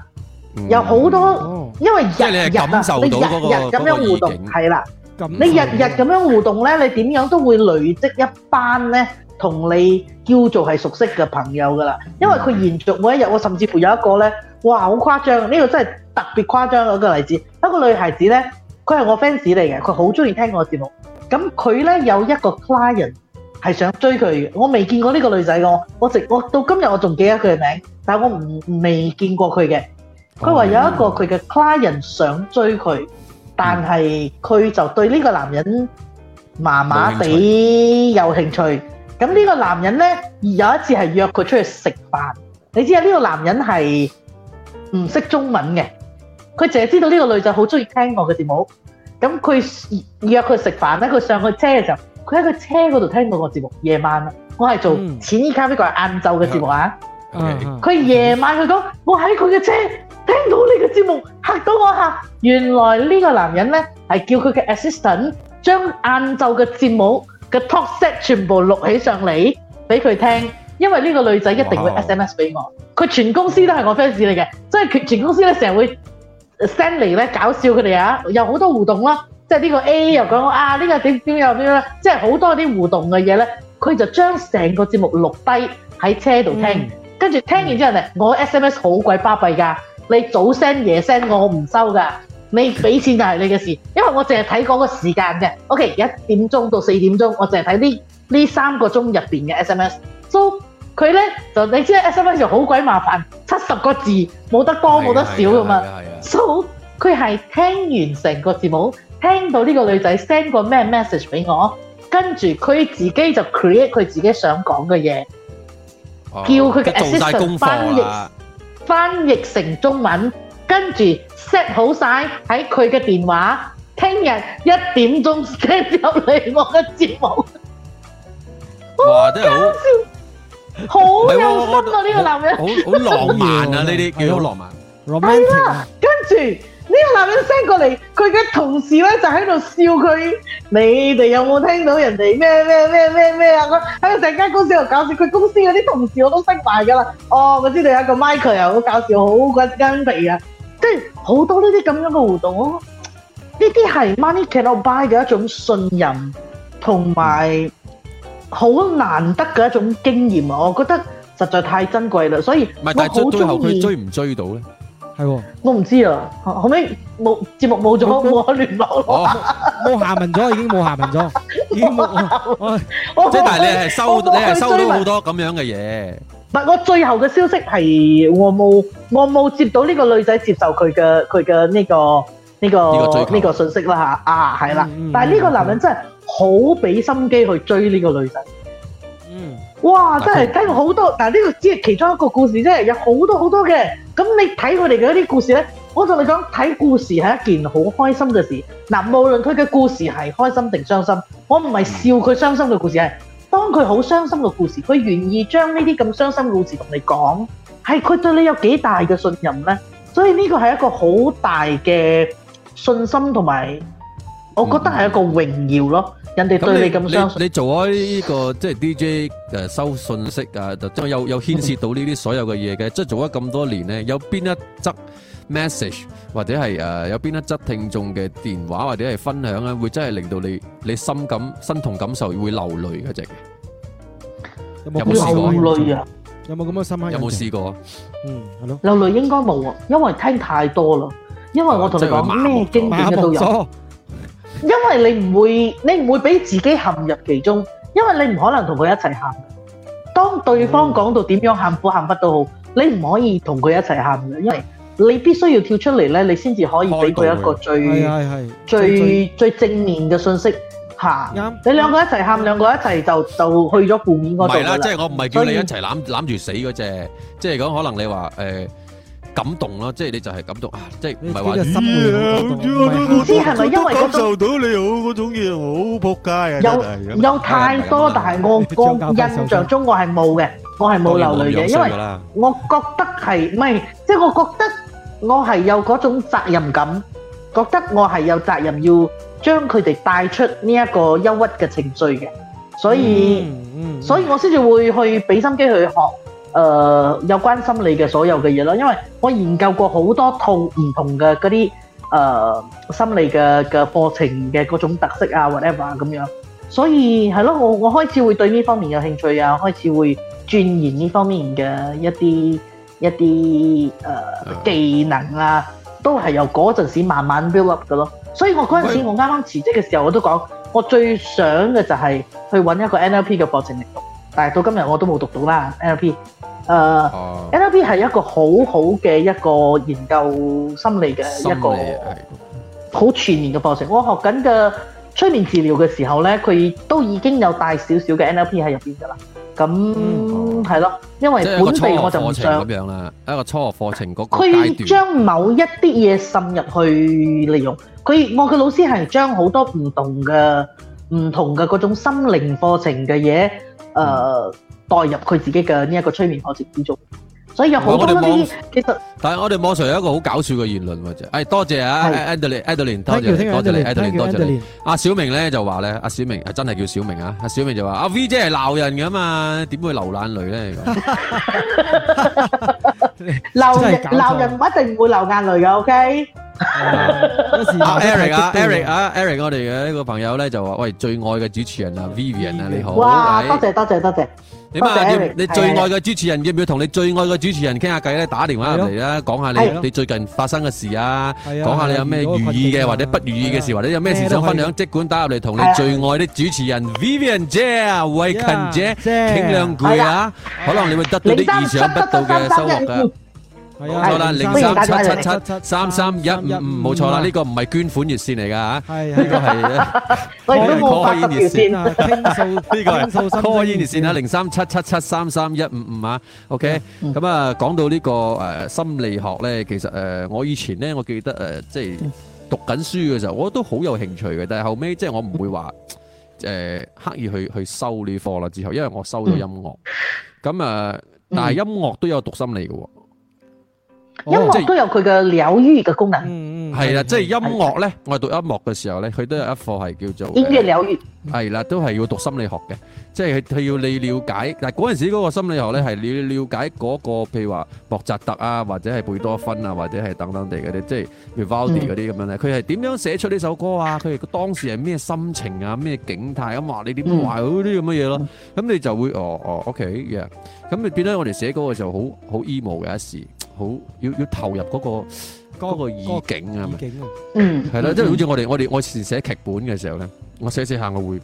有好多，因為日日啊，你日日咁樣互動，係啦，你日日咁樣互動咧，你點樣都會累積一班咧，同你叫做係熟悉嘅朋友噶啦。因為佢延續每一日，我甚至乎有一個咧。哇！好誇張，呢個真係特別誇張嗰個例子。一個女孩子呢，佢係我 fans 嚟嘅，佢好中意聽我嘅節目。咁佢呢有一個 client 係想追佢，我未見過呢個女仔嘅，我直我到今日我仲記得佢嘅名，但係我唔未見過佢嘅。佢話有一個佢嘅 client 想追佢，但係佢就對呢個男人麻麻地有興趣。咁呢個男人呢有一次係約佢出去食飯，你知啊，呢個男人係。唔識中文嘅，佢淨係知道呢個女仔好中意聽我嘅節目。咁佢約佢食飯咧，佢上佢車嘅時候，佢喺佢車嗰度聽到我嘅節目。夜晚，我係做淺衣咖啡個晏晝嘅節目啊。佢夜晚佢講，我喺佢嘅車聽到呢個節目，嚇到我嚇。原來呢個男人咧係叫佢嘅 assistant 將晏晝嘅節目嘅 talk set 全部錄起上嚟俾佢聽。因為呢個女仔一定會 S M S 俾我，佢 Wow. 全公司都係我 fans 嚟嘅，即係全公司咧成日會 send 嚟咧搞笑佢哋啊，有好多互動咯，即係呢個 A 又講啊呢、呢個點點又點樣，即係好多啲互動嘅嘢咧佢就將成個節目錄低喺車度聽，跟住、嗯、聽完之後我 S M S 好鬼巴閉噶，你早 send 夜 send 我唔收噶，你俾錢就係你嘅事，因為我淨係睇嗰個時間嘅，OK 一點鐘到四點鐘，我淨係睇呢三個鐘入面嘅 S M S，so 佢呢，就你知啊 SMS 好鬼麻煩，七十個字冇得多冇的得少噶嘛。So 佢係聽完成個節目，聽到呢個女仔 send 個咩 message 俾我，跟住佢自己就 create 佢自己想講嘅嘢，哦、叫佢 assistant 翻譯，翻譯成中文，跟住 set 好晒喺佢嘅電話，聽日一點鐘 send 入嚟我嘅節目。哇嘩！真係好～好有心啊！呢個男人好浪漫啊！呢啲叫浪漫。Romantic 啦，跟住呢個男人 send 過嚟，佢嘅同事呢就喺度笑佢。你哋有冇聽到人哋咩咩咩咩咩啊？喺成間公司又搞笑，佢公司嗰啲同事我都識埋噶啦。哦，我知道你有一個 Michael 又好搞笑，好鬼奸皮啊！即係好多呢啲咁樣嘅互動咯。呢啲係 money can't buy 嘅一種信任同埋。.好難得嘅一種經驗啊！我覺得實在太珍貴啦，所以我好中意。但係最後佢追唔追到咧？係喎，我唔知啊。後尾冇節目冇咗，冇可聯絡咯，冇下文咗，已經冇下文咗。即係但係你係收，你係收到好多咁樣嘅嘢。唔係我最後嘅消息係我冇我冇接到呢個女仔接受佢嘅佢嘅呢個呢個呢個信息啦，吓，啊，係啦，但係呢個男人真係。好俾心機去追呢個女仔，嗯，哇，嗯、真係睇到好多。嗱、嗯，呢個只係其中一個故事啫，有好多好多嘅。咁你睇佢哋嘅一啲故事咧，我同你講，睇故事係一件好開心嘅事。嗱，無論佢嘅故事係開心定傷心，我唔係笑佢傷心嘅故事，係當佢好傷心嘅故事，佢願意將呢啲咁傷心嘅故事同你講，係佢對你有幾大嘅信任咧。所以呢個係一個好大嘅信心同埋。我覺得係一個榮耀咯，人哋對你咁相信。你做開呢個即係 DJ 誒，收信息啊，就即係有有牽涉到呢啲所有嘅嘢嘅。即係做咗咁多年咧，有邊一則 message 或者係誒有邊一則聽眾嘅電話或者係分享咧，會真係令到你你心感身同感受會流淚嗰隻嘅。有冇流淚？有冇咁嘅深刻？有冇試過？嗯，係咯。流淚應該冇，因為聽太多啦。因為我同你講咩經典嘅都有。因為你唔會，你唔會俾自己陷入其中，因為你唔可能同佢一齊喊。當對方講到點樣喊苦喊法都好，你唔可以同佢一齊喊，因為你必須要跳出嚟，你先至可以俾佢一個最最最正面嘅信息。對你兩個一齊喊，對兩個一齊就就去咗負面嗰度啦。即係我唔係叫你一齊攬住死嗰隻，即係講可能你話感動囉，即係你就係感動，即係唔係話呢個心門唔感動。唔知係咪因為感受到你好嗰種嘢好撲街啊？有有太多，但係我個印象中我係冇嘅，我係冇流淚嘅，因為我覺得係唔係，即係我覺得我係有嗰種責任感，覺得我係有責任要將佢哋帶出呢一個憂鬱嘅情緒嘅，所以所以，我先至會去俾心機去學。誒、呃、有關心理嘅所有嘅嘢咯，因為我研究過好多套唔同嘅嗰啲誒心理嘅嘅課程嘅各種特色啊 whatever 咁樣，所以係咯，我我開始會對呢方面有興趣啊，開始會鑽研呢方面嘅一啲一啲誒、呃、技能啊，都係由嗰陣時慢慢 build up 嘅咯。所以我嗰陣時喂我啱啱辭職嘅時候，我都講我最想嘅就係去揾一個 NLP 嘅課程嚟讀，但係到今日我都冇讀到啦 NLP。誒，NLP 係一個好好嘅一個研究心理嘅一個好全面嘅課程。我學緊嘅催眠治療嘅時候咧，佢都已經有大少少嘅 NLP 喺入邊噶啦。咁係咯，因為本地我就唔上啦。一個初學課程嗰，佢將某一啲嘢滲入去利用。佢我嘅老師係將好多唔同嘅唔同嘅嗰種心靈課程嘅嘢，誒。代入佢自己嘅呢一個催眠模式之中，所以有好多啲其實。但係我哋莫 Sir 有一個好搞笑嘅言論，或者多謝啊，Adeline，Adeline，多謝你，多謝你，Adeline，多謝你。阿小明咧就話咧，阿小明係真係叫小明啊，阿小明就話阿 V 姐係鬧人噶嘛，點會流眼淚咧？鬧人鬧人唔一定唔會流眼淚噶，OK？阿 Eric 啊，Eric 啊，Eric，我哋嘅呢個朋友咧就話喂，最愛嘅主持人啊，Vivian 啊，你好。哇！多謝多謝多謝。點啊！你你最愛嘅主持人，要唔要同你最愛嘅主持人傾下偈咧？打電話入嚟啦，講下你你最近發生嘅事啊，講下你有咩如意嘅或者不如意嘅事，或者有咩事想分享，即管打入嚟同你最愛的主持人 Vivian 姐、卉勤姐傾兩的句啊！的可能你會得到啲意想不到嘅收穫㗎。冇錯啦，零三七七七三三一五五，冇錯啦，呢個唔係捐款熱線嚟噶吓，呢個係可以可以熱線傾訴呢個係可以熱線啊，零三七七七三三一五五啊，OK，咁啊，講到呢個誒心理學咧，其實誒、呃、我以前咧，我記得誒即係讀緊書嘅時候，我都好有興趣嘅，但係後尾即係我唔會話誒、嗯呃、刻意去去修呢科啦，之後因為我修咗音樂，咁誒、嗯呃，但係音樂都有讀心理嘅。嗯嗯音樂都有佢嘅療愈嘅功能，係啦，即係音樂咧。我哋讀音樂嘅時候咧，佢都有一課係叫做音樂療愈，係啦，都係要讀心理學嘅。即係佢要你了解，但係嗰陣時嗰個心理學咧係你了解嗰個，譬如話莫扎特啊，或者係貝多芬啊，或者係等等地嗰啲，即係如 valdi 嗰啲咁樣咧。佢係點樣寫出呢首歌啊？佢當時係咩心情啊？咩景態咁話你點樣懷好啲咁嘅嘢咯？咁你就會哦哦，ok 嘅，咁，變咗我哋寫歌嘅時候好好 emo 嘅一時。好要，要投入嗰個嗰個意境啊，係咪？嗯，係啦，即係好似我哋我哋我以前寫劇本嘅時候咧，我寫寫下我會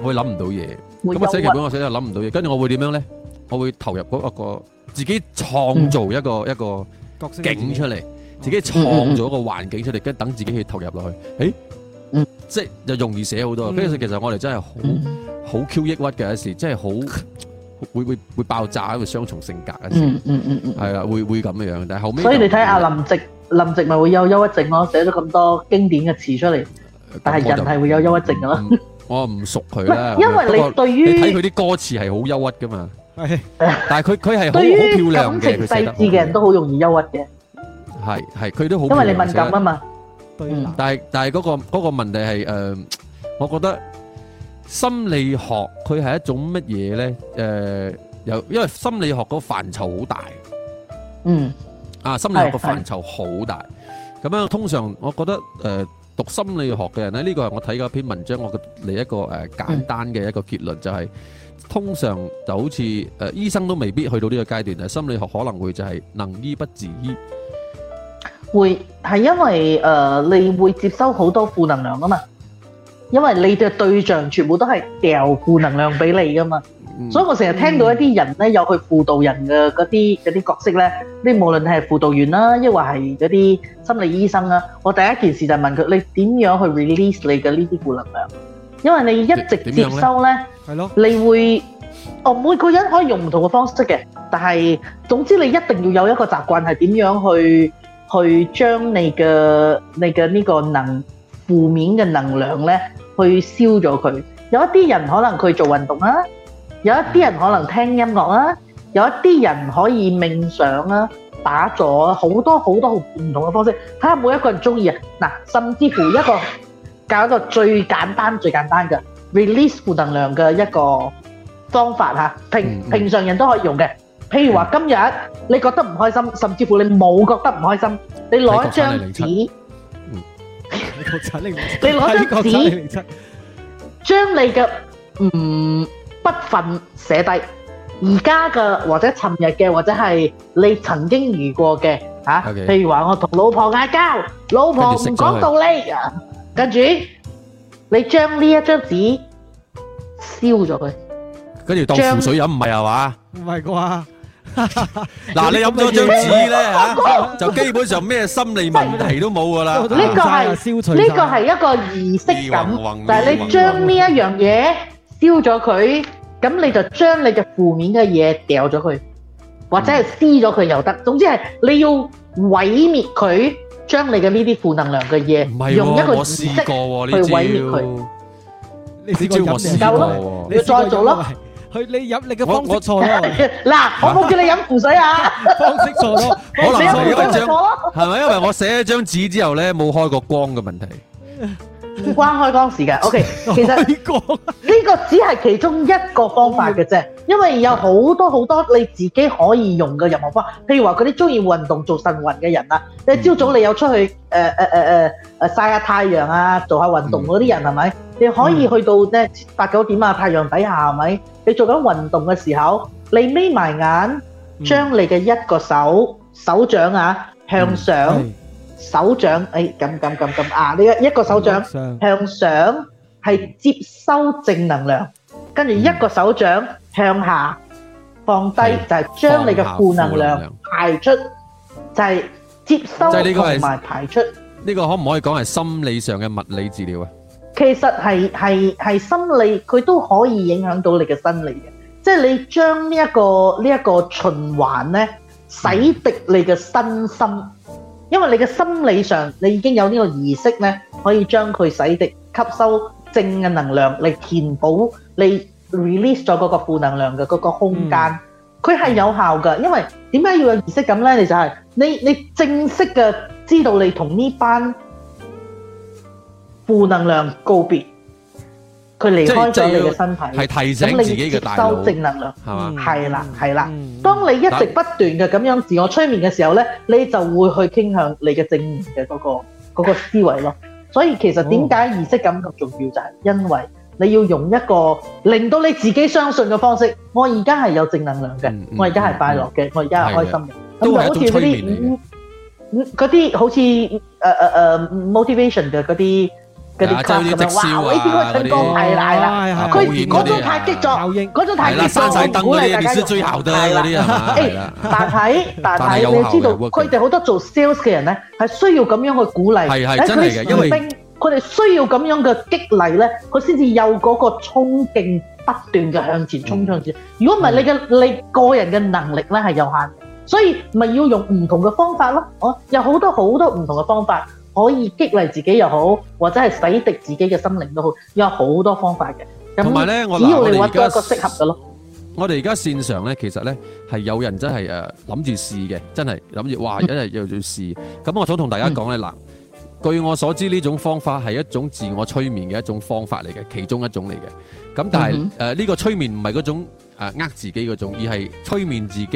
我會諗唔到嘢。咁啊寫劇本我寫又諗唔到嘢，跟住我會點樣咧？我會投入嗰一個自己創造一個一個角色景出嚟，自己創造一個環境出嚟，跟等自己去投入落去。誒，嗯，即係就容易寫好多。跟住其實我哋真係好好 Q 抑鬱嘅一時，即係好。會會會爆炸一個雙重性格嘅，嗯嗯嗯嗯，係啊，會會咁樣樣，但係後尾。所以你睇下林夕，林夕咪會有憂鬱症咯，寫咗咁多經典嘅詞出嚟，但係人係會有憂鬱症嘅咯。我唔熟佢啦。因為你對於你睇佢啲歌詞係好憂鬱噶嘛，但係佢佢係好好漂亮嘅。對於感情細緻嘅人都好容易憂鬱嘅。係係，佢都好因為你敏感啊嘛。對，但係但係嗰個嗰個問題係誒，我覺得。心理學佢係一種乜嘢呢？誒、呃，由因為心理學個範疇好大。嗯。啊，心理學個範疇好大。咁樣通常我覺得誒、呃，讀心理學嘅人咧，呢、這個係我睇過一篇文章，我嘅嚟一個誒、呃、簡單嘅一個結論、嗯、就係、是，通常就好似誒、呃、醫生都未必去到呢個階段，就心理學可能會就係能醫不自醫。會係因為誒、呃、你會接收好多負能量啊嘛。因為你嘅對象全部都係掉負能量俾你㗎嘛，所以我成日聽到一啲人咧，有去輔導人嘅嗰啲嗰啲角色咧，你無論你係輔導員啦，抑或係嗰啲心理醫生啦，我第一件事就問佢：你點樣去 release 你嘅呢啲負能量？因為你一直接收咧，你會哦，每個人可以用唔同嘅方式嘅，但係總之你一定要有一個習慣係點樣去去將你嘅你嘅呢個能。負面嘅能量呢，去消咗佢。有一啲人可能去做運動啊，有一啲人可能聽音樂啊，有一啲人可以冥想啊，打坐啊，好多好多唔同嘅方式。睇下每一個人鍾意啊。嗱，甚至乎一個搞一個最簡單、最簡單嘅 release 負能量嘅一個方法嚇，平平常人都可以用嘅。譬如話，今日你覺得唔開心，甚至乎你冇覺得唔開心，你攞一張紙。你攞張紙，將你嘅唔不忿寫低，而家嘅、或者尋日嘅、或者係你曾經遇過嘅吓，譬如話我同老婆嗌交，老婆唔講道理，跟住你將呢一張紙燒咗佢，跟住當符水飲。唔係㗎嘛，唔係啩？嗱，你飲咗張紙咧吓，就基本上咩心理問題都冇噶啦。呢個係呢個係一個儀式感，但係你將呢一樣嘢燒咗佢，咁你就將你嘅負面嘅嘢掉咗佢，或者係撕咗佢又得。總之係你要毀滅佢，將你嘅呢啲負能量嘅嘢，用一個儀式去毀滅佢。你只要我夠咯，你要再做咯。去你飲力嘅方式錯咯。嗱，我冇叫你飲湖水啊，方式錯咯，可能係因為張，係咪因為我寫咗張紙之後咧冇開過光嘅問題？關開當時嘅，OK。其實呢個只係其中一個方法嘅啫，因為有好多好多你自己可以用嘅任何方法，譬如話嗰啲中意運動做晨運嘅人啊，嗯、你朝早上你有出去曬下、呃呃呃、太陽啊，做下運動嗰啲人係咪、嗯？你可以去到八九、嗯、點啊，太陽底下係咪？你做緊運動嘅時候，你眯埋眼，將你嘅一個手、嗯、手掌啊向上。嗯嗯嗯手掌，誒，噉噉噉噉，啊！你一一個手掌向上係接收正能量，跟住一個手掌向下放低，就係將你嘅負能量排出，就係接收呢個同埋排出。呢個可唔可以講係心理上嘅物理治療啊？其實係係係心理，佢都可以影響到你嘅生理嘅，即係你將呢一個呢一個循環咧，洗滌你嘅身心。因為你嘅心理上，你已經有呢個儀式咧，可以將佢洗滌、吸收正嘅能量，嚟填補你 release 咗嗰個負能量嘅嗰個空間。佢係有效㗎，因為點解要有儀式感呢？你就係你你正式嘅知道你同呢班負能量告別。佢離開咗你嘅身體，係提醒自己嘅大腦，然後你接收正能量係啦，係啦。當你一直不斷嘅咁樣自我催眠嘅時候咧，你就會去傾向你嘅正面嘅嗰個嗰個思維咯。所以其實點解儀式感咁重要，就係因為你要用一個令到你自己相信嘅方式。我而家係有正能量嘅，我而家係快樂嘅，我而家係開心嘅。咁就好似嗰啲嗰啲好似誒誒誒 motivation 嘅嗰啲。佢哋爆啲直銷啊，呢啲我太高太大啦，佢而嗰種太激作，嗰種太激作。係啦，生仔等，呢啲最好都係啦。哎，但係但係，你要知道佢哋好多做 sales 嘅人咧，係需要咁樣去鼓勵。係係真係嘅，因為佢哋需要咁樣嘅激勵咧，佢先至有嗰個衝勁，不斷嘅向前衝上去。如果唔係，你嘅你個人嘅能力咧係有限，所以咪要用唔同嘅方法咯。我有好多好多唔同嘅方法。可以激勵自己又好，或者係洗滌自己嘅心靈都好，有好多方法嘅。咁，同埋呢我只要你揾到一個適合嘅咯。我哋而家線上咧，其實咧係有人真係誒諗住試嘅，真係諗住話，一日又要試。咁我想同大家講咧嗱。嗯據我所知，呢種方法係一種自我催眠嘅一種方法嚟嘅，其中一種嚟嘅。咁但係誒呢個催眠唔係嗰種呃自己嗰種，而係催眠自己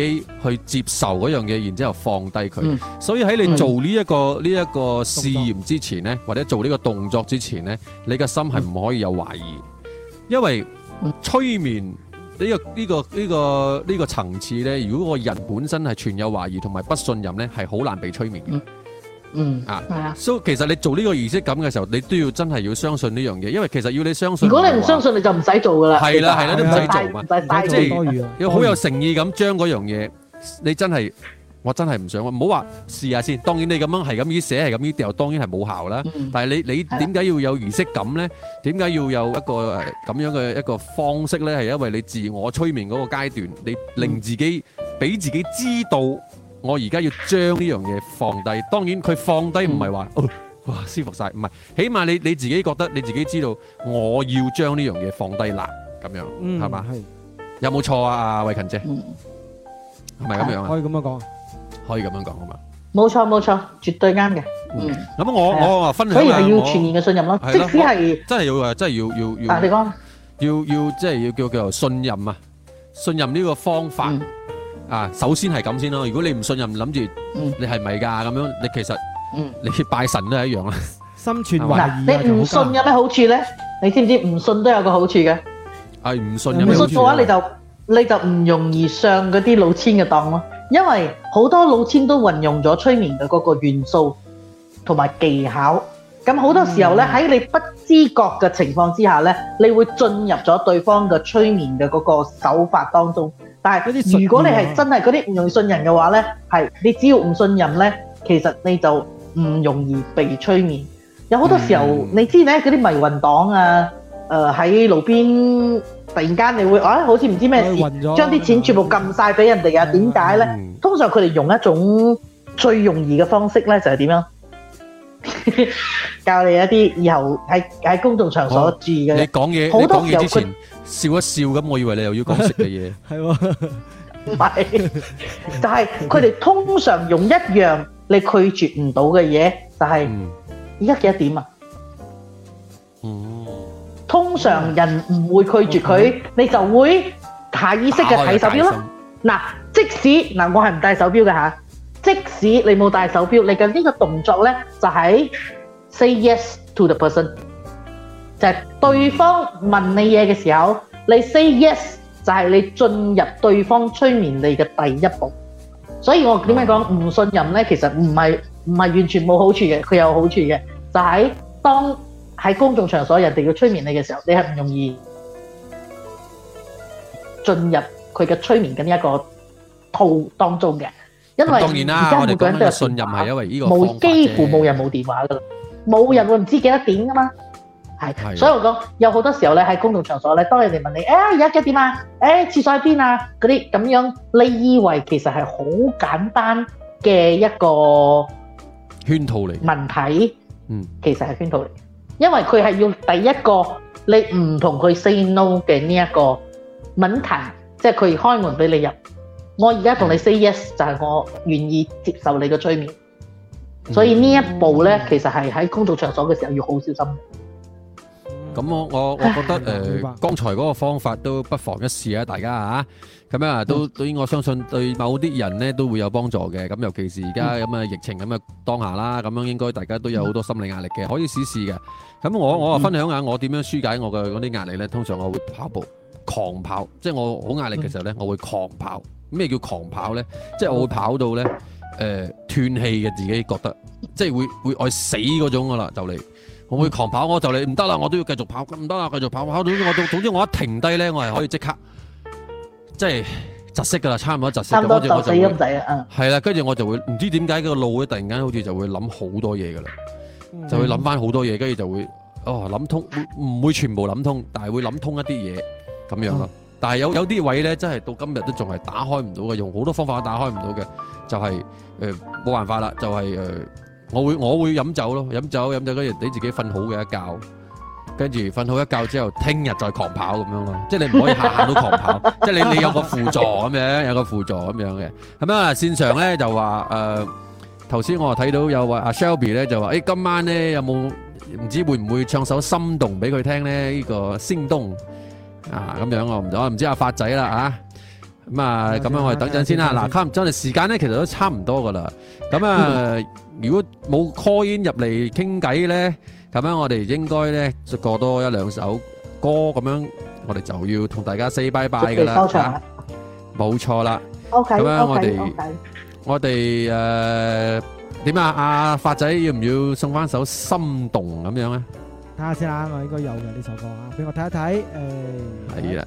去接受嗰樣嘢，然之後放低佢。Mm hmm. 所以喺你做呢、呢、一個呢一、mm hmm. 個試驗之前呢，或者做呢個動作之前呢，你嘅心係唔可以有懷疑，mm hmm. 因為催眠呢、呢個呢、呢個呢、呢個呢、呢個層次呢，如果個人本身係存有懷疑同埋不信任呢，係好難被催眠嘅。嗯啊，係啊，所以其實你做呢個儀式感嘅時候，你都要真係要相信呢樣嘢，因為其實要你相信。如果你唔相信，你就唔使做噶啦。係啦係啦，你唔使做嘛。即係要好有誠意咁將嗰樣嘢，你真係，我真係唔想，唔好話試下先。當然你咁樣係咁意寫，係咁意掉，當然係冇效啦。但係你你點解要有儀式感咧？點解要有一個咁樣嘅一個方式咧？係因為你自我催眠嗰個階段，你令自己俾自己知道。我而家要將呢樣嘢放低，當然佢放低唔係話，哇舒服晒，唔係，起碼你你自己覺得你自己知道，我要將呢樣嘢放低啦，咁樣，係嘛，係有冇錯啊？阿卉勤姐，係咪咁樣啊？可以咁樣講，可以咁樣講好嘛？冇錯冇錯，絕對啱嘅。嗯，咁我我啊分享下，所以係要全面嘅信任咯，即使係真係要啊，真係要要要啊，你講，要要即係要叫叫做信任啊，信任呢個方法。啊，首先係咁先咯。如果你唔信，又唔諗住，你係咪噶咁樣？你其實，你拜神都係一樣啊。心存懷疑，你唔信有咩好處咧？你知唔知唔信都有個好處嘅？係唔信有咩好處。唔信嘅話，你就你就唔容易上嗰啲老千嘅當咯。因為好多老千都運用咗催眠嘅嗰個元素同埋技巧。咁好多時候咧，喺你不知覺嘅情況之下咧，你會進入咗對方嘅催眠嘅嗰個手法當中。但係如果你係真係嗰啲唔容易信任嘅話咧，係你只要唔信任咧，其實你就唔容易被催眠。有好多時候，你知咧嗰啲迷魂黨啊，誒喺路邊突然間你會啊，好似唔知咩事，將啲錢全部撳曬俾人哋啊。點解咧？通常佢哋用一種最容易嘅方式咧，就係點樣？教你一啲以後喺喺公眾場所住嘅，你講嘢，你講嘢之前。笑一笑咁，我以為你又要講食嘅嘢。係喎，唔係，但係佢哋通常用一樣你拒絕唔到嘅嘢，就係而家幾多點啊。嗯，通常人唔會拒絕佢，你就會下意識嘅睇手表囉。嗱，即使嗱我係唔戴手表嘅吓，即使你冇戴手表，你咁呢個動作咧就係 say yes to the person。就係對方問你嘢嘅時候，你 say yes 就係你進入對方催眠你嘅第一步。所以我點解講唔信任咧？其實唔係唔係完全冇好處嘅，佢有好處嘅，就喺、是、當喺公眾場所人哋要催眠你嘅時候，你係唔容易進入佢嘅催眠嘅呢一個套當中嘅。因為當然啦，我哋信任係因為呢個冇幾乎冇人冇電話噶啦，冇人會唔知幾多點噶嘛。所以我講有好多時候咧，喺公共場所咧，當人哋問你誒，而家幾點啊？誒廁所喺邊啊？嗰啲咁樣，你以為其實係好簡單嘅一個問題圈套嚟，問題、嗯，其實係圈套嚟，因為佢係要第一個你唔同佢 say no 嘅呢一個問題，即係佢開門俾你入。我而家同你 say yes 就係我願意接受你嘅催眠，所以呢一步咧、嗯、其實係喺公共場所嘅時候要好小心。咁我我我覺得誒，剛才嗰個方法都不妨一試啊！大家吓、啊，咁啊都，對於、嗯、我相信對某啲人咧都會有幫助嘅。咁尤其是而家咁啊疫情咁啊當下啦，咁樣應該大家都有好多心理壓力嘅，可以試試嘅。咁我我啊分享下我點樣紓解我嘅嗰啲壓力咧。嗯、通常我會跑步，狂跑，即係我好壓力嘅時候咧，我會狂跑。咩叫狂跑咧？即係我會跑到咧誒斷氣嘅，自己覺得即係會會愛死嗰種噶啦，就嚟。我會狂跑，我就嚟唔得啦！我都要繼續跑，咁唔得啦，繼續跑跑。總之我總之我一停低咧，我係可以即刻，即係窒息噶啦，差唔多窒息。差唔多音仔啊！嗯。係啦，跟住我就會唔知點解，這個腦咧，突然間好似就會諗好多嘢噶啦。嗯、就會諗翻好多嘢，跟住就會哦諗通，唔會全部諗通，但係會諗通一啲嘢咁樣咯。嗯、但係有有啲位咧，真係到今日都仲係打開唔到嘅，用好多方法打開唔到嘅，就係誒冇辦法啦，就係，是，誒。呃我會我會飲酒咯，飲酒飲酒嗰日等自己瞓好嘅一覺，跟住瞓好一覺之後，聽日再狂跑咁樣咯。即係你唔可以下下都狂跑，即係你你有個輔助咁樣，有個輔助咁樣嘅。咁啊線上咧就話誒，頭先我啊睇到有位阿 Shelby 咧就話，誒今晚咧有冇唔知會唔會唱首心動俾佢聽咧？呢個聲動啊咁樣我唔我唔知阿發仔啦啊咁啊咁樣我哋等陣先啦。嗱，差唔多，我哋時間咧其實都差唔多噶啦。咁啊，如果冇 call in 入嚟傾偈咧，咁樣我哋應該咧就過多一兩首歌咁樣，我哋就要同大家 say bye bye 㗎啦，冇錯啦。OK。咁樣我哋我哋誒點啊？阿發仔要唔要送翻首《心動》咁樣咧？睇下先啦，我應該有嘅呢首歌啊，俾我睇一睇。誒，係啦。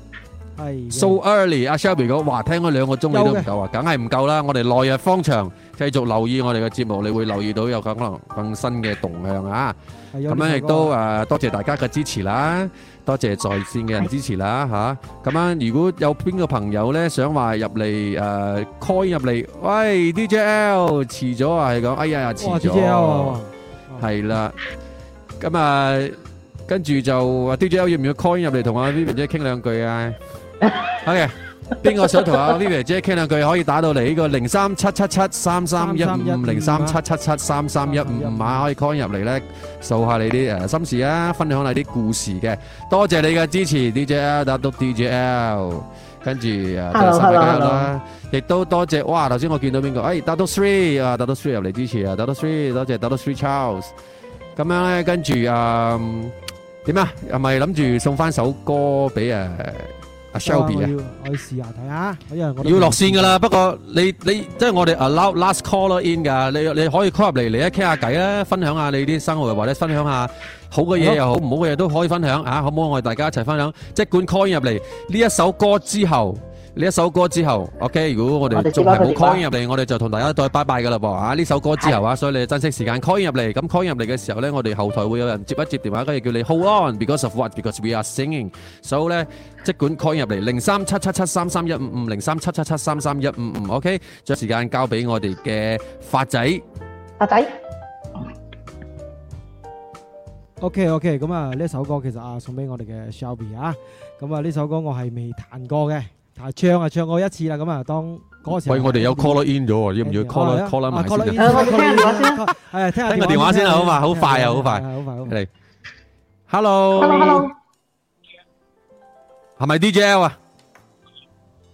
係 so early，阿 Shelby 講，哇聽咗兩個鐘你都唔夠啊？梗係唔夠啦！我哋來日方長，繼續留意我哋嘅節目，你會留意到有可能更新嘅動向啊！咁樣亦都誒多謝大家嘅支持啦，多謝在線嘅人支持啦吓！咁樣如果有邊個朋友咧想話入嚟誒 call 入嚟，喂，DJL，遲咗啊，係講哎呀遲咗，係啦，咁啊跟住就話 DJL，要唔要 call 入嚟同我 Vivi 姐傾兩句啊？O.K.，邊個想同啊 Vivian 姐傾兩句，可以打到嚟呢個零三七七七三三一五零三七七七三三一五啊，可以 call 入嚟咧，訴下你啲誒心事啊，分享你啲故事嘅。多謝你嘅支持，DJ 啊，double D J L，跟住啊，亦都多謝。哇，頭先我見到邊個，哎，double three 啊，double three 入嚟支持啊，double three 多謝，double three Charles。咁樣咧，跟住啊，點啊，係咪諗住送翻首歌俾誒？啊 Shelby 我試下睇下，因為我要落線噶啦。不過你你即係、就是、我哋啊，last call in 噶，你你可以 call 入嚟嚟一傾下偈啊，分享下你啲生活或者分享下好嘅嘢又好，唔 好嘅嘢都可以分享嚇，可、啊、好唔好，我哋大家一齊分享？即管 call 入嚟呢一首歌之後。呢一首歌之後，OK，如果我哋仲係冇 call in 入嚟，我哋就同大家再拜拜噶啦噃。啊，呢首歌之後啊，所以你珍惜時間 call in 入嚟。咁 call in 入嚟嘅時候咧，我哋後台會有人接一接電話，跟住叫你 Hold On，Because Of What？Because We Are Singing。所以咧，即管 call in 入嚟，零三七七七三三一五五，零三七七七三三一五五，OK。將時間交俾我哋嘅發仔。發仔，OK OK。咁啊，呢一首歌其實啊，送俾我哋嘅 Shelby 啊。咁啊，呢首歌我係未彈過嘅。唱啊唱過一次啦，咁啊當歌時。喂，我哋有 call in 咗，要唔要 call call c a l l in，call 咗 i 先。係聽下電話先好嘛？好快啊，好快。好快好。嚟，hello。hello hello。係咪 DJ 啊？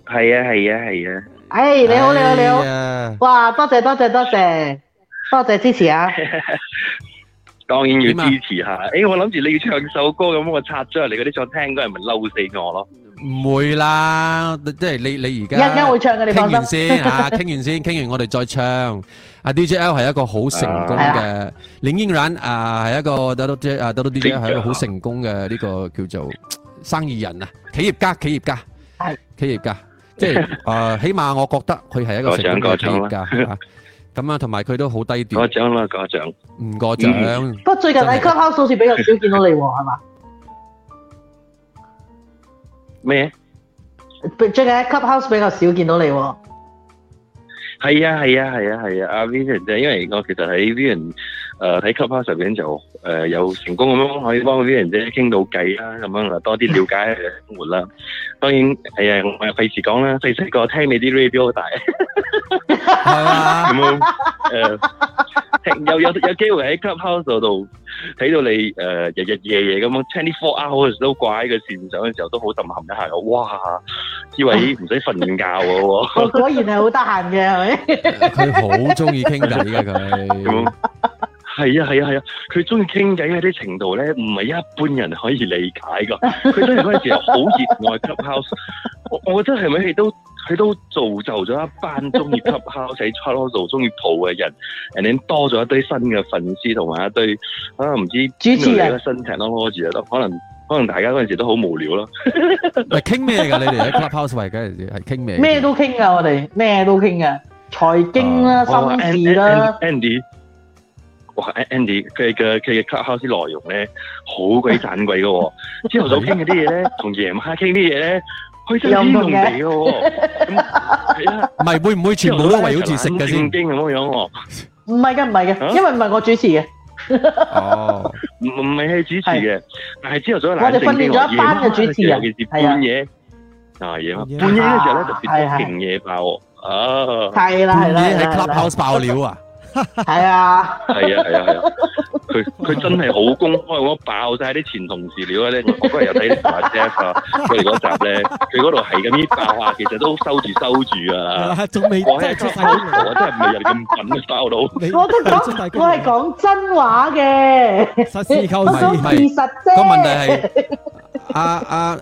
係啊係啊係啊。哎，你好你好你好。哇，多謝多謝多謝，多謝支持啊。當然要支持下。哎，我諗住你要唱首歌咁，我插咗入嚟嗰啲想聽嘅人咪嬲死我咯。唔會啦，即係你你而家。一陣間會唱嘅，你放心先吓，傾完先，傾完我哋再唱。阿 D J L 係一個好成功嘅領英人，啊係一個哆哆 D J 啊，哆哆 D J 係一個好成功嘅呢個叫做生意人啊，企業家，企業家，係企業家，即係啊起碼我覺得佢係一個成功嘅企業家吓。咁啊，同埋佢都好低調。過獎啦過獎，唔過獎。不過最近喺 Clubhouse 好似比較少見到你喎，係嘛？咩？最近 Clubhouse 比較少見到你喎。係啊，係啊，係啊，係啊。阿 Vi 人，就因為我其實喺 Vi 人誒，睇、呃、clubhouse 入邊就誒、呃、有成功咁樣可以幫啲人啫傾到偈啦，咁樣啊多啲了解生活啦。當然係啊，我費事講啦，細細個聽你啲 radio 大，係 咁、啊、樣誒、呃，有有有機會喺 clubhouse 度睇到你誒日日夜夜咁樣聽啲 four hours 都掛喺個線上嘅時候，都好震撼一下咯。哇，以為唔使瞓覺嘅喎， 我果然係好得閒嘅，係咪？佢好中意傾偈噶佢。係啊係啊係啊！佢中意傾偈啲程度咧，唔係一般人可以理解噶。佢真係嗰陣時好熱愛 club house 我。我覺得係咪佢都佢都造就咗一班中意 club house 仔、travel 做中意途嘅人，然後多咗一堆新嘅粉絲同埋一堆可能唔、啊、知 ology, 主持人，可能可能大家嗰陣時都好無聊咯，傾咩嚟噶？你哋喺 club house 嗰陣時係傾咩？咩都傾噶，我哋咩都傾噶。財經啦、生意啦。Andy 啦，Andy Andy 佢嘅佢嘅 clubhouse 內容咧好鬼盞鬼嘅，朝頭早傾嘅啲嘢咧，同夜晚黑傾啲嘢咧，佢有唔同係啊，唔係，會唔會全部都圍繞住食嘅先？驚咁樣我，唔係嘅，唔係嘅，因為唔係我主持嘅，哦，唔唔係主持嘅，但係朝頭早我哋訓練咗一班嘅主持人，半嘢啊嘢，半夜嘅時候咧就勁嘢爆，啊，係啦係啦，喺 clubhouse 爆料啊！係 啊，係啊，係啊，係啊，佢佢真係好公開，我爆晒啲前同事料啊。咧，我嗰日有睇呢台車啊，佢哋嗰集咧，佢嗰度係咁樣爆啊，其實都收住收住啊，仲未講係出晒口，我真係唔係有咁狠爆到，我都唔出晒，我係講真話嘅，我講事實啫，個問題係阿阿。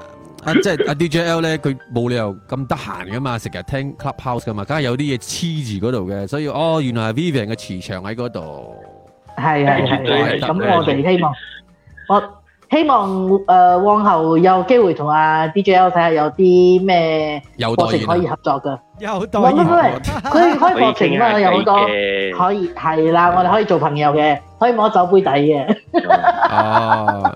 啊，即係阿 D J L 咧，佢冇理由咁得閒噶嘛，成日聽 club house 噶嘛，梗係有啲嘢黐住嗰度嘅，所以哦，原來係 Vivian 嘅磁場喺嗰度，係係係，咁我哋希望，對我希望誒，往對、呃、後有機會同阿 D J L 睇下有啲咩課程可以合作噶、啊，有好多，佢開課程啊， 有好多可以，係啦，我哋可以做朋友嘅，可以摸酒杯底嘅。 啊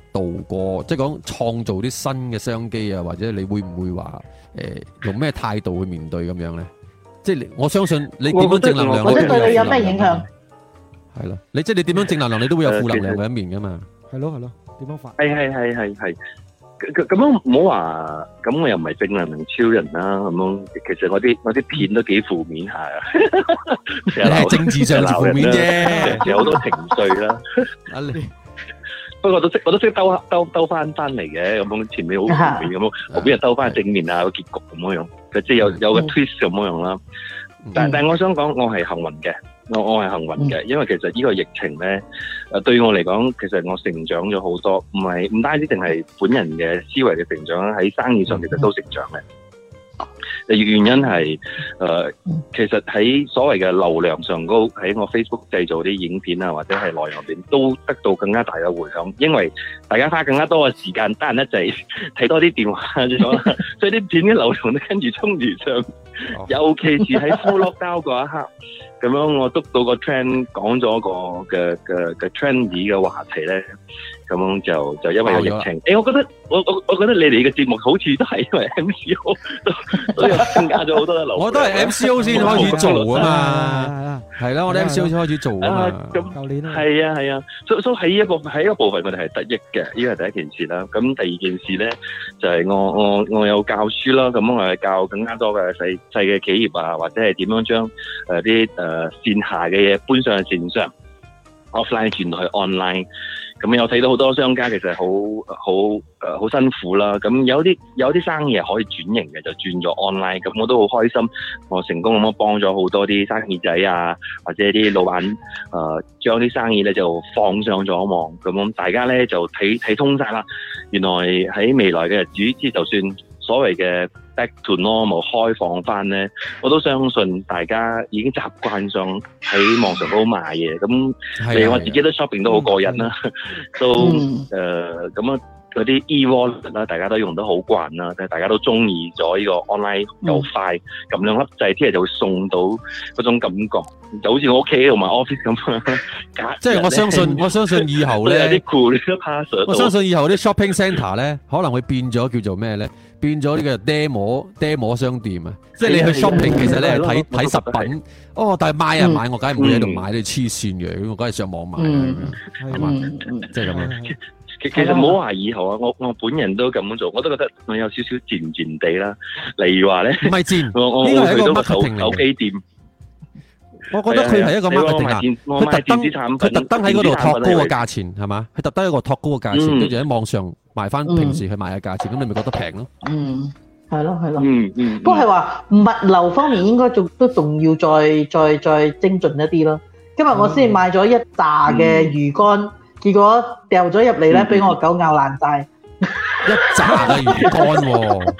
度過即係講創造啲新嘅商機啊，或者你會唔會話誒用咩態度去面對咁樣咧？即係我相信你點樣正能量，或者對你有咩影響？係咯，你即係你點樣正能量，你都會有負能量嘅一面噶嘛？係咯係咯，點樣法？係係係係係咁咁樣唔好話，咁我又唔係正能量超人啦。咁樣其實我啲我啲片都幾負面下啊。你係政治上負面啫，有好多情緒啦。阿你。不過都識，我都識兜下兜兜翻翻嚟嘅，咁前面好負面咁，uh huh. 後邊又兜翻正面啊個、uh huh. 結局咁樣樣，即係有有個 twist 咁樣樣啦。Uh huh. 但但我想講，我係幸運嘅，我我係幸運嘅，uh huh. 因為其實呢個疫情咧，誒對我嚟講，其實我成長咗好多，唔係唔單止淨係本人嘅思維嘅成長啦，喺生意上其實都成長嘅。Uh huh. 原因係誒、呃，其實喺所謂嘅流量上高，喺我 Facebook 製造啲影片啊，或者係內容片，都得到更加大嘅回響，因為大家花更加多嘅時間，單一仔睇多啲電話， 所以啲片嘅流量都跟住衝住上， 尤其是喺 Full Lock 呼落刀嗰一刻，咁 樣我督到個 trend 講咗個嘅嘅嘅 trend 嘅話題咧。咁樣就就因為有疫情，誒了、欸，我覺得我我我覺得你哋嘅節目好似都係因為 M C O，都增加咗好多嘅 我都係 M C O 先開始做啊嘛，係啦，我哋 M C O 先開始做啊嘛。咁舊年係啊係啊，啊，啊，啊，啊，啊，所以喺一個喺一個部分，我哋係得益嘅。呢個係第一件事啦。咁第二件事咧，就係、是、我我我有教書啦。咁我係教更加多嘅細細嘅企業啊，或者係點樣將誒啲誒線下嘅嘢搬上去線上，offline 轉去 online。咁有睇到好多商家其實好好誒好辛苦啦，咁、嗯、有啲有啲生意係可以轉型嘅，就轉咗 online，咁、嗯、我都好開心，我成功咁幫咗好多啲生意仔啊，或者啲老闆誒、呃、將啲生意咧就放上咗網，咁、嗯、大家咧就睇睇通晒啦，原來喺未來嘅日子，即使就算所謂嘅 back to normal，開放翻咧，我都相信大家已經習慣上喺網上高買嘢，咁嚟的我自己都 shopping 都好過癮啦。都誒咁啊，嗰啲、嗯 呃、e wallet 啦，et, 大家都用得好慣啦，即係大家都中意咗呢個 online 又、嗯、快，咁樣兩粒掣聽日就會送到嗰種感覺，就好似我屋企同埋 office 咁樣。即 係假日 我相信，是我相信以後咧，我相信以後啲 shopping centre e 咧可能會變咗叫做咩咧？變咗呢個 demo demo 商店啊！即係你去 shopping 其實咧睇睇實品哦，但係買啊買，我梗係唔會喺度買你黐線嘅，我梗係上網買嘅，即係咁樣。其實唔好懷疑好啊！我我本人都咁樣做，我都覺得我有少少賤賤地啦。例如話咧，唔係賤，呢個係一個 marketing 手機店。我覺得佢係一個 marketing 店，佢特登佢特登喺嗰度托高個價錢，係嘛？佢特登一個托高個價錢，跟住喺網上，賣翻平時去賣嘅價錢，咁你咪覺得平咯？嗯，係咯，係咯。嗯嗯，不過係話物流方面應該仲都仲要再再再精進一啲咯。今日我先買咗一紮嘅魚乾，結果掉咗入嚟咧，俾我狗咬爛晒。一紮嘅魚乾喎，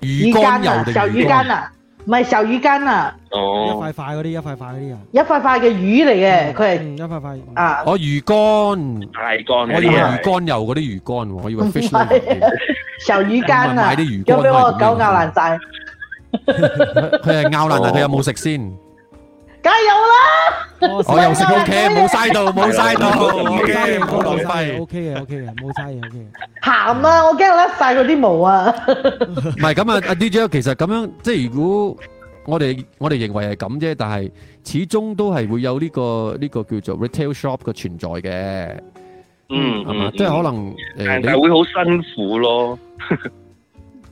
魚乾啊，就魚乾啊。唔係壽魚乾啊！哦、oh.，一塊塊嗰啲，一塊塊嗰啲一塊塊嘅魚嚟嘅，佢係一塊塊魚乾啊！我魚乾乾、oh,，我以為魚肝油嗰啲魚乾，我以為。唔係，壽魚乾啊！交俾、啊、我，給我個狗咬爛晒。佢係 咬爛，佢又冇食先。加油啦！我又食 OK，冇嘥到，冇嘥到，冇嘥嘢，冇浪費，OK 嘅，OK 嘅，冇嘥嘢，OK。行啊！我驚甩晒嗰啲毛啊！唔係咁啊，阿 DJ，其實咁樣即係如果我哋我哋認為係咁啫，但係始終都係會有呢個呢個叫做 retail shop 嘅存在嘅。嗯，係嘛，即係可能誒，你會好辛苦咯。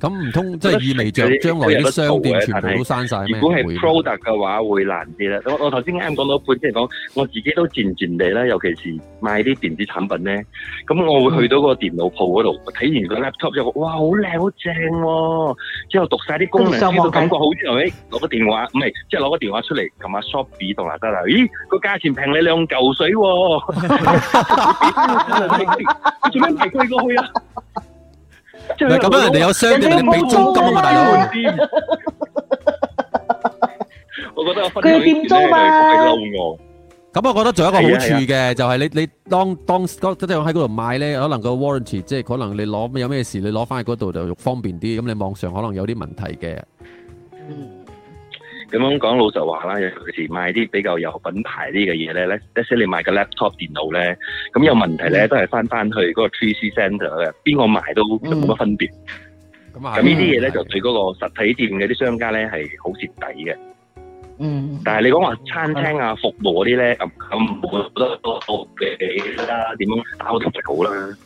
咁唔通即係意味著將來啲商店全部都刪晒？如果係 product 嘅話，會難啲啦。我我頭先啱講到一半，即係講我自己都漸漸地啦，尤其是買啲電子產品咧，咁、嗯、我會去到個電腦鋪嗰度睇完個 laptop 之後，哇，好靚好正喎！之後讀晒啲功能，知感覺好之後，咪、哎、攞個電話，唔係即係攞個電話出嚟同阿 Shop 比度啦，得啦，咦，個價錢平你兩嚿水喎！你做咩提貴過去啊？ 咁樣，人哋有傷，你咪俾租金啊嘛，大佬。我覺得有分店租嘛。咁我覺得仲有一個好處嘅，就係你你當當當即係喺嗰度買咧，可能個 warranty 即係可能你攞有咩事，你攞翻去嗰度就方便啲。咁你網上可能有啲問題嘅。咁樣講老實話啦，尤其是賣啲比較有品牌啲嘅嘢咧，咧即使你買個 laptop 電腦咧，咁有問題咧都係翻翻去嗰個 three C centre 嘅，邊個賣都冇乜分別。咁啊，咁呢啲嘢咧就對嗰個實體店嘅啲商家咧係好蝕底嘅。嗯。但係你講話餐廳啊服務嗰啲咧，咁咁我覺得都都比啦，點樣打好台積好啦。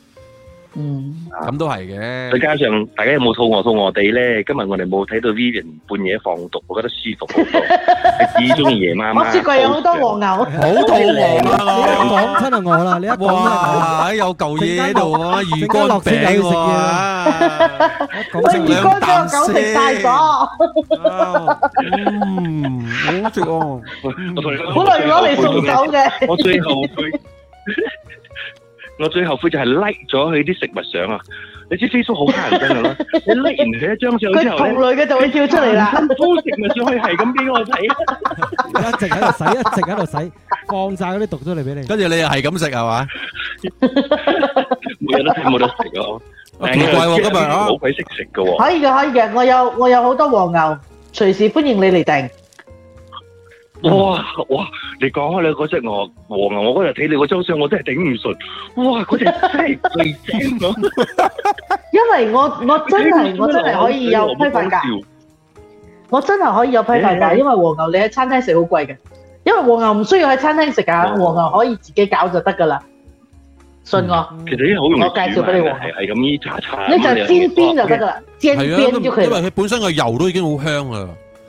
嗯，咁都係嘅。再加上大家有冇肚餓肚餓地咧？今日我哋冇睇到 Vivian 半夜放毒，我覺得舒服好多。幾鍾意夜晚，我雪櫃有好多黃牛，好肚餓啊！你一講真係餓啦，你一講啊，有嚿嘢喺度啊，魚乾、蘿蔔餅要食啊！我食兩啖先。嗯，好食喎，好耐攞嚟送走嘅。我最後悔。我最後悔就係 like 咗佢啲食物相啊！你知 Facebook 好得人憎噶啦，你 like 完佢一張相之後咧，佢同類嘅就會跳出嚟啦。好多食物相佢係咁俾我睇，一直喺度洗，一直喺度洗，放曬嗰啲毒出嚟俾你。跟住你又係咁食係嘛？冇得食，冇得食咯！唔怪之得你冇鬼識食噶喎。可以嘅，可以嘅，我有我有好多黃牛，隨時歡迎你嚟訂。嗯、哇哇！你講開你嗰隻牛黃牛，我嗰日睇你嗰張相，我真係頂唔順。哇！嗰隻真係咁。因為我我真係我真係可以有批發價，說我真係可以有批發價。因為黃牛你喺餐廳食好貴嘅，因為黃牛唔需要喺餐廳食噶，哦、黃牛可以自己搞就得噶啦。信我。嗯、其實啲好容易煮埋。我介紹俾你。你係咁煎，你就煎邊就得噶啦，煎煎就得啦。煎煎就可，煎就可，因為佢本身個油都已經好香啦。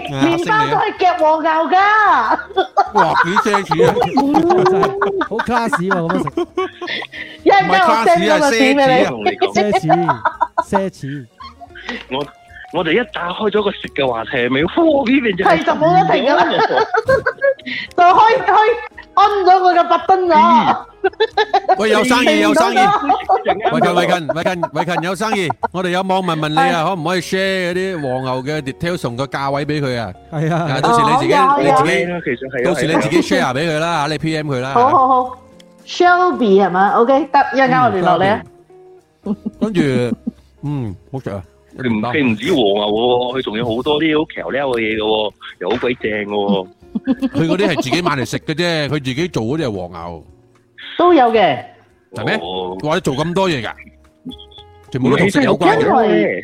麵包都係夾和牛噶，哇！幾奢侈啊！好卡士喎，咁樣食，一係卡士係奢侈嚟，奢侈奢侈。我我哋一打開咗個食嘅話題，咪，哇！呢邊就係就冇得停噶啦，就開開。安咗我嘅八噸啊！喂有生意有生意，卉勤卉勤卉勤卉勤有生意，我哋有網民問你啊，可唔可以 share 嗰啲黃牛嘅 details 同個價位俾佢啊？係啊，到時你自己你自己，到時你自己 share 俾佢啦吓，你 PM 佢啦。好好好，Shelby 係嘛？OK，得一陣間我聯絡你啊。跟住，嗯，好嘅。你唔見唔止黃牛喎，佢仲有好多啲好 chill 嘅嘢嘅，又好鬼正嘅。佢嗰啲係自己買嚟食嘅啫，佢自己做嗰啲係黃牛都有嘅，係咪嗎？Oh. 或者做咁多嘢噶，全部都同食有關，因為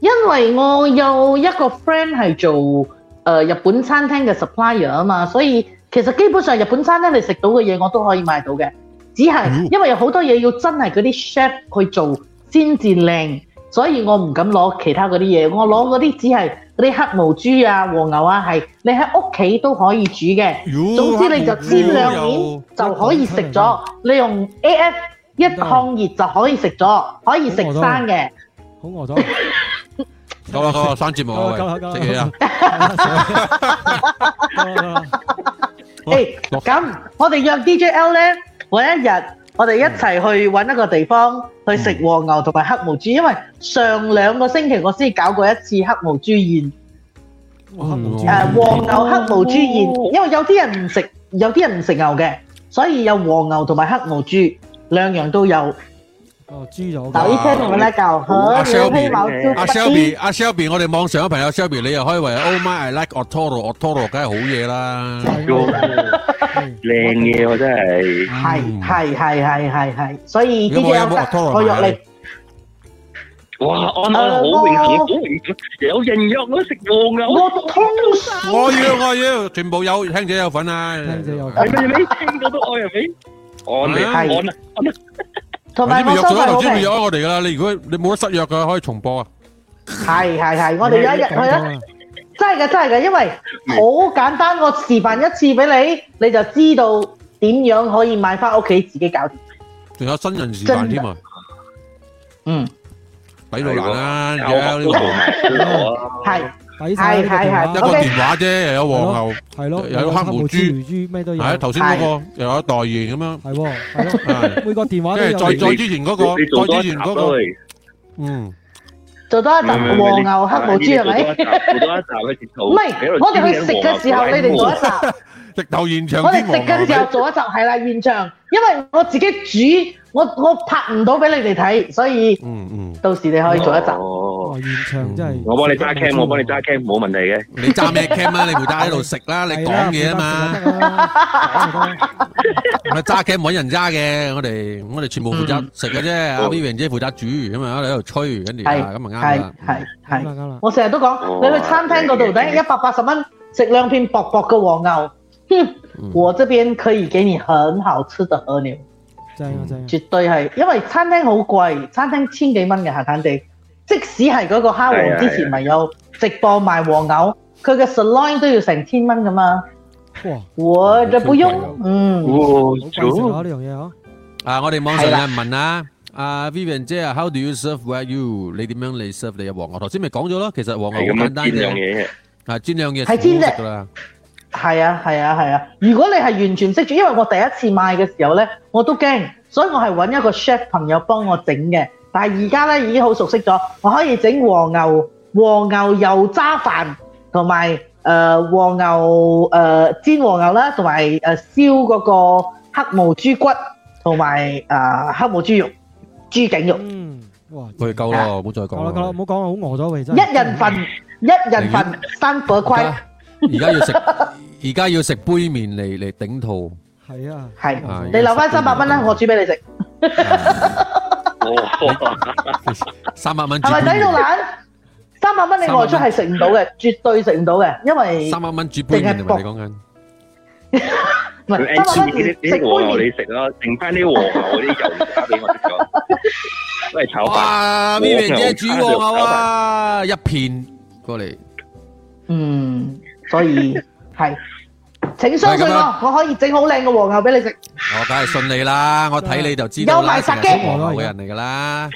因為我有一個 friend 係做誒、呃、日本餐廳嘅 supplier 啊嘛，所以其實基本上日本餐廳你食到嘅嘢我都可以買到嘅，只係因為有好多嘢要真係嗰啲 chef 去做先至靚，所以我唔敢攞其他嗰啲嘢，我攞嗰啲只係。啲黑毛豬啊、和牛啊，係你喺屋企都可以煮嘅。呦總之你就煎兩面就可以食咗。七十七十你用 A F 一抗熱就可以食咗，可以食生嘅。好餓咗，好啦好啦，上 節目啊，食嘢啊。哎，咁我哋約 D J L 呢，每一日，我哋一齊去揾一個地方去食和牛同埋黑毛豬，因為上兩個星期我先搞過一次黑毛豬宴，嗯啊，和牛黑毛豬宴，因為有啲人唔食，有啲人唔食牛嘅，所以有和牛同埋黑毛豬兩樣都有。我知咗嘅話，就一聽我呢嚿，阿 Shelby，阿 Shelby，阿 Shelby，我哋網上嘅朋友 Shelby，你又可以為 Oh my，I like Otoro，Otoro，梗係好嘢啦，靚嘢我真係，係係係係係係，所以有冇 Otoro 有你，哇，我我好榮幸，好榮幸，有人約我食黃牛，我痛死，我要我要，全部有聽者有份啊，聽者有份，你你聽過都愛係咪？安啦安啦安啦。同埋，如果約咗我，唔知唔約開我哋㗎啦。你如果你冇得失約嘅，可以重播啊。係係係，我哋有一日，去啊，真係嘅真係嘅，因為好簡單，我示範一次俾你，你就知道點樣可以買翻屋企自己搞掂。仲有新人示範添啊！嗯，抵到爛啦，而家呢個係。係係係，一個電話啫，又有黃牛，係咯，又有黑毛豬，咩都有。係啊，頭先嗰個，又有代言咁樣。係，係咯，每個電話。即係再再之前嗰個，再之前嗰個，嗯，做多一集黃牛黑毛豬係咪？唔係，我哋去食嘅時候，你哋做一集。直頭現場，我哋食嘅時候做一集係啦，現場。因為我自己煮，我我拍唔到俾你哋睇，所以嗯嗯，到時你可以做一集。現場真係，我幫你揸 cam，我幫你揸 cam 冇問題嘅。你揸咩 cam 啊？你負責喺度食啦，你講嘢啊嘛。唔係揸 cam 搵人揸嘅，我哋我哋全部負責食嘅啫。阿 Vivian 姐負責煮，咁啊喺度吹，跟住咁啊啱啦。係係。我成日都講，你去餐廳嗰度，頂一百八十蚊食兩片薄薄嘅和牛。哼，我這邊可以給你很好吃的和牛。真係真係，絕對係，因為餐廳好貴，餐廳千幾蚊嘅閒閒哋。即使係嗰個蝦王之前咪有直播賣黃牛，佢嘅 salon 都要成千蚊㗎嘛，我就唔用。嗯，好貴食啊呢樣嘢呵。啊，我哋網上有人問啊，阿 Vivian 姐啊，How do you serve where you？你點樣嚟 serve 你嘅黃牛？頭先咪講咗咯，其實黃牛好簡單嘅。啊，轉兩嘢。係煎啫。係啊係啊係啊，如果你係完全唔識煮，因為我第一次賣嘅時候咧，我都驚，所以我係揾一個 chef 朋友幫我整嘅。但係而家咧已經好熟悉咗，我可以整和牛和牛油渣飯，同埋誒和牛、誒煎和牛啦，同埋誒燒嗰個黑毛豬骨，同埋誒黑毛豬肉、豬頸肉。哇！可以夠啦，唔好再講啦，唔好講啦，好餓咗，真係。一人份一人份三百塊，而家要食而家要食杯麪嚟嚟頂肚。係啊，係你留翻三百蚊啦，我煮俾你食。三萬蚊唔係抵到爛？三萬蚊你外出係食唔到嘅，絕對食唔到嘅，因為三萬蚊煮煲，定係你講緊。唔係，你食我，我你食咯，剩翻啲和牛嗰啲油加俾我食咗。喂，炒飯，咩人姐煮和牛啊？一片過嚟。嗯，所以係。 請相信我，樣我可以整好靚嘅黃牛俾你食。我梗係信你啦，我睇你就知道啦。有埋殺雞牛嘅人嚟噶啦。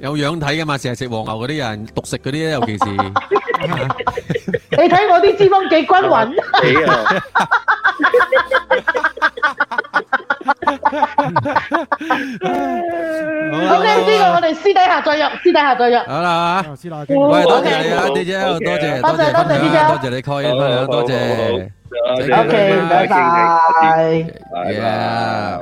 有樣睇噶嘛，成日食黃牛嗰啲人，獨食嗰啲咧，尤其是。 你睇我啲脂肪幾均勻？幾啊！好，咁呢個我哋私底下再約，私底下再約。好啦嚇，私底下。喂，多謝阿 DJ，多謝，多謝，多謝 DJ，多謝你 call 入嚟，多謝。OK，拜拜，係啦。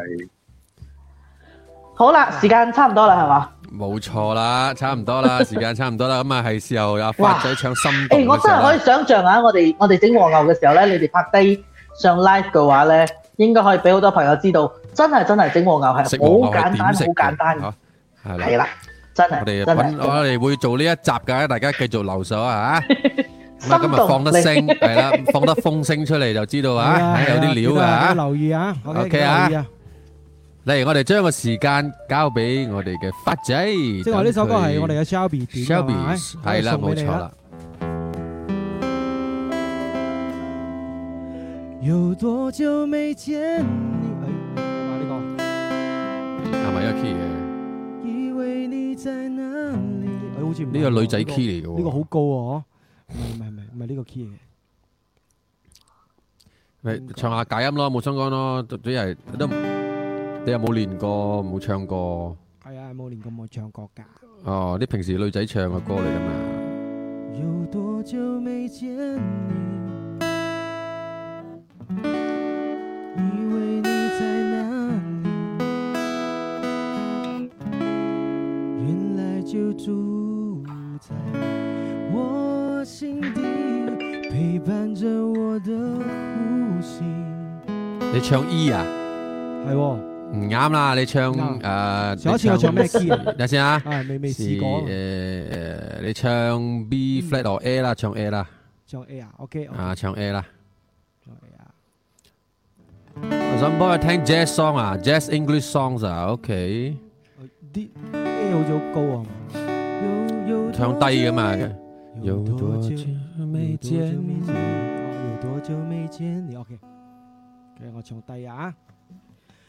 好啦，時間差唔多啦，係咪？冇錯啦，差唔多啦，時間差唔多啦，咁啊係時候阿發仔唱新歌。誒，我真係可以想象下，我哋我哋整和牛嘅時候咧，你哋拍低上 live 嘅話咧，應該可以俾好多朋友知道，真係真係整和牛係好簡單，好簡單嘅，係啦，真係。我哋搵我哋會做呢一集嘅，大家繼續留守啊。今日放得聲係啦，放得風聲出嚟就知道啊，有啲料啊。留意啊，OK 啊。嚟，我哋將個時間交俾我哋嘅發仔，即係話呢首歌係我哋嘅 Shelby 點啊？係啦，冇錯啦。有多久未見你？係咪一個 key 嘅？以為你在哪裡？呢個女仔 key 嚟嘅喎？呢個好高哦！唔係唔係唔係呢個 key 嘅？嚟唱下假音咯，冇相干咯，主要係都。你有冇練過？冇唱過？係啊、哎，冇練過，冇唱過噶。哦，啲平時女仔唱嘅歌嚟噶嘛。有多久沒見你？以為你在哪裡？原來就住在我心底，陪伴着我的呼吸。你唱 E 啊？係喎、哦。唔啱啦！你唱誒，上一次我唱咩 key 啊？等先啊，未未試過。誒，你唱 B flat or A 啦，唱 A 啦。唱 A 啊，OK。啊，唱 A 啦。唱 A 啊。我想幫聽 jazz song 啊，jazz English songs 啊，OK。啲音好似好高啊！唱低㗎嘛，有。有多久沒見？有多久沒見你？OK，OK 我唱低啊。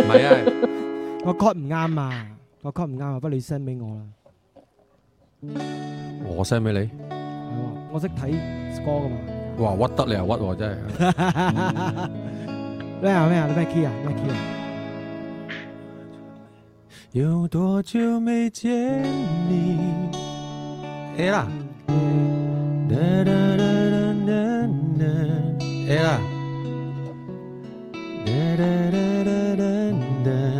唔係 啊，我 cut 唔啱啊，我 cut 唔啱啊，不如你 send 俾我啦。我 send 俾你，我識睇 score 㗎嘛。哇，屈得你啊？屈我真係。咩啊咩啊，咩 key 啊咩 key 啊？有、 嗯、多久沒見你？哎啦、欸。欸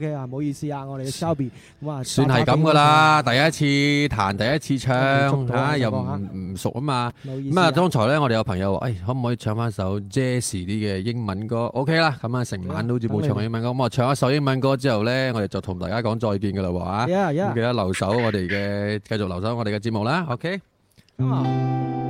O K 啊，唔好意思啊，我哋嘅 show，哇，算係咁噶啦，第一次彈，第一次唱，嚇，又唔唔熟啊嘛。咁啊，剛才咧，我哋有朋友話，誒，可唔可以唱翻首 jazz 啲嘅英文歌？O K 啦，咁啊，成晚都好似冇唱英文歌。咁我唱一首英文歌之後咧，我哋就同大家講再見嘅嘞喎啊！記得留守我哋嘅，繼續留守我哋嘅節目啦。O K。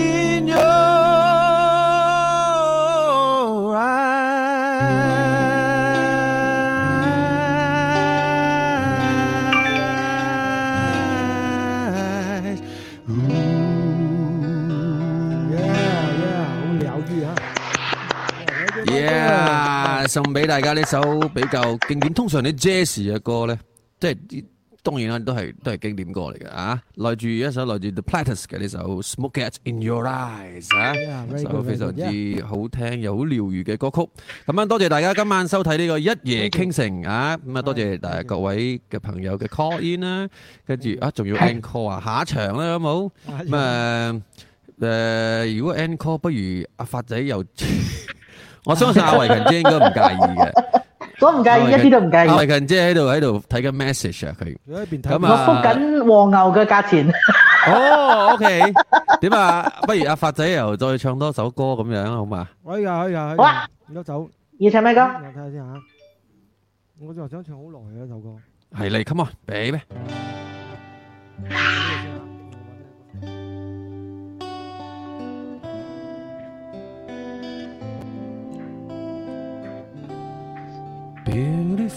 送俾大家呢首比較經典，通常啲 jazz 嘅歌咧，即係啲當然啦，都係都係經典歌嚟嘅啊！來自一首來自 The Platters 嘅呢首《Smoke Gets In Your Eyes》啊，一首非常之好聽又好療愈嘅歌曲。咁啊，多謝大家今晚收睇呢個一夜傾城啊！咁啊，多謝大家各位嘅朋友嘅 call in 啦，跟住啊，仲要 encore 啊，下場啦，好冇？咁啊，誒，如果 encore，不如阿發仔又～我相信阿慧琴卉勤姐應該唔介意嘅，我都唔介意，一啲都唔介意。阿卉勤姐喺度喺度睇緊 message 啊，佢咁啊，我封緊黃牛嘅價錢。哦，OK，點啊？不如阿發仔又再唱多首歌咁樣好嘛？可以啊，可以啊，哇，唔該走。要唱咩歌？睇下先吓，我就想唱好耐嘅一首歌。係你 come on 啊，俾咩？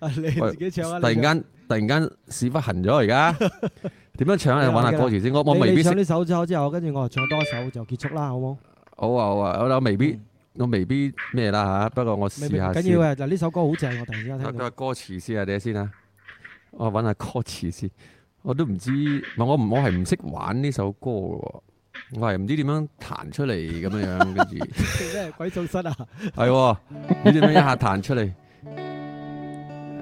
你自己唱啦！突然間，突然間屎忽痕咗而家，點樣唱啊？搵下歌詞先。我我未必唱呢首之後，跟住我又唱多首就結束啦，好唔好？好啊，好啊，我我未必，我未必咩啦吓。不過我試下先。唔緊要啊，就呢首歌好正我突然之間聽到。得個歌詞先啊，睇下先啊。我搵下歌詞先，我都唔知，我我我係唔識玩呢首歌嘅，我係唔知點樣彈出嚟咁樣樣，跟住。做咩鬼眾生啊？係，你點樣一下彈出嚟？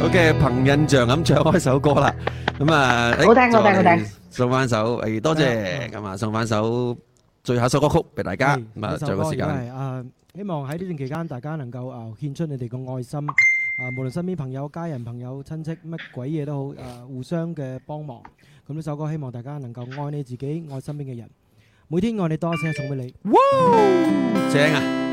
好嘅，憑印象咁唱開首歌啦。咁啊，好聽，好聽，好聽。送翻首，誒多謝。咁啊，送翻首最後一首歌曲俾大家。唔係，一首歌。唔係，誒希望喺呢段期間，大家能夠啊獻出你哋嘅愛心。啊，無論身邊朋友、家人、朋友、親戚乜鬼嘢都好，誒互相嘅幫忙。咁呢首歌希望大家能夠愛你自己，愛身邊嘅人。每天愛你多一些，送俾你。哇！正啊！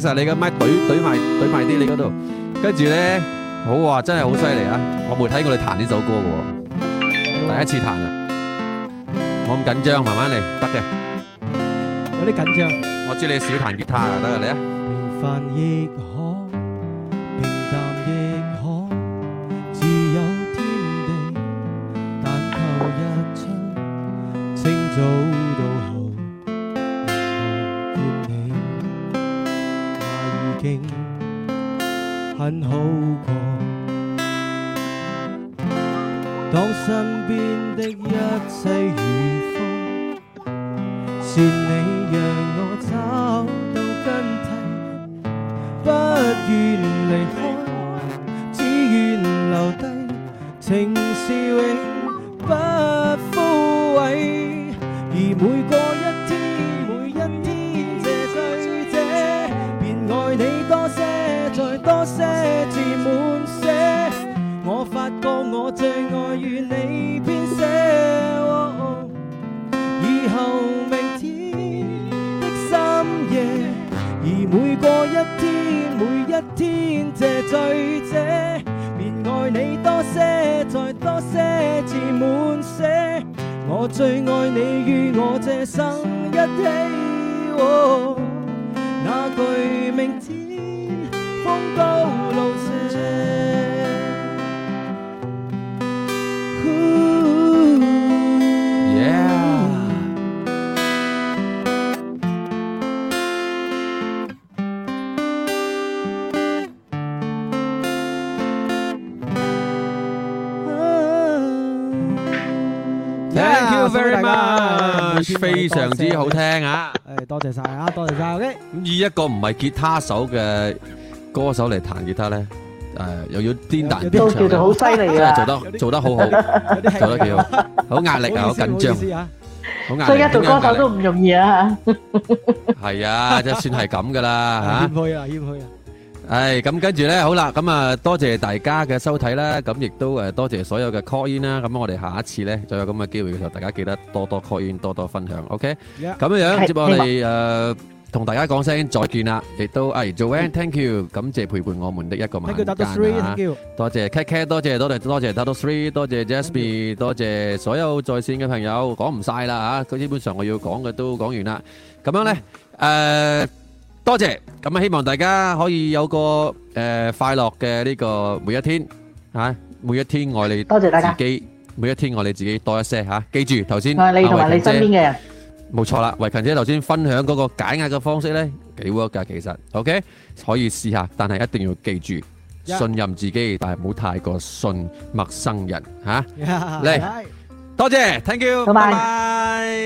其實你嘅麥懟懟埋懟埋啲你嗰度，跟住咧，好啊，真係好犀利啊！我冇睇過你彈呢首歌嘅，第一次彈啊，冇咁緊張，慢慢嚟得嘅，有啲緊張。我知你少彈吉他啊，得啊，你啊。非常之好聽啊！誒，多謝晒啊，多謝晒。O K，以一個唔係吉他手嘅歌手嚟彈吉他咧，誒，又要癲彈，都叫做好犀利啊！做得做得好好，做得幾好，好壓力啊，好緊張，所以一做歌手都唔容易啊！係啊，就算係咁噶啦吓。要去啊，要去啊。誒，咁跟住咧，好啦，咁啊，多謝大家嘅收睇啦，咁亦都誒，多謝所有嘅 call in 啦，咁我哋下一次咧，就有咁嘅機會嘅時候，大家記得多多 call in，多多分享，OK？咁樣樣，接落嚟誒，同大家講聲再見啦，亦都誒，Joanne，thank you，感謝陪伴我們的一個晚間啊，多謝 Kate，多謝多謝多謝，達到 three，多謝 Jasper，多謝所有在線嘅朋友，講唔晒啦吓，佢基本上我要講嘅都講完啦，咁樣咧，誒。多謝，咁啊，希望大家可以有個誒快樂嘅呢個每一天吓，每一天愛你自己，每一天愛你自己多一些吓。記住頭先，你同埋你身邊嘅人，冇錯啦。卉勤姐頭先分享嗰個解壓嘅方式咧，幾 work 噶，其實，OK，可以試下，但係一定要記住信任自己，但係唔好太過信陌生人吓。嚟，多謝，thank you，拜拜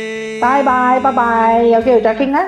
，bye bye bye bye，有機會再傾啦。